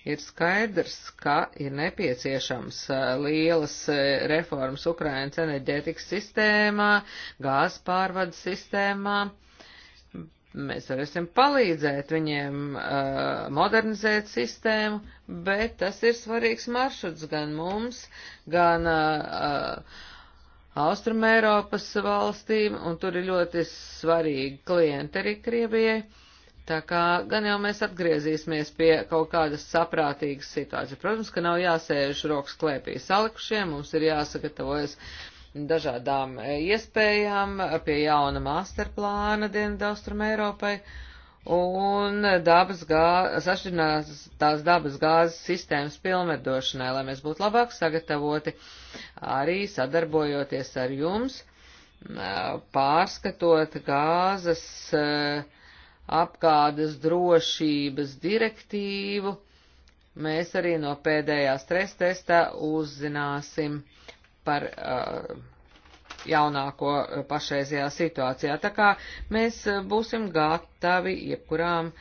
ir skaidrs, ka ir nepieciešams uh, lielas uh, reformas Ukrainas enerģētikas sistēmā, gāzes pārvades sistēmā, Mēs varēsim palīdzēt viņiem uh, modernizēt sistēmu, bet tas ir svarīgs maršruts gan mums, gan uh, uh, Austrum Eiropas valstīm, un tur ir ļoti svarīgi klienti arī Krievijai. Tā kā gan jau mēs atgriezīsimies pie kaut kādas saprātīgas situācijas. Protams, ka nav jāsēž rokas klēpī salikušiem, mums ir jāsagatavojas uh, dažādām e, iespējām pie jauna masterplāna Dienvidaustrum Eiropai un dabas gāzes, sašķinās tās dabas gāzes sistēmas pilnvedošanai, lai mēs būtu labāk sagatavoti arī sadarbojoties ar jums, e, pārskatot gāzes e, apgādes drošības direktīvu. Mēs arī no pēdējā stresa testa uzzināsim, uh, par uh, jaunāko uh, pašreizajā situācijā. Tā kā mēs uh, būsim gatavi jebkurām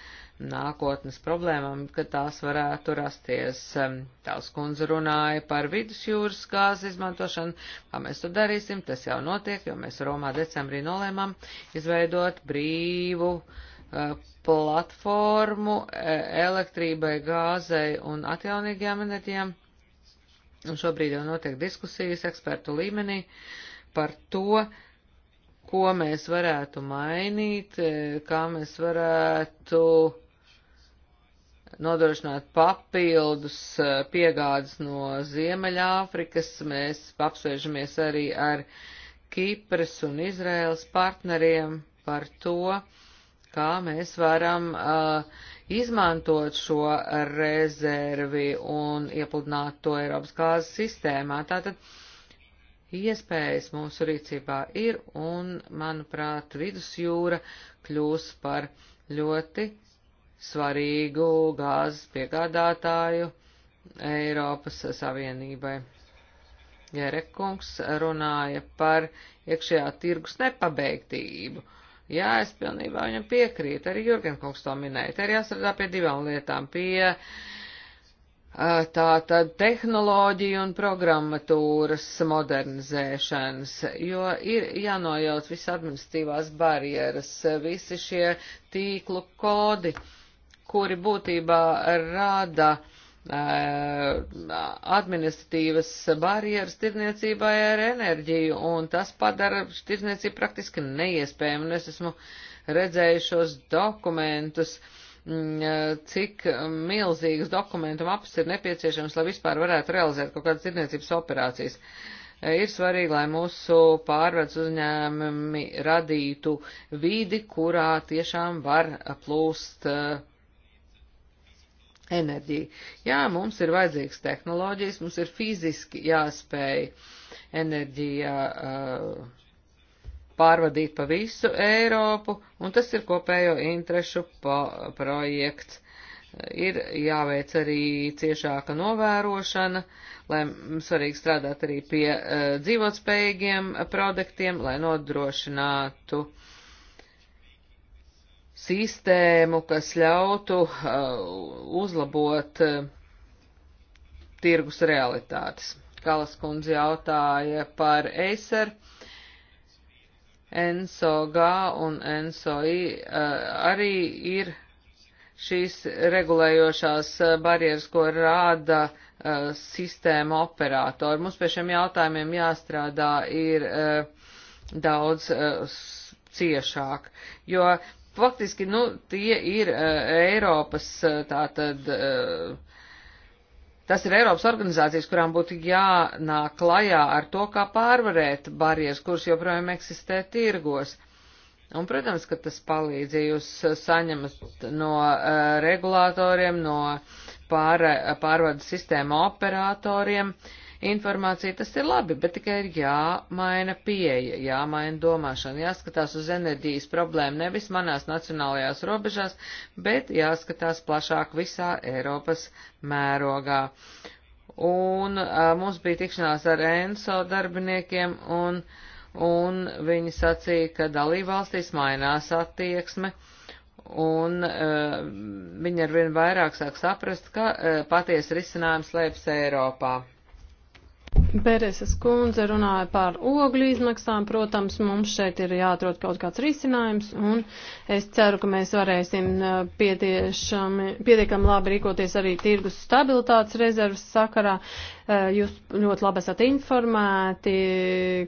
nākotnes problēmām, kad tās varētu rasties. Um, tās kundze runāja par vidusjūras gāzes izmantošanu, kā mēs to darīsim, tas jau notiek, jo mēs Romā decembrī nolēmām izveidot brīvu uh, platformu e, elektrībai, gāzei un atjaunīgajām enerģijām. Uh, un šobrīd jau notiek diskusijas ekspertu līmenī par to, ko mēs varētu mainīt, e, kā mēs varētu nodrošināt papildus e, piegādes no Ziemeļāfrikas. Mēs apsvēršamies arī ar Kipras un Izraēlas partneriem par to, kā mēs varam uh, izmantot šo rezervi un iepludināt to Eiropas gāzes sistēmā. Tātad iespējas mūsu rīcībā ir un, manuprāt, vidusjūra kļūs par ļoti svarīgu gāzes piegādātāju Eiropas Savienībai. Gerekungs runāja par iekšējā tirgus nepabeigtību. Uh, Jā, es pilnībā viņam piekrītu, arī Jurgen kungs to minēja. Te ir jāstrādā pie divām lietām, pie tā tad tehnoloģiju un programmatūras modernizēšanas, jo ir jānojauc visas administratīvās barjeras, visi šie tīklu kodi, kuri būtībā rada uh, administratīvas barjeras tirniecībai ar enerģiju, un tas padara tirniecību praktiski neiespējamu. Es esmu redzējušos dokumentus, mm, cik milzīgas dokumentu mapas ir nepieciešams, lai vispār varētu realizēt kaut kādas tirniecības operācijas. Ir svarīgi, lai mūsu pārvedes uzņēmumi radītu vidi, kurā tiešām var plūst uh, enerģiju. Jā, mums ir vajadzīgas tehnoloģijas, mums ir fiziski jāspēj enerģija uh, pārvadīt pa visu Eiropu, un tas ir kopējo interešu projekts. Ir jāveic arī ciešāka novērošana, lai svarīgi strādāt arī pie uh, dzīvotspējīgiem produktiem, lai nodrošinātu uh, sistēmu, kas ļautu uh, uzlabot uh, tirgus realitātes. Kalas kundze jautāja par Acer, NSOG un NSOI uh, arī ir šīs regulējošās uh, barjeras, ko rāda uh, sistēma operatori. Mums pie šiem jautājumiem jāstrādā ir uh, daudz uh, ciešāk, jo faktiski, nu, tie ir uh, Eiropas, e, tātad, uh, tas ir Eiropas organizācijas, kurām būtu jānāk klajā ar to, kā pārvarēt barjeras, kuras joprojām eksistē tirgos. Un, protams, ka tas palīdz, ja jūs saņemat no uh, regulātoriem, no pār, pārvades sistēma operatoriem, uh, informāciju, tas ir labi, bet tikai ir jāmaina pieeja, jāmaina domāšana, jāskatās uz enerģijas problēmu nevis manās nacionālajās robežās, bet jāskatās plašāk visā Eiropas mērogā. Un a, mums bija tikšanās ar ENSO darbiniekiem, un, un viņi sacīja, ka dalībvalstīs mainās attieksme un uh, viņi arvien vairāk sāk saprast, ka uh, paties risinājums slēpjas Eiropā. Bereses kundze runāja par ogļu izmaksām. Protams, mums šeit ir jāatrod kaut kāds risinājums, un es ceru, ka mēs varēsim pietiekami labi rīkoties arī tirgus stabilitātes rezervas sakarā. Uh, Eh, jūs ļoti labi esat informēti,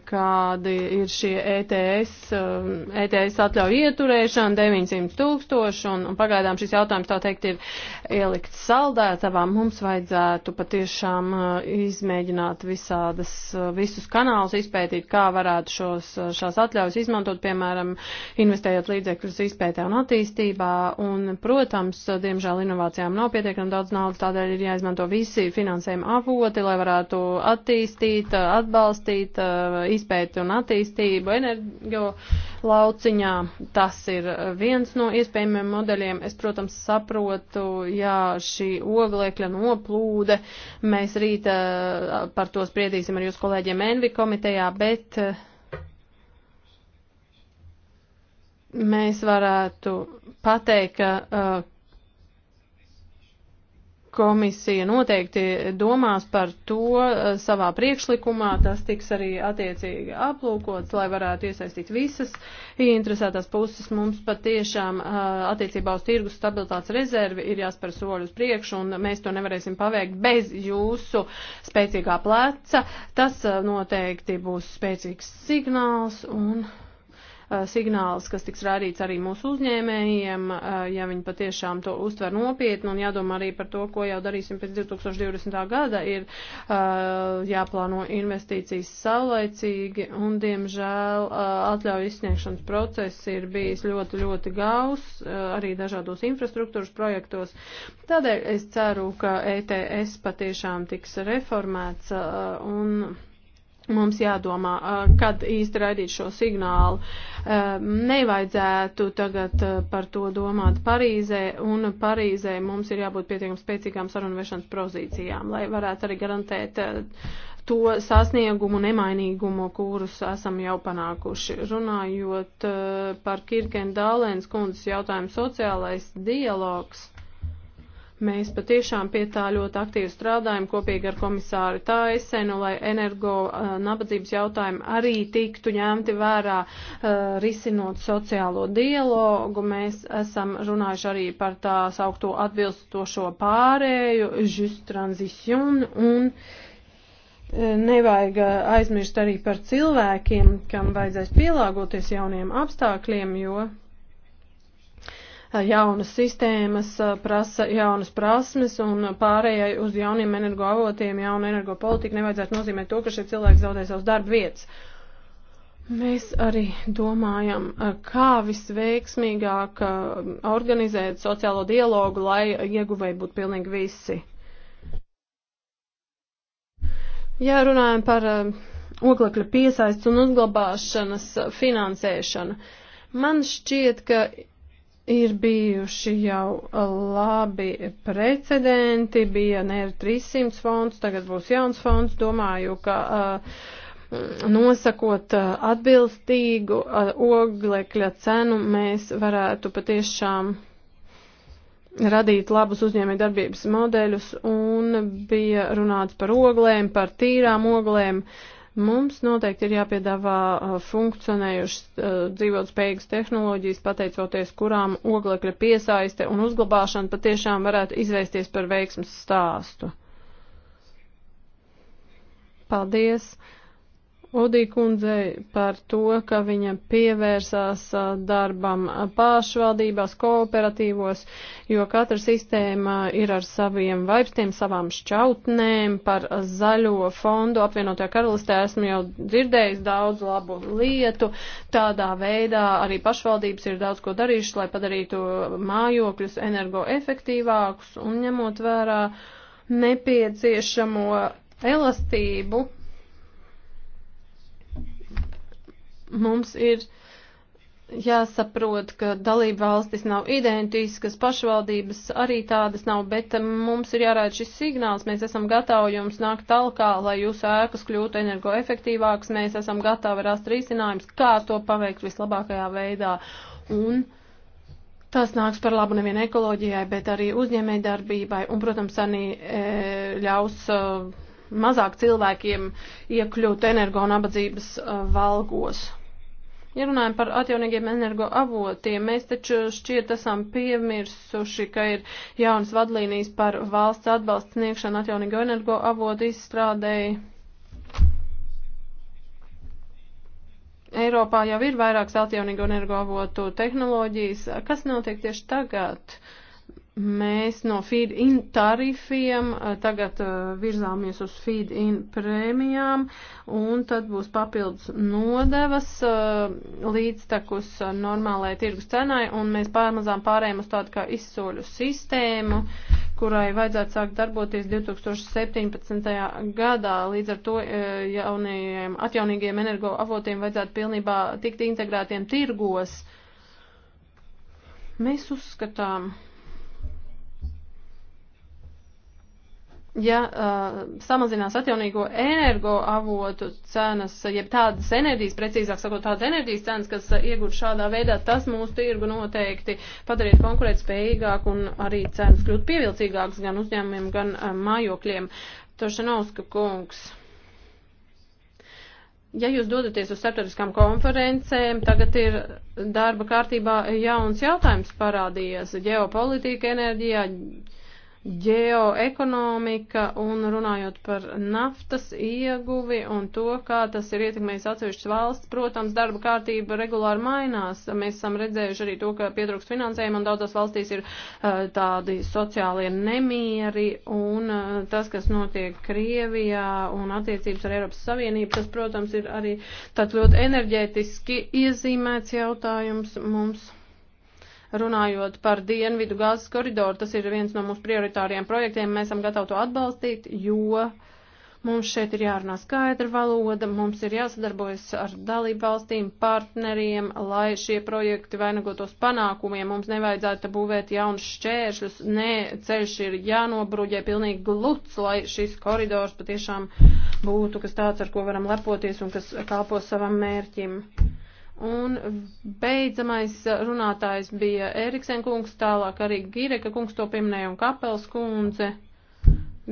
kādi ir šie ETS, ETS eh, e atļauja ieturēšana, 900 tūkstoši, un, un pagaidām šis jautājums tā teikt ir ielikts saldētavā. Mums vajadzētu patiešām eh, izmēģināt visādas, visus kanālus izpētīt, kā varētu šos, šās atļaujas izmantot, piemēram, investējot līdzekļus izpētē un attīstībā. Un, protams, diemžēl inovācijām nav pietiekami daudz naudas, tādēļ ir jāizmanto visi finansējuma avoti lai varētu attīstīt, atbalstīt, izpēti un attīstību energo lauciņā. Tas ir viens no iespējamiem modeļiem. Es, protams, saprotu, jā, šī oglekļa noplūde. Mēs rīt par to spriedīsim ar jūsu kolēģiem Envi komitejā, bet mēs varētu pateikt, ka uh, Komisija noteikti domās par to eh, savā priekšlikumā, tas tiks arī attiecīgi aplūkots, lai varētu iesaistīt visas ieinteresētās puses. Mums patiešām eh, attiecībā uz tirgus stabilitātes rezervi ir jāspēr soļus priekšu, un mēs to nevarēsim paveikt bez jūsu spēcīgā pleca. Tas eh, noteikti būs spēcīgs signāls un Eh, signāls, kas tiks rādīts arī mūsu uzņēmējiem, eh, ja viņi patiešām to uztver nopietni un jādomā arī par to, ko jau darīsim pēc 2020. gada, ir eh, jāplāno investīcijas saulaicīgi un, diemžēl, atļauju izsniegšanas process ir bijis ļoti, ļoti gaus arī dažādos infrastruktūras projektos. Tādēļ es ceru, ka ETS patiešām tiks reformēts un Mums jādomā, kad īsti raidīt šo signālu. Nevajadzētu tagad par to domāt Parīzē, un Parīzē mums ir jābūt pietiekam spēcīgām sarunvešanas pozīcijām, lai varētu arī garantēt to sasniegumu, nemainīgumu, kurus esam jau panākuši. Runājot par Kirken Dālēns kundzes jautājumu sociālais dialogs Mēs patiešām pie tā ļoti aktīvi strādājam kopīgi ar komisāru Taisenu, lai energo uh, nabadzības jautājumi arī tiktu ņemti vērā, uh, risinot sociālo dialogu. Mēs esam runājuši arī par tā saukto atbilstošo pārēju, just transition un uh, nevajag aizmirst arī par cilvēkiem, kam vajadzēs pielāgoties jauniem apstākļiem, jo jaunas sistēmas prasa jaunas prasmes un pārējai uz jauniem energoavotiem, jaunu energopolitiku nevajadzētu nozīmēt to, ka šie cilvēki zaudē savus darba vietas. Mēs arī domājam, kā visveiksmīgāk organizēt sociālo dialogu, lai ieguvēji būtu pilnīgi visi. Ja runājam par oglekļa piesaists un uzglabāšanas finansēšanu, man šķiet, ka Ir bijuši jau uh, labi precedenti, bija NER 300 fonds, tagad būs jauns fonds, domāju, ka uh, nosakot uh, atbilstīgu uh, oglekļa cenu, mēs varētu patiešām radīt labus uzņēmē darbības modeļus un bija runāts par oglēm, par tīrām oglēm. Uh, Mums noteikti ir jāpiedāvā uh, funkcionējušas uh, dzīvotspējīgas tehnoloģijas, pateicoties kurām oglekļa piesaiste un uzglabāšana patiešām varētu izvērsties par veiksmas stāstu. Paldies! Odī kundzei par to, ka viņa pievērsās darbam pašvaldībās, kooperatīvos, jo katra sistēma ir ar saviem vaipstiem, savām šķautnēm. Par zaļo fondu apvienotajā karalistē esmu jau dzirdējis daudz labu lietu. Tādā veidā arī pašvaldības ir daudz ko darījušas, lai padarītu mājokļus energoefektīvākus un ņemot vērā nepieciešamo elastību Mums ir jāsaprot, ka dalība valstis nav identiskas, pašvaldības arī tādas nav, bet um, mums ir jārāda šis signāls, mēs esam gatavi jums nākt talkā, lai jūsu ēkas kļūtu energoefektīvākas, mēs esam gatavi rast risinājums, kā to paveikt vislabākajā veidā. Un tas nāks par labu nevien ekoloģijai, bet arī uzņēmēj darbībai un, protams, arī e, ļaus. E, mazāk cilvēkiem iekļūt energo un abadzības e, valgos. Ja runājam par atjaunīgiem energoavotiem, mēs taču šķiet esam piemirsuši, ka ir jaunas vadlīnijas par valsts atbalstu sniegšanu atjaunīgo energoavotu izstrādēji. Eiropā jau ir vairākas atjaunīgo energoavotu tehnoloģijas. Kas notiek tieši tagad? Uh, Mēs no feed-in tarifiem eh, tagad eh, virzāmies uz feed-in prēmijām, un tad būs papildus nodevas eh, līdztekus normālajai tirgus cenai, un mēs pārmazām pārējām uz tādu kā izsoļu sistēmu, kurai vajadzētu sākt darboties 2017. gadā. Līdz ar to jaunajiem atjaunīgiem energoavotiem vajadzētu pilnībā tikt integrētiem tirgos. Mēs uzskatām, ja uh, samazinās atjaunīgo energoavotu cenas, jeb tādas enerģijas, precīzāk sakot, tādas enerģijas cenas, kas uh, iegūt šādā veidā, tas mūsu tirgu noteikti padarīs konkurēt spējīgāk un arī cenas kļūt pievilcīgākas gan uzņēmumiem, gan uh, mājokļiem. Tošanovska kungs. Ja jūs dodaties uz starptautiskām konferencēm, tagad ir darba kārtībā jauns jautājums parādījies - ģeopolitika, enerģijā, ģeoekonomika un runājot par naftas ieguvi un to, kā tas ir ietekmējis atsevišķas valsts. Protams, darba kārtība regulāri mainās. Mēs esam redzējuši arī to, ka pietrūkst finansējuma un daudzās valstīs ir uh, tādi sociālie nemieri un uh, tas, kas notiek Krievijā un attiecības ar Eiropas Savienību, tas, protams, ir arī tāds ļoti enerģētiski iezīmēts jautājums mums. Runājot par dienvidu gāzes koridoru, tas ir viens no mūsu prioritāriem projektiem, mēs esam gatavi to atbalstīt, jo mums šeit ir jārunā skaidra valoda, mums ir jāsadarbojas ar dalību valstīm, partneriem, lai šie projekti vainagotos panākumiem, mums nevajadzētu būvēt jaunus šķēršļus, nē, ceļš ir jānobruģē pilnīgi gluts, lai šis koridors patiešām būtu kas tāds, ar ko varam lepoties un kas kalpo savam mērķim. Un beidzamais runātājs bija Eriksen kungs, tālāk arī Gireka kungs to pieminēja un Kapels kundze.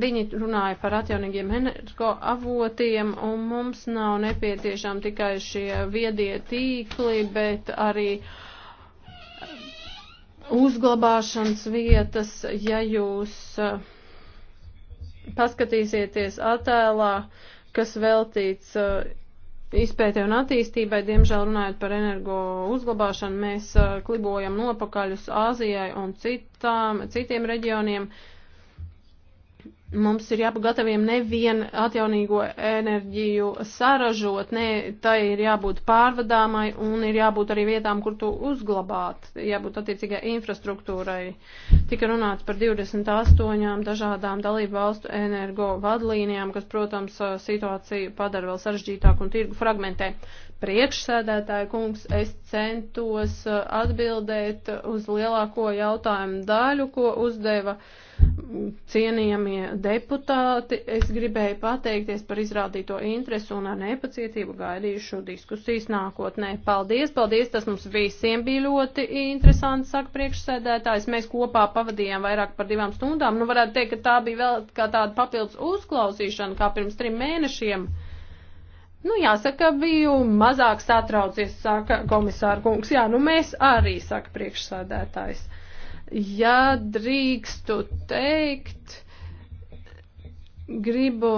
Viņi runāja par atjaunīgiem energo avotiem, un mums nav nepieciešām tikai šie viedie tīkli, bet arī uzglabāšanas vietas, ja jūs eh, paskatīsieties attēlā, kas veltīts uh, izpētē un attīstībai, diemžēl runājot par energo uzglabāšanu, mēs uh, klibojam nopakaļus Āzijai un citām, citiem reģioniem. Uh, mums ir jābūt gataviem nevien atjaunīgo enerģiju saražot, ne, tai ir jābūt pārvadāmai un ir jābūt arī vietām, kur to uzglabāt, jābūt attiecīgai infrastruktūrai. Tika runāts par 28 dažādām dalību valstu energo vadlīnijām, kas, protams, situāciju padara vēl sarežģītāku un tirgu fragmentē. Priekšsēdētāja kungs, es centos atbildēt uz lielāko jautājumu daļu, ko uzdeva uh, Cienījamie deputāti, es gribēju pateikties par izrādīto interesi un ar nepacietību gaidīšu diskusijas nākotnē. Paldies, paldies, tas mums visiem bija ļoti interesanti, saka priekšsēdētājs. Mēs kopā pavadījām vairāk par divām stundām. Nu, varētu teikt, ka tā bija vēl kā tāda papildus uzklausīšana, kā pirms trim mēnešiem. Nu, jāsaka, biju mazāk satraucies, saka komisāra kungs. Jā, nu mēs arī, saka priekšsēdētājs. Ja drīkstu teikt, gribu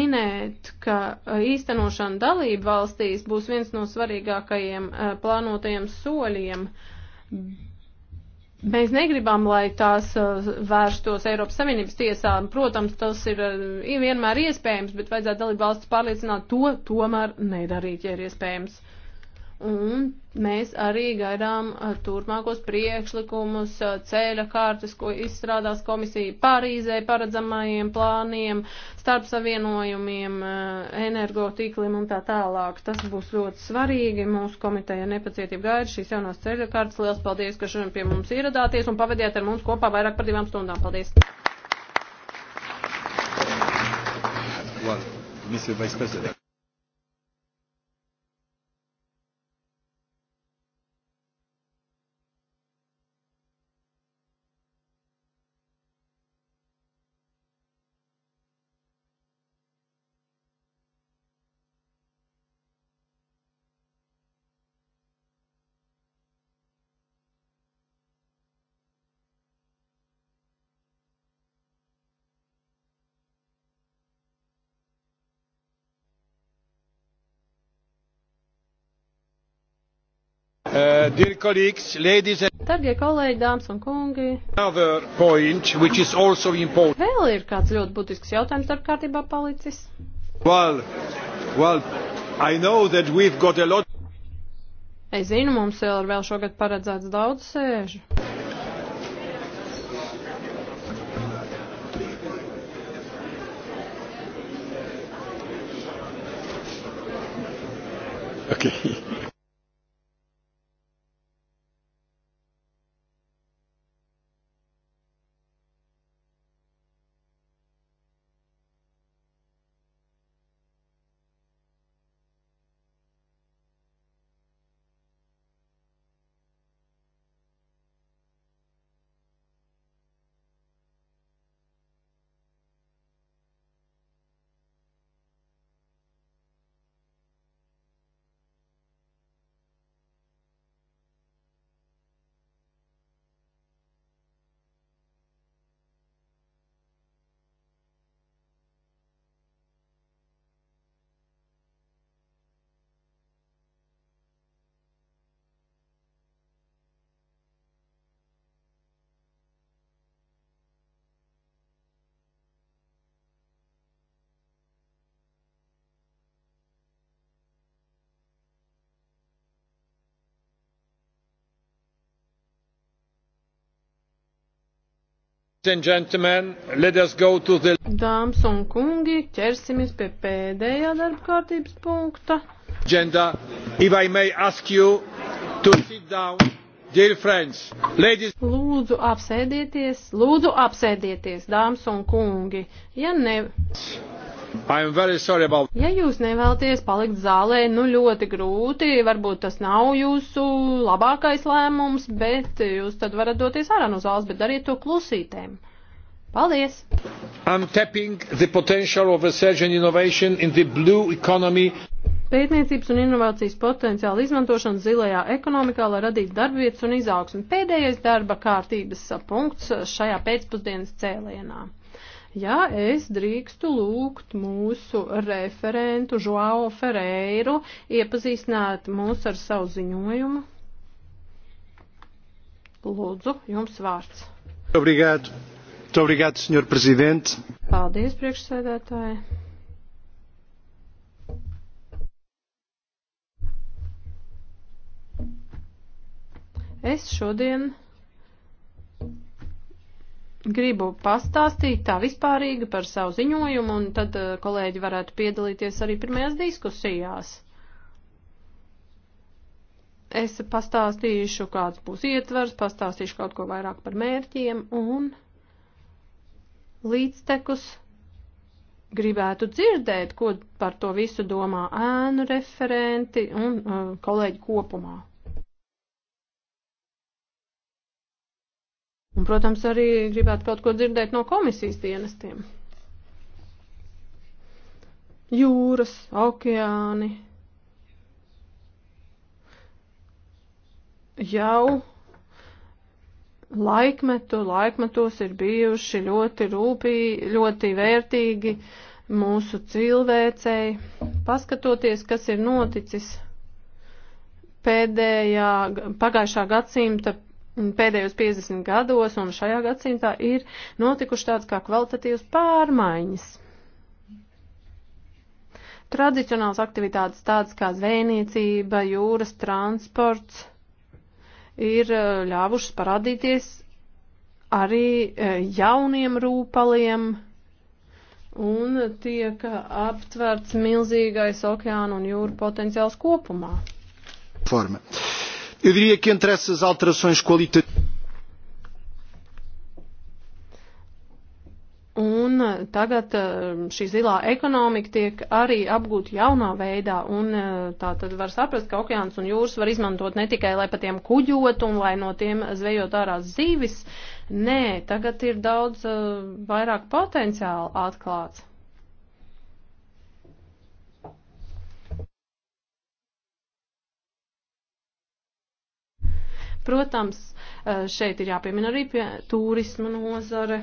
minēt, ka uh, īstenošana dalību valstīs būs viens no svarīgākajiem uh, plānotajiem soļiem. Mēs negribam, lai tās uh, vērstos Eiropas Savienības tiesā. Protams, tas ir vienmēr iespējams, bet vajadzētu dalību valsts pārliecināt to tomēr nedarīt, ja ir iespējams. Un mēs arī gaidām turpmākos priekšlikumus, ceļa kārtas, ko izstrādās komisija Parīzē, paredzamajiem plāniem, starp savienojumiem, energotīkliem un tā tālāk. Tas būs ļoti svarīgi. Mūsu komiteja nepacietība gaida šīs jaunās ceļa kārtas. Liels paldies, ka šodien pie mums ieradāties un pavadiet ar mums kopā vairāk par divām stundām. Paldies! Well, Mr. Vice President. Uh, Darbie kolēģi, dāmas un kungi, point, vēl ir kāds ļoti būtisks jautājums starp kārtībā palicis. Well, well, lot... Es zinu, mums vēl ir vēl šogad paredzēts daudz sēžu. Okay. Dāmas un kungi, ķersimies pie pēdējā darba kārtības punkta. Agenda, if I may ask you to sit down, dear friends, ladies. Lūdzu apsēdieties, lūdzu apsēdieties, dāmas un kungi. Ja ne. About... Ja jūs nevēlaties palikt zālē, nu ļoti grūti, varbūt tas nav jūsu labākais lēmums, bet jūs tad varat doties ārā no zāles, bet dariet to klusītēm. Paldies! Pētniecības un inovācijas potenciāla izmantošana zilajā ekonomikā, lai radītu darbvietas un izaugsmi. Pēdējais darba kārtības punkts šajā pēcpusdienas cēlienā. Ja es drīkstu lūgt mūsu referentu Žuāo Ferreiru iepazīstināt mūs ar savu ziņojumu. Lūdzu, jums vārds. Obrigado. Obrigado, senhor presidente. Paldies, priekšsēdētāji. Es šodien gribu pastāstīt tā vispārīgi par savu ziņojumu, un tad eh, kolēģi varētu piedalīties arī pirmajās diskusijās. Es pastāstīšu, kāds būs ietvers, pastāstīšu kaut ko vairāk par mērķiem un līdztekus gribētu dzirdēt, ko par to visu domā ēnu referenti un uh, kolēģi kopumā. Un, protams, arī gribētu kaut ko dzirdēt no komisijas dienestiem. Jūras, okeāni. Jau laikmetu, laikmetos ir bijuši ļoti rūpīgi, ļoti vērtīgi mūsu cilvēcei. Paskatoties, kas ir noticis pēdējā pagājušā gadsimta pēdējos 50 gados un šajā gadsimtā ir notikuši tāds kā kvalitatīvas pārmaiņas. Tradicionāls aktivitātes tādas kā zvejniecība, jūras transports ir eh, ļāvušas parādīties arī eh, jauniem rūpaliem un tiek aptverts milzīgais okeānu un jūru potenciāls kopumā. Forma. Uh, Eu diria que entre essas alterações qualitativas. Un tagad eh, šī zilā ekonomika tiek arī apgūta jaunā veidā, un eh, tā tad var saprast, ka okeāns un jūras var izmantot ne tikai, lai pa tiem kuģot un lai no tiem zvejot ārā zīvis, nē, tagad ir daudz eh, vairāk potenciāla atklāts. Protams, eh, šeit ir jāpiemina arī pie turisma nozare,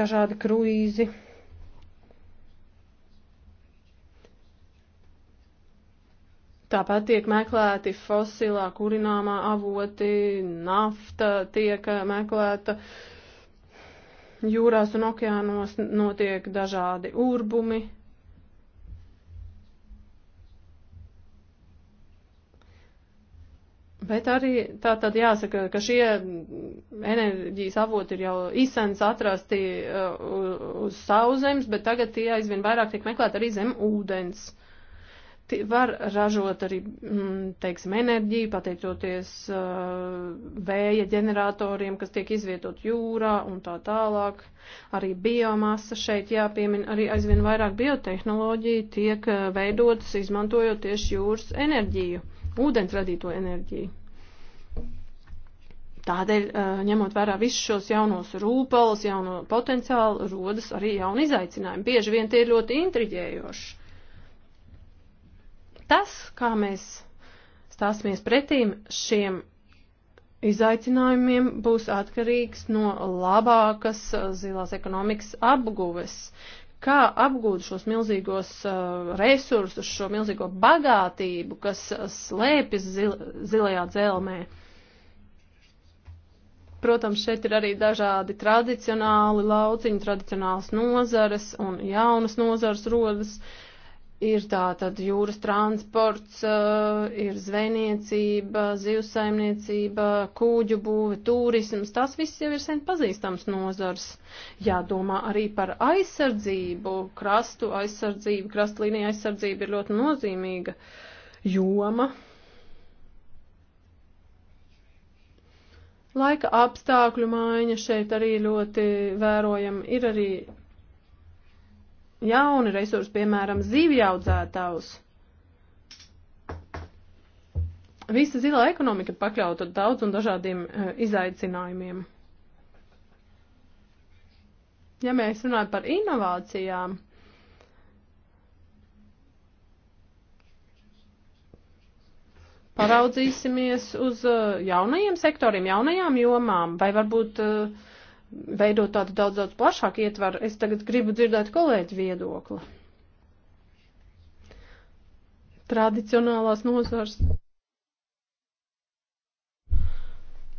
dažādi kruīzi. Tāpat tiek meklēti fosilā kurināmā avoti, nafta tiek meklēta jūrās un okeānos, notiek dažādi urbumi. Bet arī tā tad jāsaka, ka šie enerģijas avoti ir jau izsens atrasti uh, uz sauzemes, bet tagad tie aizvien vairāk tiek meklēt arī zem ūdens. Var ražot arī, mm, teiksim, enerģiju, pateicoties uh, vēja ģeneratoriem, kas tiek izvietot jūrā un tā tālāk. Arī biomasa šeit jāpiemina, arī aizvien vairāk biotehnoloģija tiek uh, veidotas, izmantojot tieši jūras enerģiju ūdens radīto enerģiju. Tādēļ, eh, ņemot vērā visus šos jaunos rūpalus, jauno potenciālu, rodas arī jauni izaicinājumi. Bieži vien tie ir ļoti intriģējoši. Tas, kā mēs stāsimies pretīm šiem izaicinājumiem, būs atkarīgs no labākas eh, zilās ekonomikas apguves, kā apgūt šos milzīgos uh, resursus, šo milzīgo bagātību, kas uh, slēpjas zil zilajā dzelmē. Protams, šeit ir arī dažādi tradicionāli lauciņi, tradicionāls nozares un jaunas nozares rodas. Uh, Ir tā tad jūras transports, eh, ir zvejniecība, zivsaimniecība, kūģu būve, turisms. Tas viss jau ir sen pazīstams nozars. Jādomā arī par aizsardzību, krastu aizsardzību, krastlīnija aizsardzība ir ļoti nozīmīga joma. Laika apstākļu maiņa šeit arī ļoti vērojama. Ir arī jauni resursi, piemēram, zīvjaudzētājs. Visa zilā ekonomika pakļauta daudz un dažādiem uh, izaicinājumiem. Ja mēs runājam par inovācijām, paraudzīsimies uz e, jaunajiem sektoriem, jaunajām jomām, vai varbūt uh, veidot tādu daudz, daudz plašāku ietvaru. Es tagad gribu dzirdēt kolēģi viedokli. Tradicionālās nozars.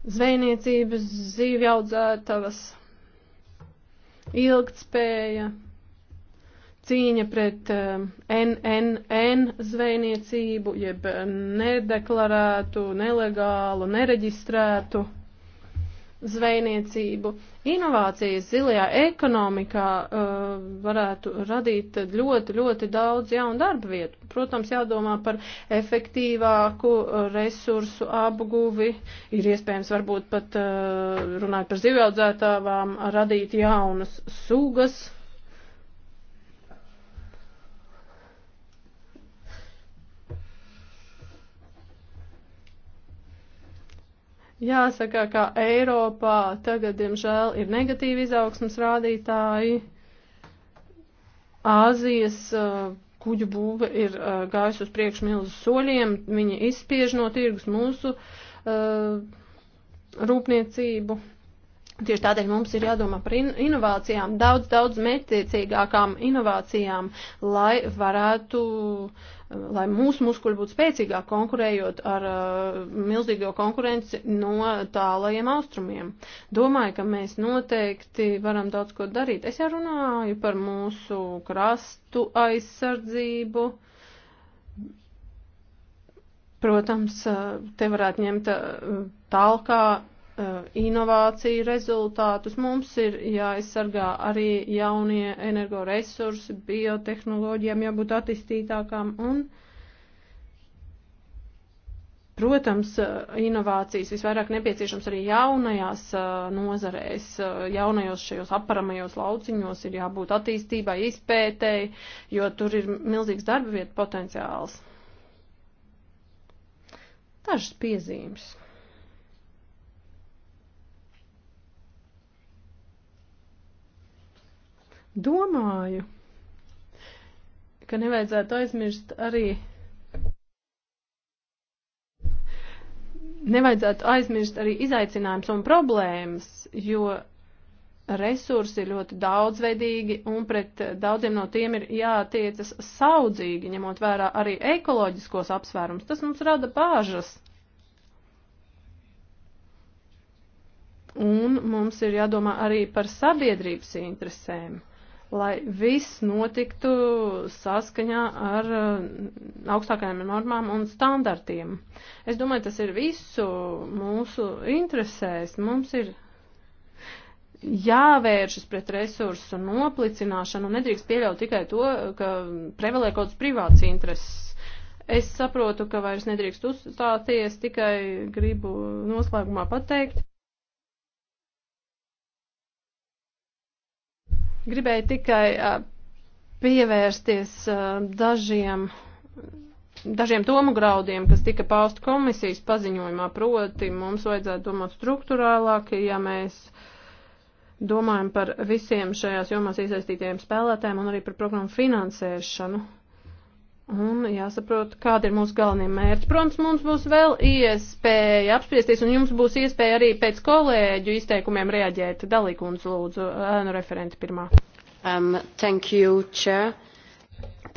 Zvejniecības, zīvjaudzētavas, ilgtspēja, cīņa pret NNN um, zvejniecību, jeb nedeklarētu, nelegālu, nereģistrētu zvejniecību. Inovācijas zilajā ekonomikā uh, varētu radīt ļoti, ļoti daudz jaunu darba vietu. Protams, jādomā par efektīvāku uh, resursu apguvi. Ir iespējams varbūt pat uh, runāt par zivjaudzētāvām, radīt jaunas sugas Jāsaka, ka Eiropā tagad, diemžēl, ir negatīvi izaugsmas rādītāji. Āzijas uh, kuģu būve ir uh, gājusi uz priekšu milzu soļiem, viņi izspiež no tirgus mūsu uh, rūpniecību. Tieši tādēļ mums ir jādomā par in inovācijām, daudz, daudz mērķtiecīgākām inovācijām, lai varētu uh, lai mūsu muskuļi būtu spēcīgāk konkurējot ar uh, milzīgo konkurenci no tālajiem austrumiem. Domāju, ka mēs noteikti varam daudz ko darīt. Es jau runāju par mūsu krastu aizsardzību. Protams, uh, te varētu ņemt uh, tālāk Eh, inovāciju rezultātus. Mums ir jāaizsargā arī jaunie energoresursi, biotehnoloģijām jābūt attīstītākām un, protams, eh, inovācijas visvairāk nepieciešams arī jaunajās eh, nozarēs, jaunajos šajos aparamajos lauciņos ir jābūt attīstībai, izpētēji, jo tur ir milzīgs darba vietu potenciāls. Dažas piezīmes. Domāju, ka nevajadzētu aizmirst arī. Nevajadzētu aizmirst arī izaicinājums un problēmas, jo resursi ir ļoti daudzveidīgi un pret daudziem no tiem ir jātiecas saudzīgi, ņemot vērā arī ekoloģiskos apsvērums. Tas mums rada bāžas. Un mums ir jādomā arī par sabiedrības interesēm lai viss notiktu saskaņā ar eh, augstākajām normām un standartiem. Es domāju, tas ir visu mūsu interesēs. Mums ir jāvēršas pret resursu noplicināšanu un nedrīkst pieļaut tikai to, ka prevalē kaut kāds privāts intereses. Es saprotu, ka vairs nedrīkst uzstāties, tikai gribu noslēgumā pateikt, Gribēju tikai pievērsties dažiem dažiem domu graudiem, kas tika paustu komisijas paziņojumā, proti mums vajadzētu domāt struktūrālāk, ja mēs domājam par visiem šajās jomās iesaistītajiem spēlētājiem un arī par programmu finansēšanu. Un jāsaprot, kāda ir mūsu galvenie mērķi. Protams, mums būs vēl iespēja apspriesties, un jums būs iespēja arī pēc kolēģu izteikumiem reaģēt. Dalīkums lūdzu, ēnu referenti pirmā. Um, thank you, chair.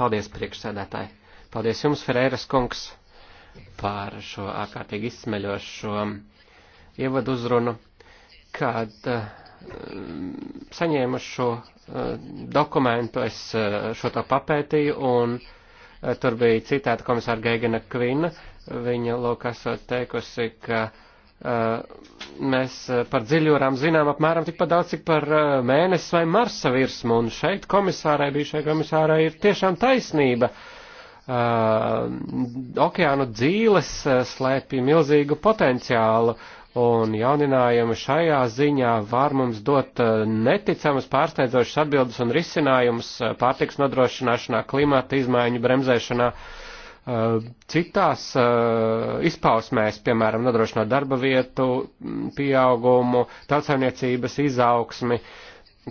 Paldies, priekšsēdētāji. Paldies jums, Ferēras kungs, par šo ārkārtīgi izsmeļošo ievadu uzrunu, kad uh, saņēmu šo uh, dokumentu, es uh, šo tā papētīju un. Uh, Eh, tur bija citāta komisāra Geigena Kvina. Viņa lūk esot teikusi, ka uh, mēs eh, par dziļjūrām zinām apmēram tikpat daudz, cik par uh, mēnesis vai marsa virsmu. Un šeit komisārai, bijušajai komisārai, ir tiešām taisnība. Uh, okeānu dzīles slēpj milzīgu potenciālu. Uh, un jauninājumi šajā ziņā var mums dot uh, neticamas pārsteidzošas atbildes un risinājumus uh, pārtiks nodrošināšanā, klimata izmaiņu bremzēšanā, uh, citās izpausmēs, piemēram, nodrošināt darba vietu pieaugumu, tautsaimniecības izaugsmi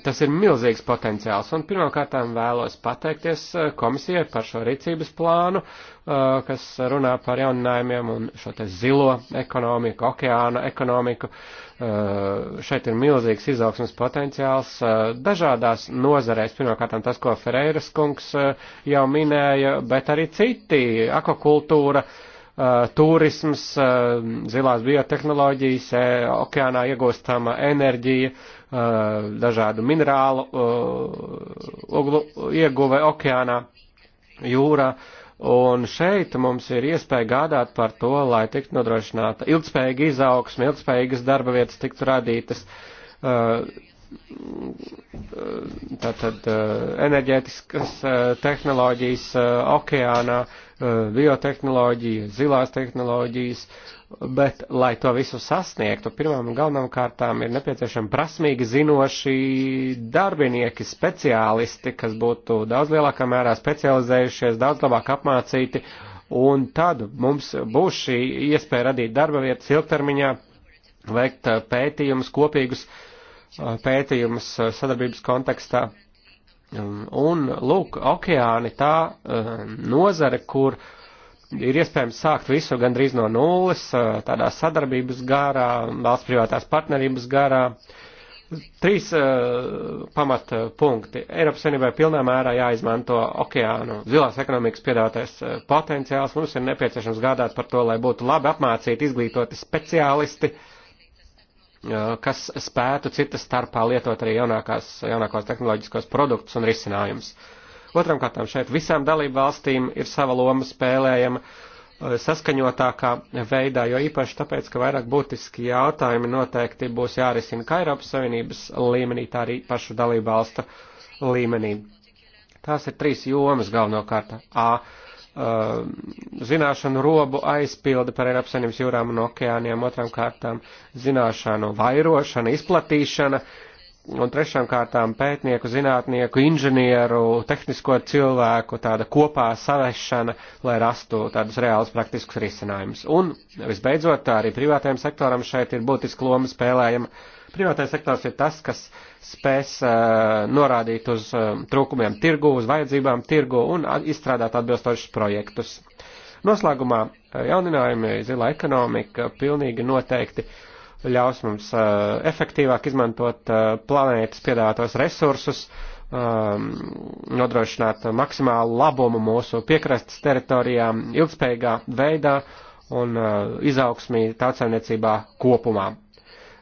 Tas ir milzīgs potenciāls, un pirmkārt vēlos pateikties eh, komisijai par šo rīcības plānu, eh, kas runā par jauninājumiem un šo te zilo ekonomiku, okeāna ekonomiku. Eh, šeit ir milzīgs izaugsmas potenciāls dažādās nozarēs, pirmkārt tas, ko Ferreiras kungs jau minēja, bet arī citi, akvakultūra, Uh, turisms, uh, zilās biotehnoloģijas, e, okeānā iegūstama enerģija, uh, dažādu minerālu oglu ieguve okeānā, jūrā. Un šeit mums ir iespēja gādāt par to, lai tiktu nodrošināta ilgspējīga izaugsme, ilgspējīgas darba vietas tiktu radītas, tātad enerģētiskas tehnoloģijas okeānā, Eh, biotehnoloģija, zilās tehnoloģijas, bet, lai to visu sasniegtu, pirmām un galvenām kārtām ir nepieciešami prasmīgi zinoši darbinieki, speciālisti, kas būtu daudz lielākā mērā specializējušies, daudz labāk apmācīti, un tad mums būs šī iespēja radīt darba vietas ilgtermiņā, veikt eh, pētījumus, kopīgus eh, pētījumus sadarbības kontekstā Um, un, lūk, okeāni tā um, nozare, kur ir iespējams sākt visu gandrīz no nulles, uh, tādā sadarbības garā, valsts privātās partnerības garā. Trīs uh, pamat uh, punkti. Eiropas Savienībai pilnā mērā jāizmanto okeānu zilās ekonomikas piedātais uh, potenciāls. Mums ir nepieciešams gādāt par to, lai būtu labi apmācīti, izglītoti speciālisti, uh, kas spētu citas starpā lietot arī jaunākās, jaunākos tehnoloģiskos produktus un risinājumus. Otram kārtām šeit visām dalību valstīm ir sava loma spēlējama eh, saskaņotākā veidā, jo īpaši tāpēc, ka vairāk būtiski jautājumi noteikti būs jārisina kā Eiropas Savienības līmenī, tā arī pašu dalību valstu līmenī. Tās ir trīs jomas galvenokārt. A Uh, zināšanu robu aizpilde par Eiropas saimnības jūrām un okeāniem, otrām kārtām zināšanu vairošana, izplatīšana, un trešām kārtām pētnieku, zinātnieku, inženieru, tehnisko cilvēku tāda kopā savešana, lai rastu tādus reālus praktiskus risinājumus. Un, visbeidzot, arī privātajam sektoram šeit ir būtiska loma spēlējama Privātais sektors ir tas, kas spēs uh, norādīt uz uh, trūkumiem tirgu, uz vajadzībām tirgu un izstrādāt atbilstošus projektus. Noslēgumā eh, jauninājumi zila ekonomika pilnīgi noteikti ļaus mums uh, efektīvāk izmantot uh, planētas piedāvātos resursus, um, nodrošināt maksimālu labumu mūsu piekrastes teritorijām ilgspējīgā veidā un uh, izaugsmī tautsēmniecībā kopumā.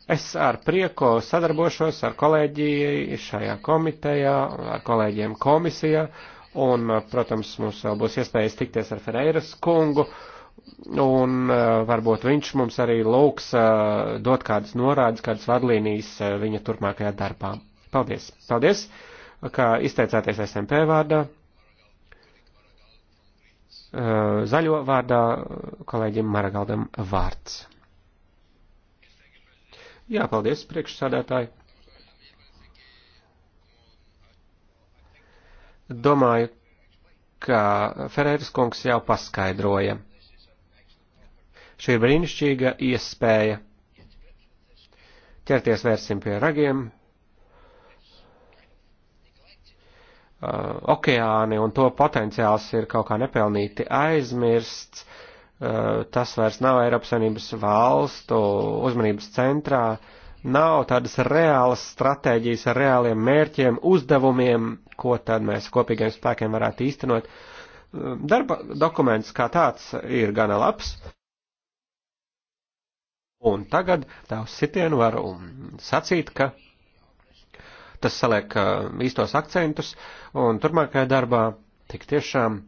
Es ar prieku sadarbošos ar kolēģi šajā komitejā, ar kolēģiem komisijā, un, protams, mums vēl būs iespējas tikties ar Ferreiras kungu, un eh, varbūt viņš mums arī lūgs eh, dot kādas norādes, kādas vadlīnijas eh, viņa turpmākajā darbā. Paldies! Paldies, ka izteicāties SMP vārdā. Zaļo vārdā kolēģim Maragaldam vārds. Jā, paldies, priekšsādātāji. Domāju, ka Ferēras kungs jau paskaidroja. Šī ir brīnišķīga iespēja. Ķerties vērsim pie ragiem. Uh, okeāni un to potenciāls ir kaut kā nepelnīti aizmirsts. Uh, Eh, tas vairs nav Eiropas Savienības valstu uzmanības centrā, nav tādas reālas stratēģijas ar reāliem mērķiem, uzdevumiem, ko tad mēs kopīgiem spēkiem varētu īstenot. Eh, darba dokuments kā tāds ir gana labs. Un tagad tavs sitienu varu um, sacīt, ka tas saliek eh, īstos akcentus, un turpmākajā darbā tik tiešām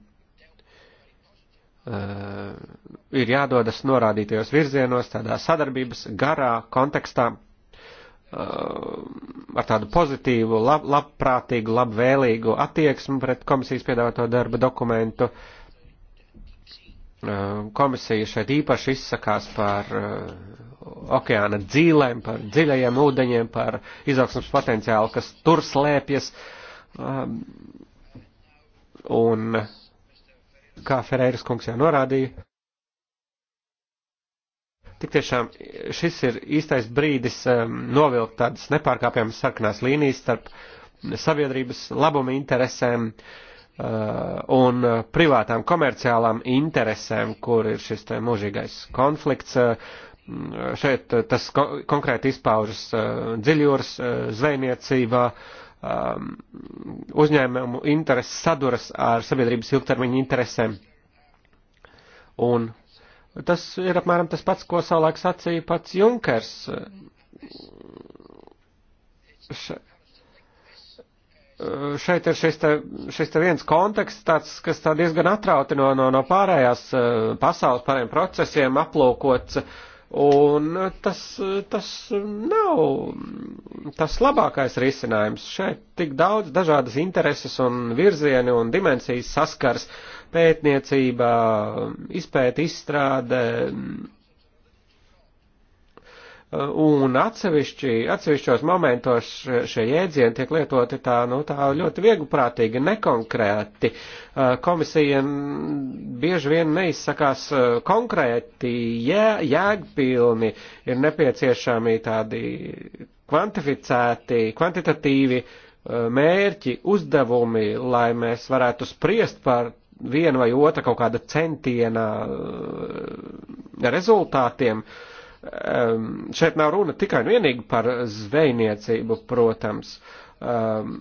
Eh, ir jādodas norādītajos virzienos, tādā sadarbības garā kontekstā eh, ar tādu pozitīvu, lab, labprātīgu, labvēlīgu attieksmi pret komisijas piedāvāto darba dokumentu. Eh, komisija šeit īpaši izsakās par okeāna dzīlēm, par dziļajiem ūdeņiem, par izaugsmas potenciālu, kas tur slēpjas. Un uh, kā Ferēras kungs jau norādīja. Tik tiešām šis ir īstais brīdis um, novilkt tādas nepārkāpjamas sarkanās līnijas starp sabiedrības labuma interesēm uh, un uh, privātām komerciālām interesēm, kur ir šis te mūžīgais konflikts. Uh, šeit tas ko konkrēti izpaužas uh, dziļjūras uh, zvejniecībā, uh, um, uzņēmumu intereses saduras ar sabiedrības ilgtermiņa interesēm. Un tas ir apmēram tas pats, ko savulaik sacīja pats Junkers. Še, šeit ir šis te, šis te viens konteksts, tāds, kas tā diezgan atrauti no, no, no pārējās uh, pasaules, pārējiem procesiem aplūkots Un tas, tas nav tas labākais risinājums. Šeit tik daudz dažādas intereses un virzieni un dimensijas saskars pētniecība, izpēta izstrāde, un atsevišķi, atsevišķos momentos šie jēdzieni tiek lietoti tā, nu, tā ļoti vieglprātīgi, nekonkrēti. Uh, komisija bieži vien neizsakās uh, konkrēti, jē, jēgpilni, ir nepieciešami tādi kvantificēti, kvantitatīvi uh, mērķi, uzdevumi, lai mēs varētu spriest par vienu vai otru kaut kāda centiena rezultātiem. Uh, Ehm, šeit nav runa tikai un vienīgi par zvejniecību, protams, ehm,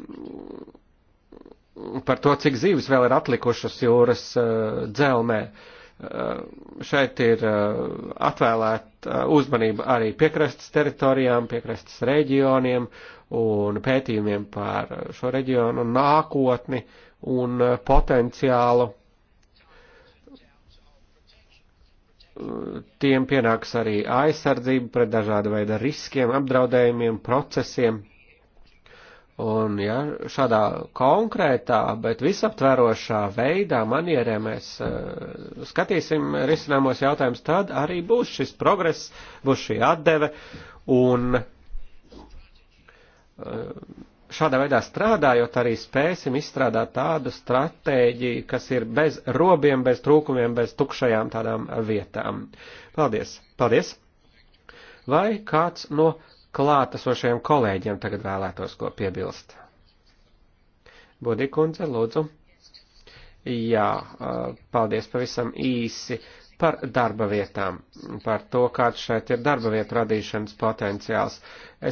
par to, cik zīves vēl ir atlikušas jūras e, dzelmē. Ehm, šeit ir e, atvēlēta e, uzmanība arī piekrastes teritorijām, piekrastes reģioniem un pētījumiem par šo reģionu nākotni un potenciālu tiem pienāks arī aizsardzība pret dažāda veida riskiem, apdraudējumiem, procesiem. Un, ja šādā konkrētā, bet visaptverošā veidā, manierē mēs uh, skatīsim risinājumos jautājumus, tad arī būs šis progress, būs šī atdeve un uh, šādā veidā strādājot, arī spēsim izstrādāt tādu stratēģiju, kas ir bez robiem, bez trūkumiem, bez tukšajām tādām vietām. Paldies! Paldies! Vai kāds no klātesošiem kolēģiem tagad vēlētos ko piebilst? Budikundze, lūdzu. Jā, paldies pavisam īsi. Uh, par darba vietām, par to, kāds šeit ir darba vietu radīšanas potenciāls.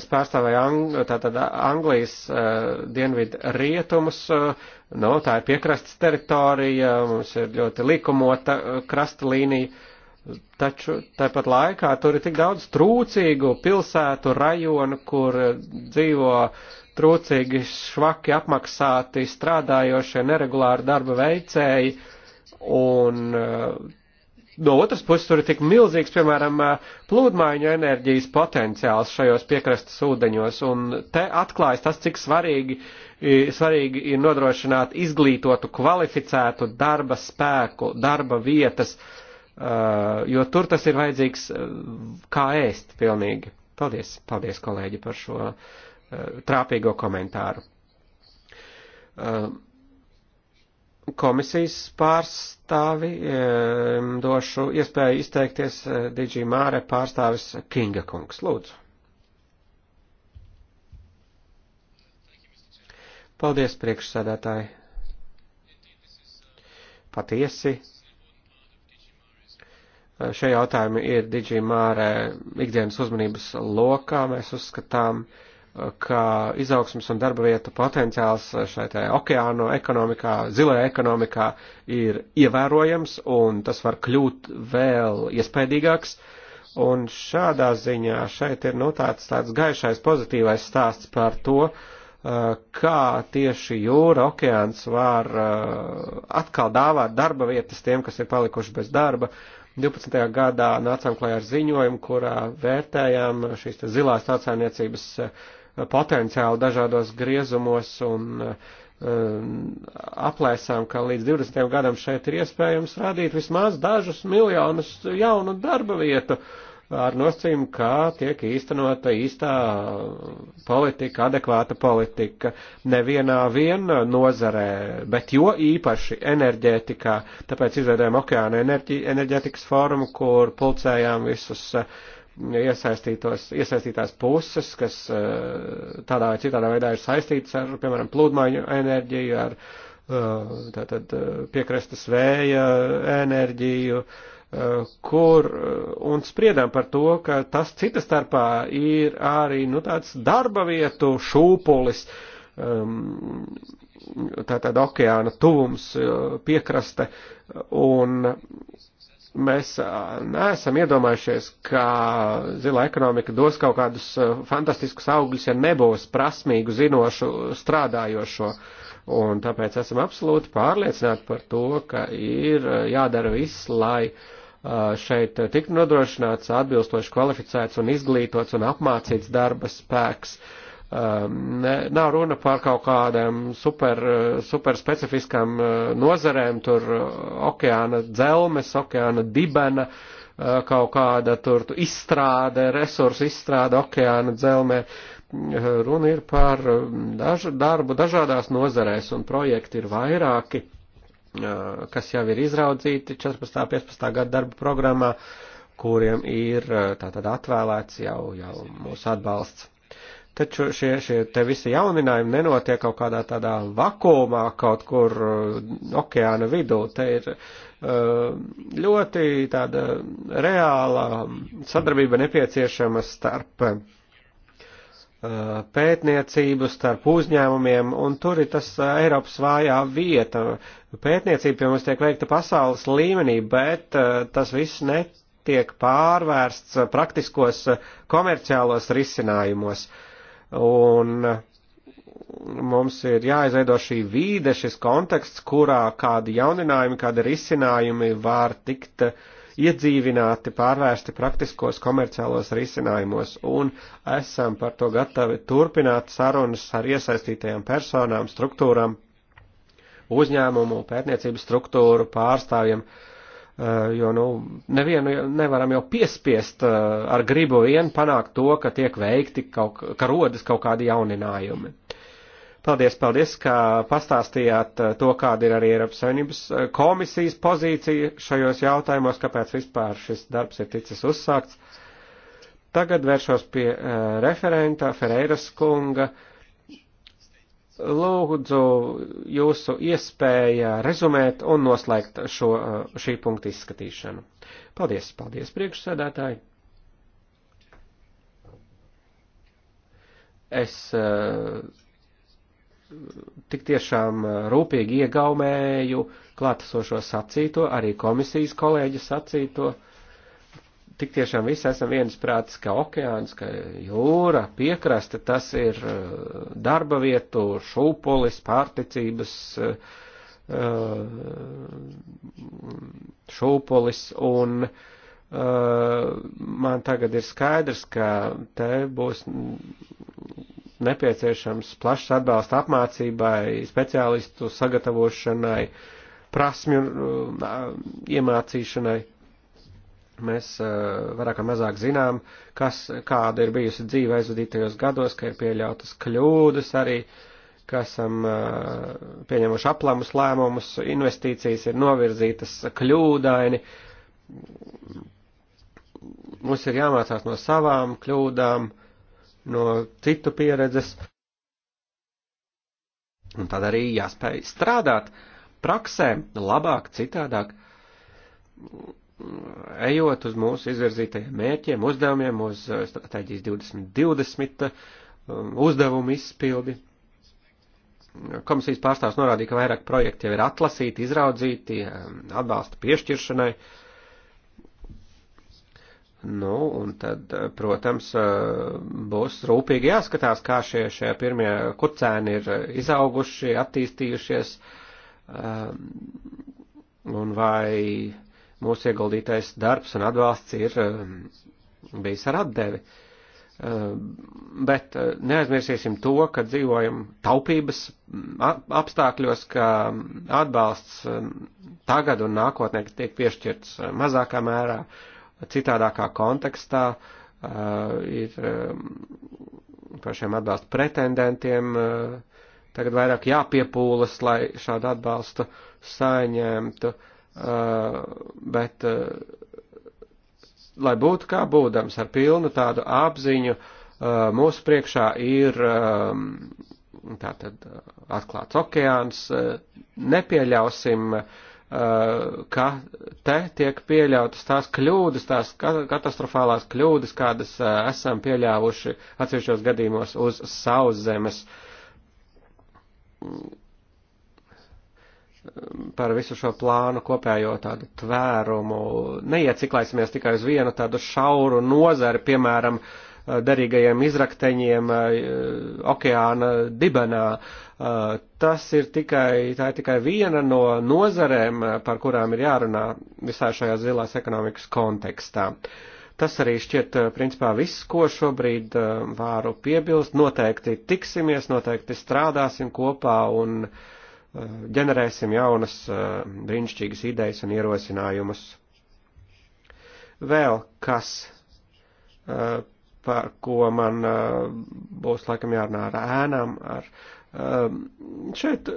Es pārstāvēju Ang tātad Anglijas uh, dienvidu rietumus, uh, no, tā ir piekrastes teritorija, mums ir ļoti likumota uh, krasta līnija, taču tāpat laikā tur ir tik daudz trūcīgu pilsētu, rajonu, kur uh, dzīvo trūcīgi, švaki apmaksāti, strādājošie, neregulāri darba veicēji, un uh, no otras puses tur ir tik milzīgs, piemēram, plūdmaiņu enerģijas potenciāls šajos piekrastes ūdeņos, un te atklājas tas, cik svarīgi, svarīgi ir nodrošināt izglītotu, kvalificētu darba spēku, darba vietas, jo tur tas ir vajadzīgs kā ēst pilnīgi. Paldies, paldies kolēģi par šo trāpīgo komentāru komisijas pārstāvi došu iespēju izteikties eh, DG Māre pārstāvis Kinga kungs. Lūdzu. Paldies, priekšsēdētāji. Patiesi. Eh, šie jautājumi ir DG Māre ikdienas uzmanības lokā. Mēs uzskatām, uh, ka izaugsmas un darba vietu potenciāls šai tā okeāno ekonomikā, zilajā ekonomikā ir ievērojams un tas var kļūt vēl iespēdīgāks. Un šādā ziņā šeit ir nu, tāds, tāds gaišais pozitīvais stāsts par to, uh, kā tieši jūra, okeāns var uh, atkal dāvāt darba vietas tiem, kas ir palikuši bez darba, 12. gadā nācām klajā ar ziņojumu, kurā vērtējām šīs tā zilās tautsājumniecības uh, potenciālu dažādos griezumos un eh, aplēsām, ka līdz 20 gadam šeit ir iespējams radīt vismaz dažus miljonus jaunu darba vietu ar nosacījumu, kā tiek īstenota īstā politika, adekvāta politika nevienā vien nozarē, bet jo īpaši enerģētikā. Tāpēc izveidojam Okeāna enerģi, enerģētikas fórumu, kur pulcējām visus uh, iesaistītās puses, kas eh, tādā vai citādā veidā ir saistītas ar, piemēram, plūdmaiņu enerģiju, ar eh, tātad eh, piekrastas vēja enerģiju, kur un spriedām par to, ka tas cita starpā ir arī, nu, tāds darba vietu šūpulis, ehm, tātad okeāna tuvums, piekraste, un Mēs neesam iedomājušies, ka zila ekonomika dos kaut kādus fantastiskus augļus, ja nebūs prasmīgu, zinošu, strādājošo. Un tāpēc esam absolūti pārliecināti par to, ka ir jādara viss, lai uh, šeit tik nodrošināts atbilstoši kvalificēts un izglītots un apmācīts darba spēks. Uh, Ehm, ne, nav runa par kaut kādām super, super specifiskām eh, nozarēm, tur eh, okeāna dzelmes, okeāna dibena, eh, kaut kāda tur izstrāde, resursu izstrāde okeāna dzelmē. Runa ir par ehm, daž, darbu dažādās nozarēs un projekti ir vairāki, kas jau ir izraudzīti 14. un 15. gada darba programmā kuriem ir tātad atvēlēts jau, jau mūsu atbalsts. Taču šie, šie te visi jauninājumi nenotiek kaut kādā tādā vakumā kaut kur uh, okeāna vidū. Te ir uh, ļoti tāda reāla sadarbība nepieciešama starp uh, pētniecību starp uzņēmumiem, un tur ir tas Eiropas vājā vieta. Pētniecība pie mums tiek veikta pasaules līmenī, bet tas viss netiek pārvērsts praktiskos komerciālos risinājumos. Uh, un uh, mums ir jāizveido šī vīde, šis konteksts, kurā kādi jauninājumi, kādi risinājumi var tikt uh, iedzīvināti, pārvērsti praktiskos komerciālos risinājumos, un esam par to gatavi turpināt sarunas ar iesaistītajām personām, struktūram, uzņēmumu, pētniecības struktūru pārstāvjiem, uh, Eh, jo nu, nevienu nevaram jau piespiest eh, ar gribu vien panākt to, ka tiek veikti kaut, ka rodas kaut kādi jauninājumi. Paldies, paldies, ka pastāstījāt eh, to, kāda ir arī Eiropas Savienības komisijas pozīcija šajos jautājumos, kāpēc vispār šis darbs ir ticis uzsākts. Tagad vēršos pie referenta Ferreiras kunga. Uh, lūdzu jūsu iespēja rezumēt un noslēgt šo, eh, šī punkta izskatīšanu. Paldies, paldies priekšsēdētāji. Es eh, tik tiešām eh, rūpīgi iegaumēju klātesošo sacīto, arī komisijas kolēģi sacīto. Uh, tik tiešām visi esam viensprātis, ka okeāns, ka jūra, piekrasta, tas ir eh, darba vietu, šūpolis, pārticības eh, šūpolis, un eh, man tagad ir skaidrs, ka te būs nepieciešams plašs atbalsts apmācībai, speciālistu sagatavošanai, prasmju iemācīšanai Mēs eh, vairāk vai mazāk zinām, kas, kāda ir bijusi dzīve aizvadītajos gados, ka ir pieļautas kļūdas arī, ka esam eh, pieņemuši aplamus lēmumus, investīcijas ir novirzītas kļūdaini. Mums ir jāmācās no savām kļūdām, no citu pieredzes. Un tad arī jāspēj strādāt praksē labāk, citādāk ejot uz mūsu izvirzītajiem mērķiem, uzdevumiem, uz uh, strateģijas 2020 um, uzdevumu izpildi. Komisijas pārstāvs norādīja, ka vairāk projekti jau ir atlasīti, izraudzīti, um, atbalsta piešķiršanai. Nu, un tad, uh, protams, uh, būs rūpīgi jāskatās, kā šie, šie pirmie kucēni ir izauguši, attīstījušies, um, un vai mūsu ieguldītais darbs un atbalsts ir um, bijis ar atdevi. Um, bet uh, neaizmirsīsim to, ka dzīvojam taupības mm, apstākļos, ka mm, atbalsts mm, tagad un nākotnē tiek piešķirts uh, mazākā mērā, citādākā kontekstā, uh, ir um, par šiem atbalsta pretendentiem tagad vairāk jāpiepūlas, lai šādu atbalstu saņemtu. Uh, Eh, bet, eh, lai būtu kā būdams ar pilnu tādu apziņu, eh, mūsu priekšā ir tātad atklāts okeāns, nepieļausim, ka te tiek pieļautas tās kļūdas, tās katastrofālās kļūdas, kādas esam pieļāvuši atsevišķos gadījumos uz sauszemes par visu šo plānu kopējo tādu tvērumu. Neieciklēsimies tikai uz vienu tādu šauru nozari, piemēram, derīgajiem izrakteņiem eh, okeāna dibenā. Eh, tas ir tikai, tā ir tikai viena no nozarēm, par kurām ir jārunā visā šajā zilās ekonomikas kontekstā. Tas arī šķiet eh, principā viss, ko šobrīd varu piebilst. Noteikti tiksimies, noteikti strādāsim kopā un uh, ģenerēsim jaunas brīnišķīgas idejas un ierosinājumus. Vēl kas, par ko man būs laikam jārunā ar ēnām, ar šeit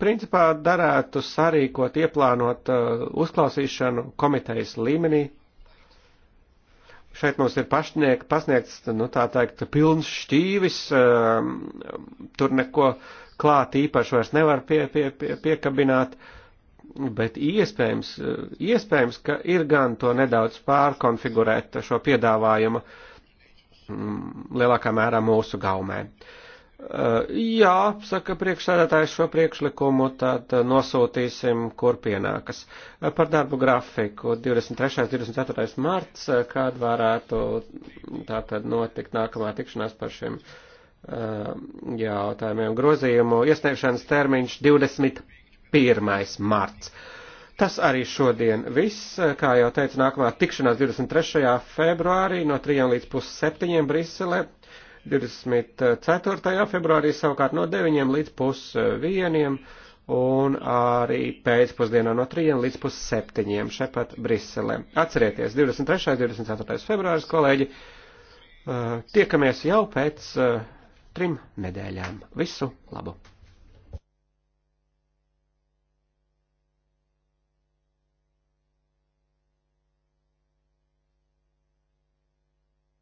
principā darētu sarīkot, ieplānot uzklausīšanu komitejas līmenī. Šeit mums ir pašniek, pasniegts, nu tā teikt, pilns šķīvis, tur neko uh, klāt īpaši vairs nevar pie, pie, pie, piekabināt, bet iespējams, iespējams, ka ir gan to nedaudz pārkonfigurēt šo piedāvājumu mm, lielākā mērā mūsu gaumē. Uh, jā, saka priekšsēdētājs šo priekšlikumu, tad nosūtīsim, kur pienākas. Uh, par darbu grafiku 23. 24. marts, uh, kad varētu tātad notikt nākamā tikšanās par šiem uh, Uh, jautājumiem. Grozījumu iesniegšanas termiņš 21. marts. Tas arī šodien viss, uh, kā jau teicu, nākamā tikšanās 23. februārī no 3 līdz pusseptiņiem Briselē, 24. februārī savukārt no 9 līdz pusvieniem un arī pēcpusdienā no 3 līdz pusseptiņiem šepat Briselē. Atcerieties, 23. 24. februāris, kolēģi, uh, tiekamies jau pēc trim nedēļām. Visu labu!